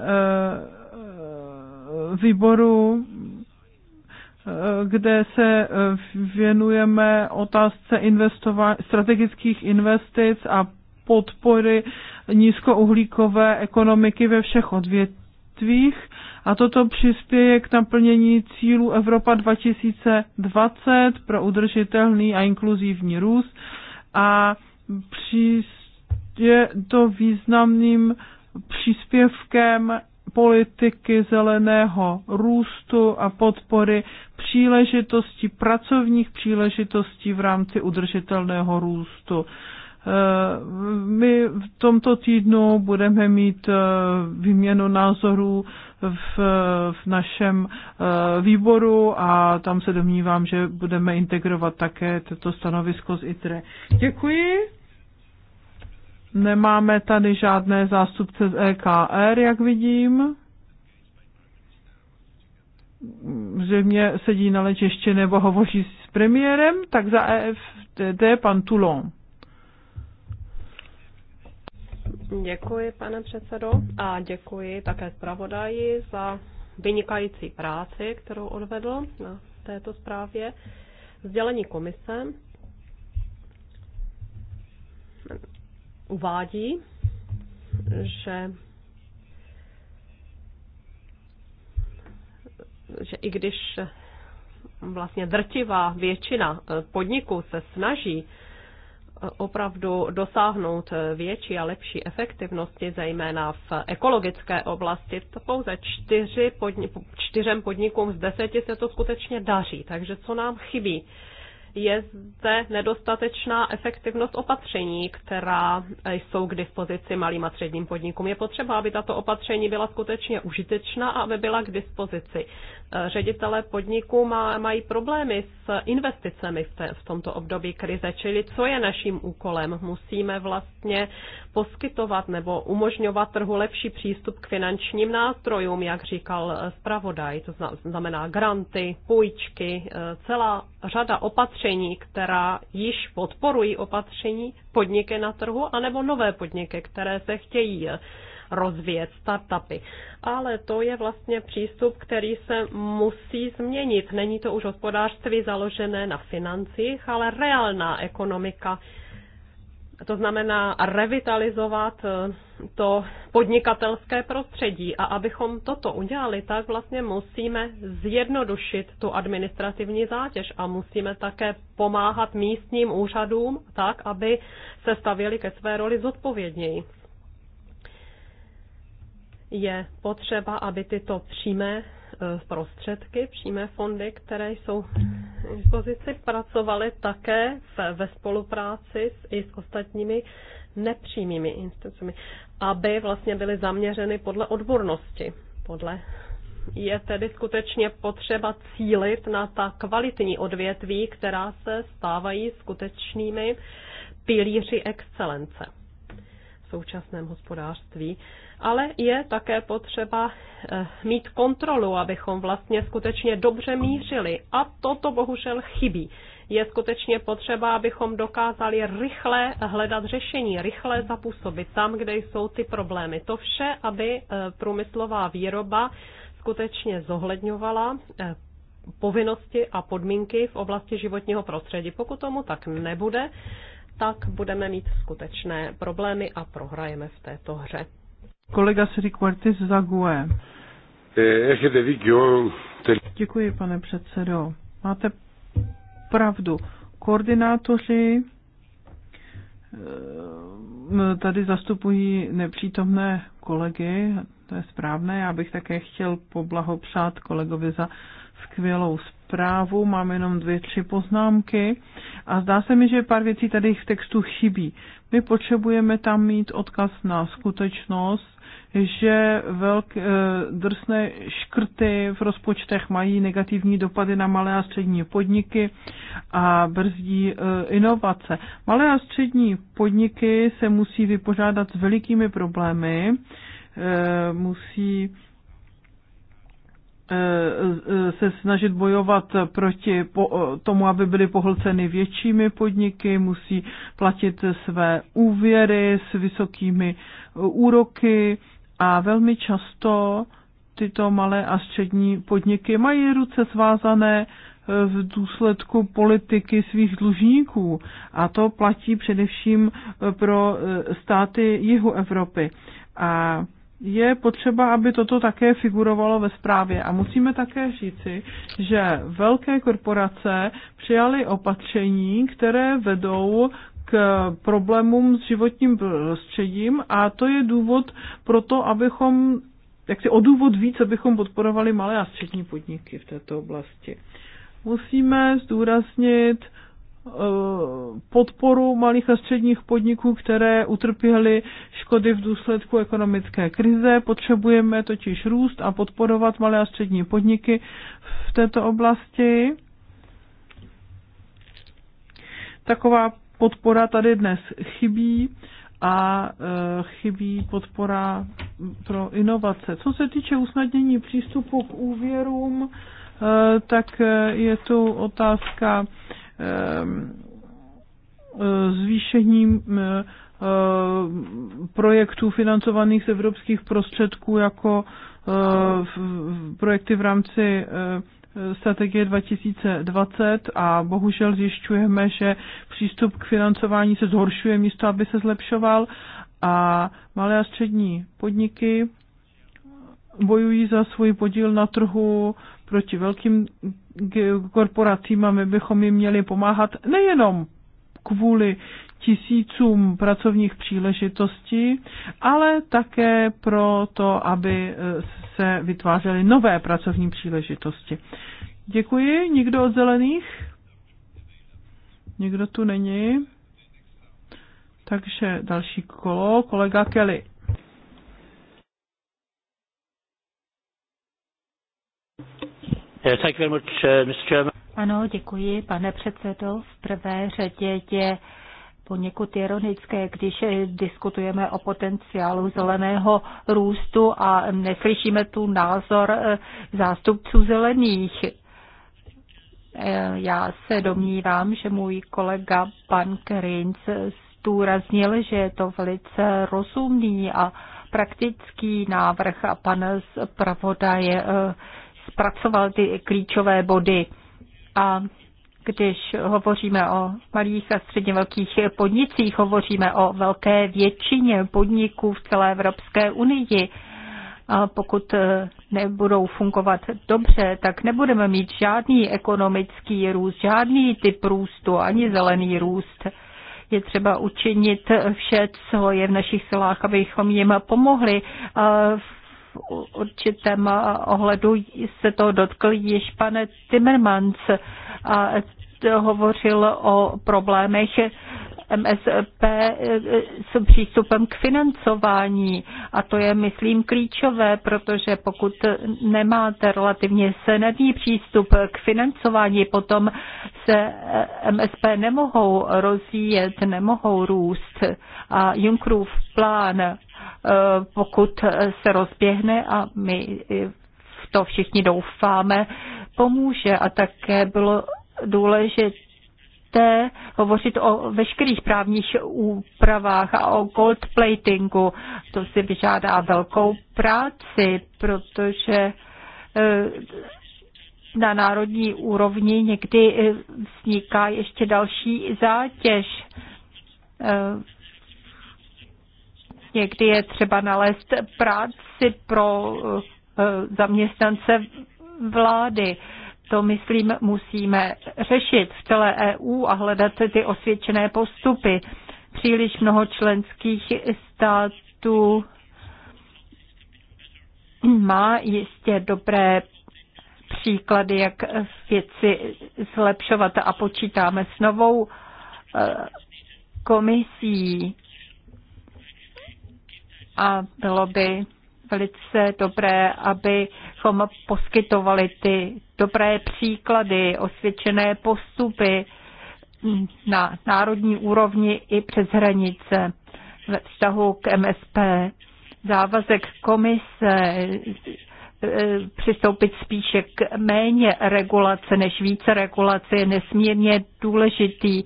výboru, e, kde se e, věnujeme otázce strategických investic a podpory nízkouhlíkové ekonomiky ve všech odvětvích a toto přispěje k naplnění cílů Evropa 2020 pro udržitelný a inkluzivní růst a je to významným příspěvkem politiky zeleného růstu a podpory příležitostí, pracovních příležitostí v rámci udržitelného růstu. Eh, my v tomto týdnu budeme mít eh, výměnu názorů v, eh, v našem výboru a tam se domnívám, že budeme integrovat také toto stanovisko z ITRE. Děkuji. Nemáme tady žádné zástupce z EKR, jak vidím. Zřejmě sedí na letišti nebo hovoří s premiérem, tak za EFTD pan Toulon. Děkuji, pane předsedo, a děkuji také zpravodaji za vynikající práci, kterou odvedl na této zprávě. Vzdělení komise uvádí, že že i když vlastně drtivá většina podniků se snaží opravdu dosáhnout větší a lepší efektivnosti, zejména v ekologické oblasti. To pouze čtyři podni- čtyřem podnikům z deseti se to skutečně daří. Takže co nám chybí? Je zde nedostatečná efektivnost opatření, která jsou k dispozici malým a středním podnikům. Je potřeba, aby tato opatření byla skutečně užitečná a aby byla k dispozici ředitele podniků má, mají problémy s investicemi v, té, v tomto období krize. Čili co je naším úkolem? Musíme vlastně poskytovat nebo umožňovat trhu lepší přístup k finančním nástrojům, jak říkal zpravodaj, to znamená granty, půjčky, eh, celá řada opatření, která již podporují opatření podniky na trhu, anebo nové podniky, které se chtějí eh, rozvíjet startupy. Ale to je vlastně přístup, který se musí změnit. Není to už hospodářství založené na financích, ale reálná ekonomika. To znamená revitalizovat eh, to podnikatelské prostředí. A abychom toto udělali, tak vlastně musíme zjednodušit tu administrativní zátěž a musíme také pomáhat místním úřadům tak, aby se stavěli ke své roli zodpovědněji je potřeba, aby tyto přímé e, prostředky, přímé fondy, které jsou v dispozici, pracovaly také ve spolupráci s, i s ostatními nepřímými institucemi, aby vlastně byly zaměřeny podle odbornosti, podle je tedy skutečně potřeba cílit na ta kvalitní odvětví, která se stávají skutečnými pilíři excelence současném hospodářství. Ale je také potřeba eh, mít kontrolu, abychom vlastně skutečně dobře mířili. A toto bohužel chybí. Je skutečně potřeba, abychom dokázali rychle hledat řešení, rychle zapůsobit tam, kde jsou ty problémy. To vše, aby eh, průmyslová výroba skutečně zohledňovala eh, povinnosti a podmínky v oblasti životního prostředí. Pokud tomu tak nebude, tak budeme mít skutečné problémy a prohrajeme v této hře. Kolega Siri Quartis za GUE. Eh, Děkuji, pane předsedo. Máte pravdu. Koordinátoři eh, tady zastupují nepřítomné kolegy, to je správné. Já bych také chtěl poblahopřát kolegovi za skvělou zprávu. Mám jenom dvě, tři poznámky a zdá se mi, že pár věcí tady v textu chybí. My potřebujeme tam mít odkaz na skutečnost, že velk, eh, drsné škrty v rozpočtech mají negativní dopady na malé a střední podniky a brzdí eh, inovace. Malé a střední podniky se musí vypořádat s velikými problémy, Eh, musí eh, se snažit bojovat proti tomu, aby byly pohlceny většími podniky, musí platit své úvěry s vysokými eh, úroky a velmi často tyto malé a střední podniky mají ruce svázané v důsledku politiky svých dlužníků. A to platí především pro státy jihu Evropy. A je potřeba, aby toto také figurovalo ve zprávě. A musíme také říci, že velké korporace přijaly opatření, které vedou k problémům s životním prostředím a to je důvod pro to, abychom, jak si o důvod víc, abychom podporovali malé a střední podniky v této oblasti. Musíme zdůraznit Eh, podporu malých a středních podniků, které utrpěly škody v důsledku ekonomické krize. Potřebujeme totiž růst a podporovat malé a střední podniky v této oblasti. Taková podpora tady dnes chybí a eh, chybí podpora pro inovace. Co se týče usnadnění přístupu k úvěrům, eh, tak je tu otázka Ehm, eh, zvýšením eh, projektů financovaných z evropských prostředků jako eh, projekty v rámci strategie 2020 a bohužel zjišťujeme, že přístup k financování se zhoršuje místo, aby se zlepšoval a malé a střední podniky bojují za svůj podíl na trhu, proti velkým korporacím a my bychom jim měli pomáhat nejenom kvůli tisícům pracovních příležitostí, ale také pro to, aby e, se vytvářely nové pracovní příležitosti. Děkuji. Nikdo od zelených? Nikdo tu není. Takže další kolo, kolega Kelly. Uh, uh, ano, děkuji, pane předsedo. V prvé řadě je poněkud ironické, když eh, diskutujeme o potenciálu zeleného růstu a neslyšíme tu názor eh, zástupců zelených. Eh, já se domnívám, že můj kolega pan Kerinc zdůraznil, že je to velice rozumný a praktický návrh a pan zpravodaj zpracoval ty klíčové body. A když hovoříme o malých a středně velkých podnicích, hovoříme o velké většině podniků v celé Evropské unii. A pokud eh, nebudou fungovat dobře, tak nebudeme mít žádný ekonomický růst, žádný typ růstu, ani zelený růst. Je třeba učinit vše, co je v našich silách, abychom jim pomohli. A eh, v určitém ohledu se toho dotkl již pan Timmermans a hovořil o problémech MSP s přístupem k financování. A to je, myslím, klíčové, protože pokud nemáte relativně senedný přístup k financování, potom se MSP nemohou rozvíjet, nemohou růst. A Junckerův plán Eh, pokud se rozběhne a my v to všichni doufáme, pomůže. A také bylo důležité hovořit o veškerých právních úpravách a o gold platingu. To si vyžádá velkou práci, protože eh, na národní úrovni někdy eh, vzniká ještě další zátěž Někdy vlastně, je třeba nalézt práci pro eh, zaměstnance vlády. To, myslím, musíme řešit v celé EU a hledat ty osvědčené postupy. Příliš mnoho členských států má jistě dobré příklady, jak věci zlepšovat a počítáme s novou eh, komisí a bylo by velice dobré, abychom poskytovali ty dobré příklady, osvědčené postupy na národní úrovni i přes hranice ve vztahu k MSP. Závazek komise e, přistoupit spíše k méně regulace než více regulace je nesmírně důležitý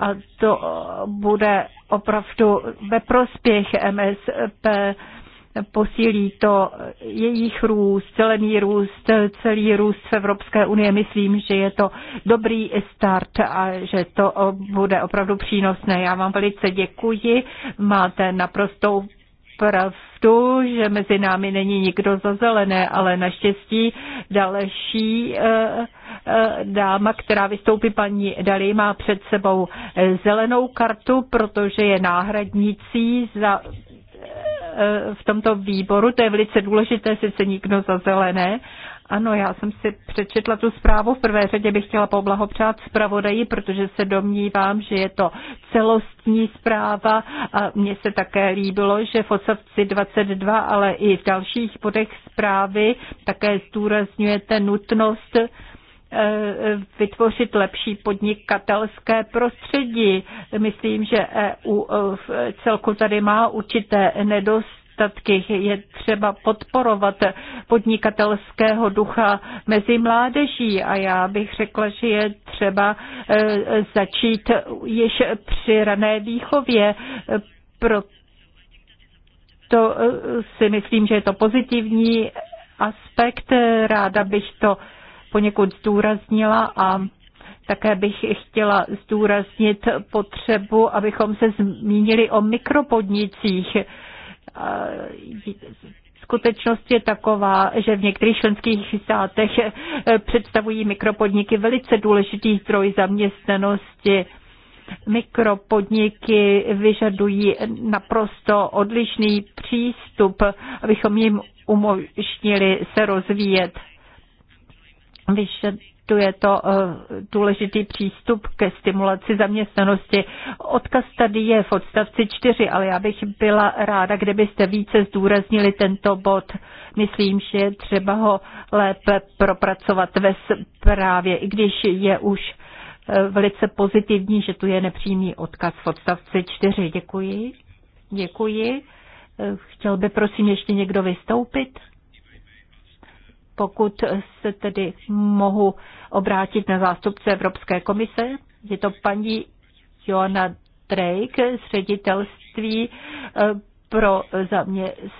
a to eh, bude opravdu ve prospěch MSP posílí to jejich růst, zelený růst, celý růst v Evropské unie. Myslím, že je to dobrý start a že to eh, bude opravdu přínosné. Já vám velice děkuji. Máte naprostou pravdu, že mezi námi není nikdo za zelené, ale naštěstí další uh, Eh, dáma, která vystoupí paní Dali, má před sebou zelenou kartu, protože je náhradnicí za eh, v tomto výboru, to je velice důležité, sice nikdo za zelené, ano, já jsem si přečetla tu zprávu. V prvé řadě bych chtěla poblahopřát zpravodaji, protože se domnívám, že je to celostní zpráva a mně se také líbilo, že v odstavci 22, ale i v dalších bodech zprávy také zdůrazňujete nutnost vytvořit lepší podnikatelské prostředí. Myslím, že EU v celku tady má určité nedostatky Je třeba podporovat podnikatelského ducha mezi mládeží a já bych řekla, že je třeba e, začít již při rané výchově, proto e, si myslím, že je to pozitivní aspekt. Ráda bych to poněkud zdůraznila a také bych chtěla zdůraznit potřebu, abychom se zmínili o mikropodnicích. Skutečnost je taková, že v některých členských státech eh, představují mikropodniky velice důležitý zdroj zaměstnanosti. Mikropodniky vyžadují naprosto odlišný přístup, abychom jim umožnili se rozvíjet vyšetuje to eh, důležitý přístup ke stimulaci zaměstnanosti. Odkaz tady je v odstavci 4, ale já bych byla ráda, kdybyste více zdůraznili tento bod. Myslím, že je třeba ho lépe propracovat ve zprávě, i když je už eh, velice pozitivní, že tu je nepřímý odkaz v odstavci 4. Děkuji. Děkuji. Eh, chtěl by prosím ještě někdo vystoupit? Pokud se tedy mohu obrátit na zástupce Evropské komise, je to paní Joana Drake z ředitelství eh, pro zaměstnanost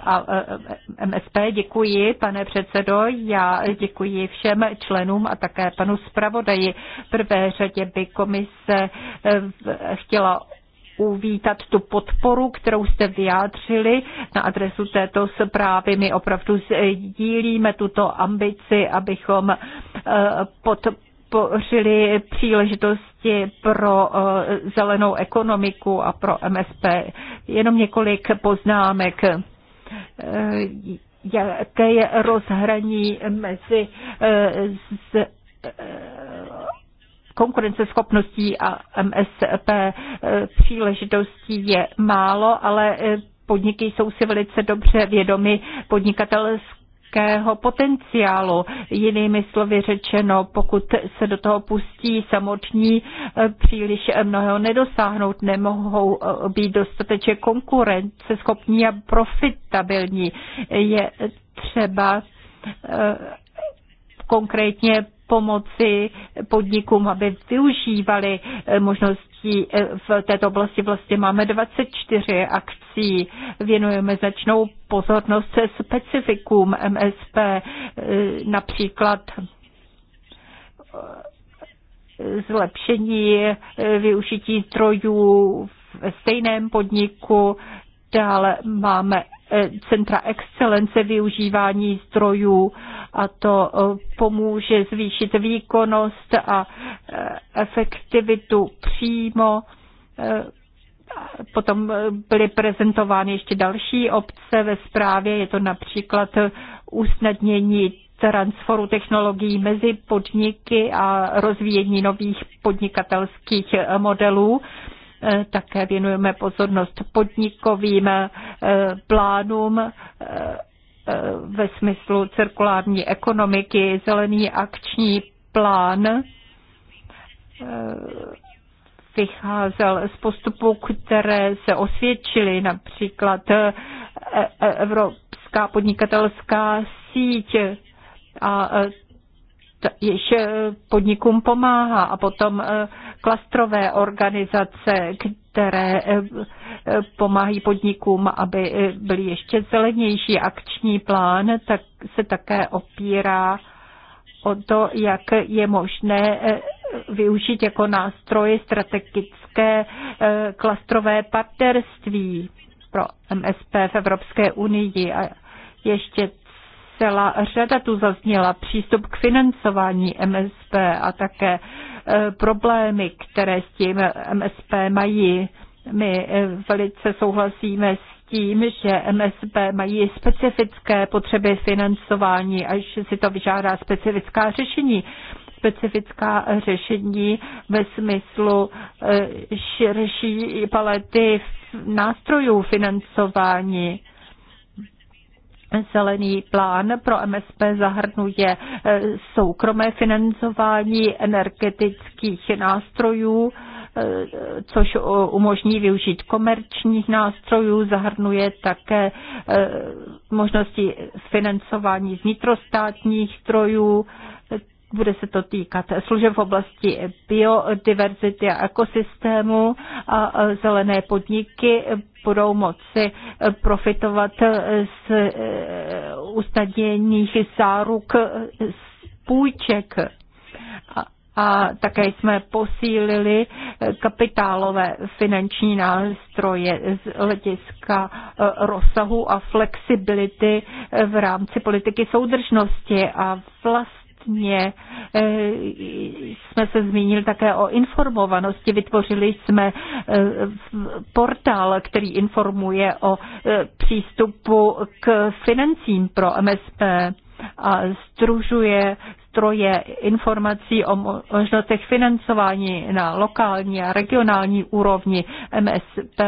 a eh, MSP. Děkuji, pane předsedo. Já děkuji všem členům a také panu zpravodaji. V prvé řadě by komise eh, chtěla uvítat tu podporu, kterou jste vyjádřili na adresu této zprávy. My opravdu sdílíme tuto ambici, abychom eh, podpořili příležitosti pro eh, zelenou ekonomiku a pro MSP. Jenom několik poznámek eh, jaké je rozhraní mezi z, konkurenceschopností a MSP. Eh, příležitostí je málo, ale eh, podniky jsou si velice dobře vědomi podnikatelské potenciálu. Jinými slovy řečeno, pokud se do toho pustí samotní, eh, příliš mnoho nedosáhnout, nemohou být dostatečně konkurenceschopní a profitabilní. Je třeba konkrétně pomoci podnikům, aby využívali eh, možnosti eh, v této oblasti. Vlastně máme 24 akcí, věnujeme značnou pozornost se specifikům MSP, eh, například zlepšení využití zdrojů v stejném podniku, Dále máme eh, centra excelence využívání zdrojů a to eh, pomůže zvýšit výkonnost a eh, efektivitu přímo. Potom byly prezentovány ještě další obce ve zprávě, je to například usnadnění transferu technologií mezi podniky a rozvíjení nových podnikatelských modelů. Eh, také věnujeme pozornost podnikovým eh, plánům eh, ve smyslu cirkulární ekonomiky, zelený akční plán vycházel z postupů, které se osvědčily, například e, e, Evropská podnikatelská síť a jež eh, podnikům pomáhá. A potom eh, klastrové organizace, které eh, pomáhají podnikům, aby byly ještě zelenější. Akční plán tak se také opírá o to, jak je možné využít jako nástroj strategické klastrové partnerství pro MSP v Evropské unii. A ještě celá řada tu zazněla. Přístup k financování MSP a také e, problémy, které s tím MSP mají. My e, velice souhlasíme s tím, že MSP mají specifické potřeby financování, až si to vyžádá specifická řešení specifická řešení ve smyslu e, širší palety nástrojů financování. Zelený plán pro MSP zahrnuje e, soukromé financování energetických nástrojů, e, což umožní využít komerčních nástrojů, zahrnuje také e, možnosti financování z vnitrostátních strojů, bude se to týkat služeb v oblasti biodiverzity a ekosystému a zelené podniky budou moci profitovat z eh, usnadněných záruk z půjček. A také jsme posílili kapitálové finanční nástroje z hlediska eh, rozsahu a flexibility v rámci politiky soudržnosti a vlast konkrétně eh, jsme se zmínili také o informovanosti. Vytvořili jsme eh, portál, který informuje o eh, přístupu k financím pro MSP a stružuje stroje informací o možnostech financování na lokální a regionální úrovni MSP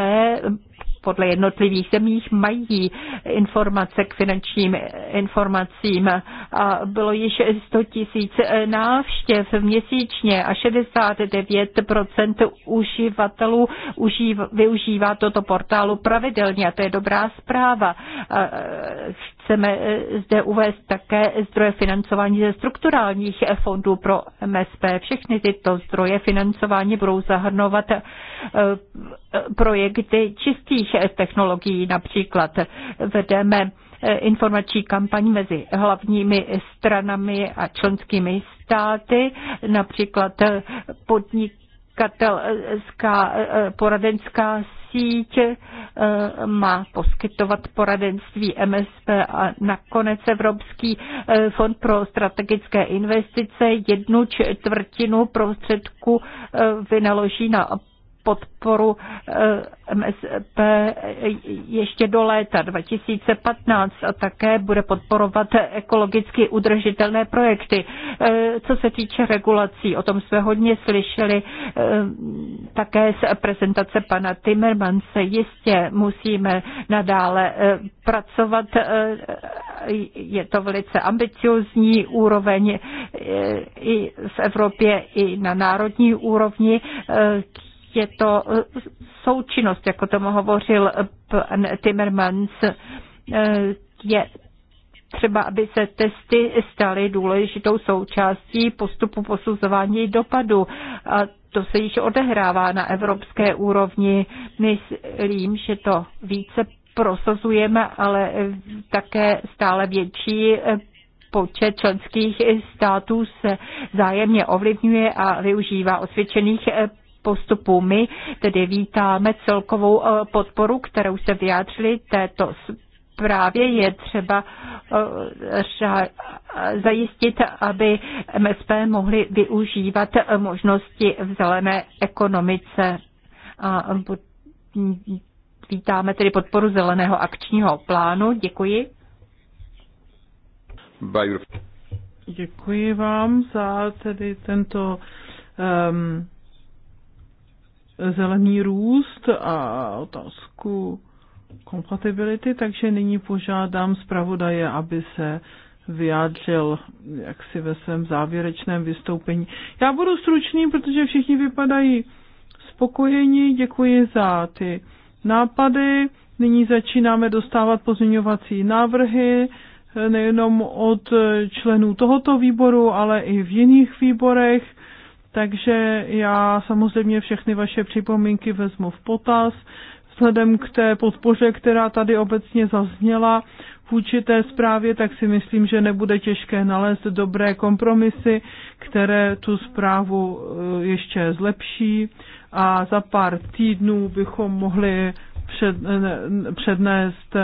podle jednotlivých zemích mají informace k finančním informacím. A bylo již 100 tisíc návštěv měsíčně a 69% uživatelů užív, využívá toto portálu pravidelně a to je dobrá zpráva. A chceme zde uvést také zdroje financování ze strukturálních fondů pro MSP. Všechny tyto zdroje financování budou zahrnovat e, e, projekty čistých nových eh, technologií. Například eh, vedeme eh, informační kampaň mezi hlavními stranami a členskými státy, například podnikatelská poradenská síť má poskytovat poradenství MSP a nakonec Evropský fond pro strategické investice jednu čtvrtinu prostředků vynaloží na podporu eh, MSP ještě do léta 2015 a také bude podporovat ekologicky udržitelné projekty. Eh, co se týče regulací, o tom jsme hodně slyšeli eh, také z prezentace pana Timmermanse. Jistě musíme nadále pracovat. Je to velice ambiciozní úroveň i v Evropě, i na národní úrovni je to eh, součinnost, jako tomu hovořil eh, pan Timmermans. Eh, je třeba, aby se testy staly důležitou součástí postupu posuzování dopadu. A to se již odehrává na evropské úrovni. Myslím, že to více prosazujeme, ale také stále větší počet členských států se zájemně ovlivňuje a využívá osvědčených postupu. My tedy vítáme celkovou eh, podporu, kterou se vyjádřili této právě je třeba eh, zajistit, aby MSP mohly využívat možnosti v zelené ekonomice. A vítáme tedy podporu zeleného akčního plánu. Děkuji. Děkuji vám za tedy tento um, zelený růst a otázku kompatibility, takže nyní požádám zpravodaje, aby se vyjádřil jaksi ve svém závěrečném vystoupení. Já budu stručný, protože všichni vypadají spokojení. Děkuji za ty nápady. Nyní začínáme dostávat pozměňovací návrhy nejenom od členů tohoto výboru, ale i v jiných výborech takže já samozřejmě všechny vaše připomínky vezmu v potaz. Vzhledem k té podpoře, která tady obecně zazněla vůči té zprávě, tak si myslím, že nebude těžké nalézt dobré kompromisy, které tu zprávu eh, ještě zlepší a za pár týdnů bychom mohli eh, přednést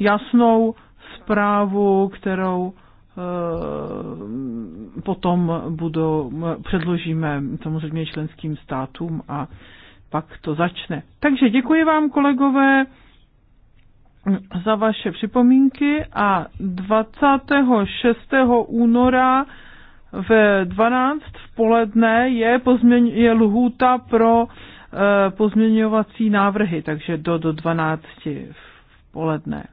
jasnou zprávu, kterou Eh, potom budou, předložíme samozřejmě členským státům a pak to začne. Takže děkuji vám, kolegové, za vaše připomínky a 26. února ve 12 v poledne je, pozměň, je lhůta pro e, pozměňovací návrhy, takže do, do 12 v poledne.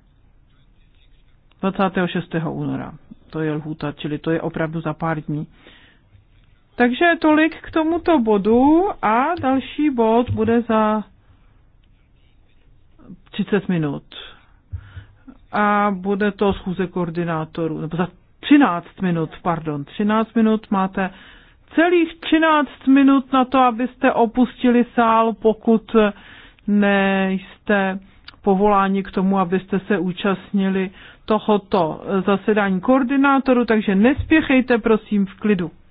26. února to je lhůta, čili to je opravdu za pár dní. Takže tolik k tomuto bodu a další bod bude za 30 minut. A bude to schůze koordinátorů, nebo za 13 minut, pardon, 13 minut máte celých 13 minut na to, abyste opustili sál, pokud nejste povoláni k tomu, abyste se účastnili tohoto zasedání koordinátoru, takže nespěchejte, prosím, v klidu.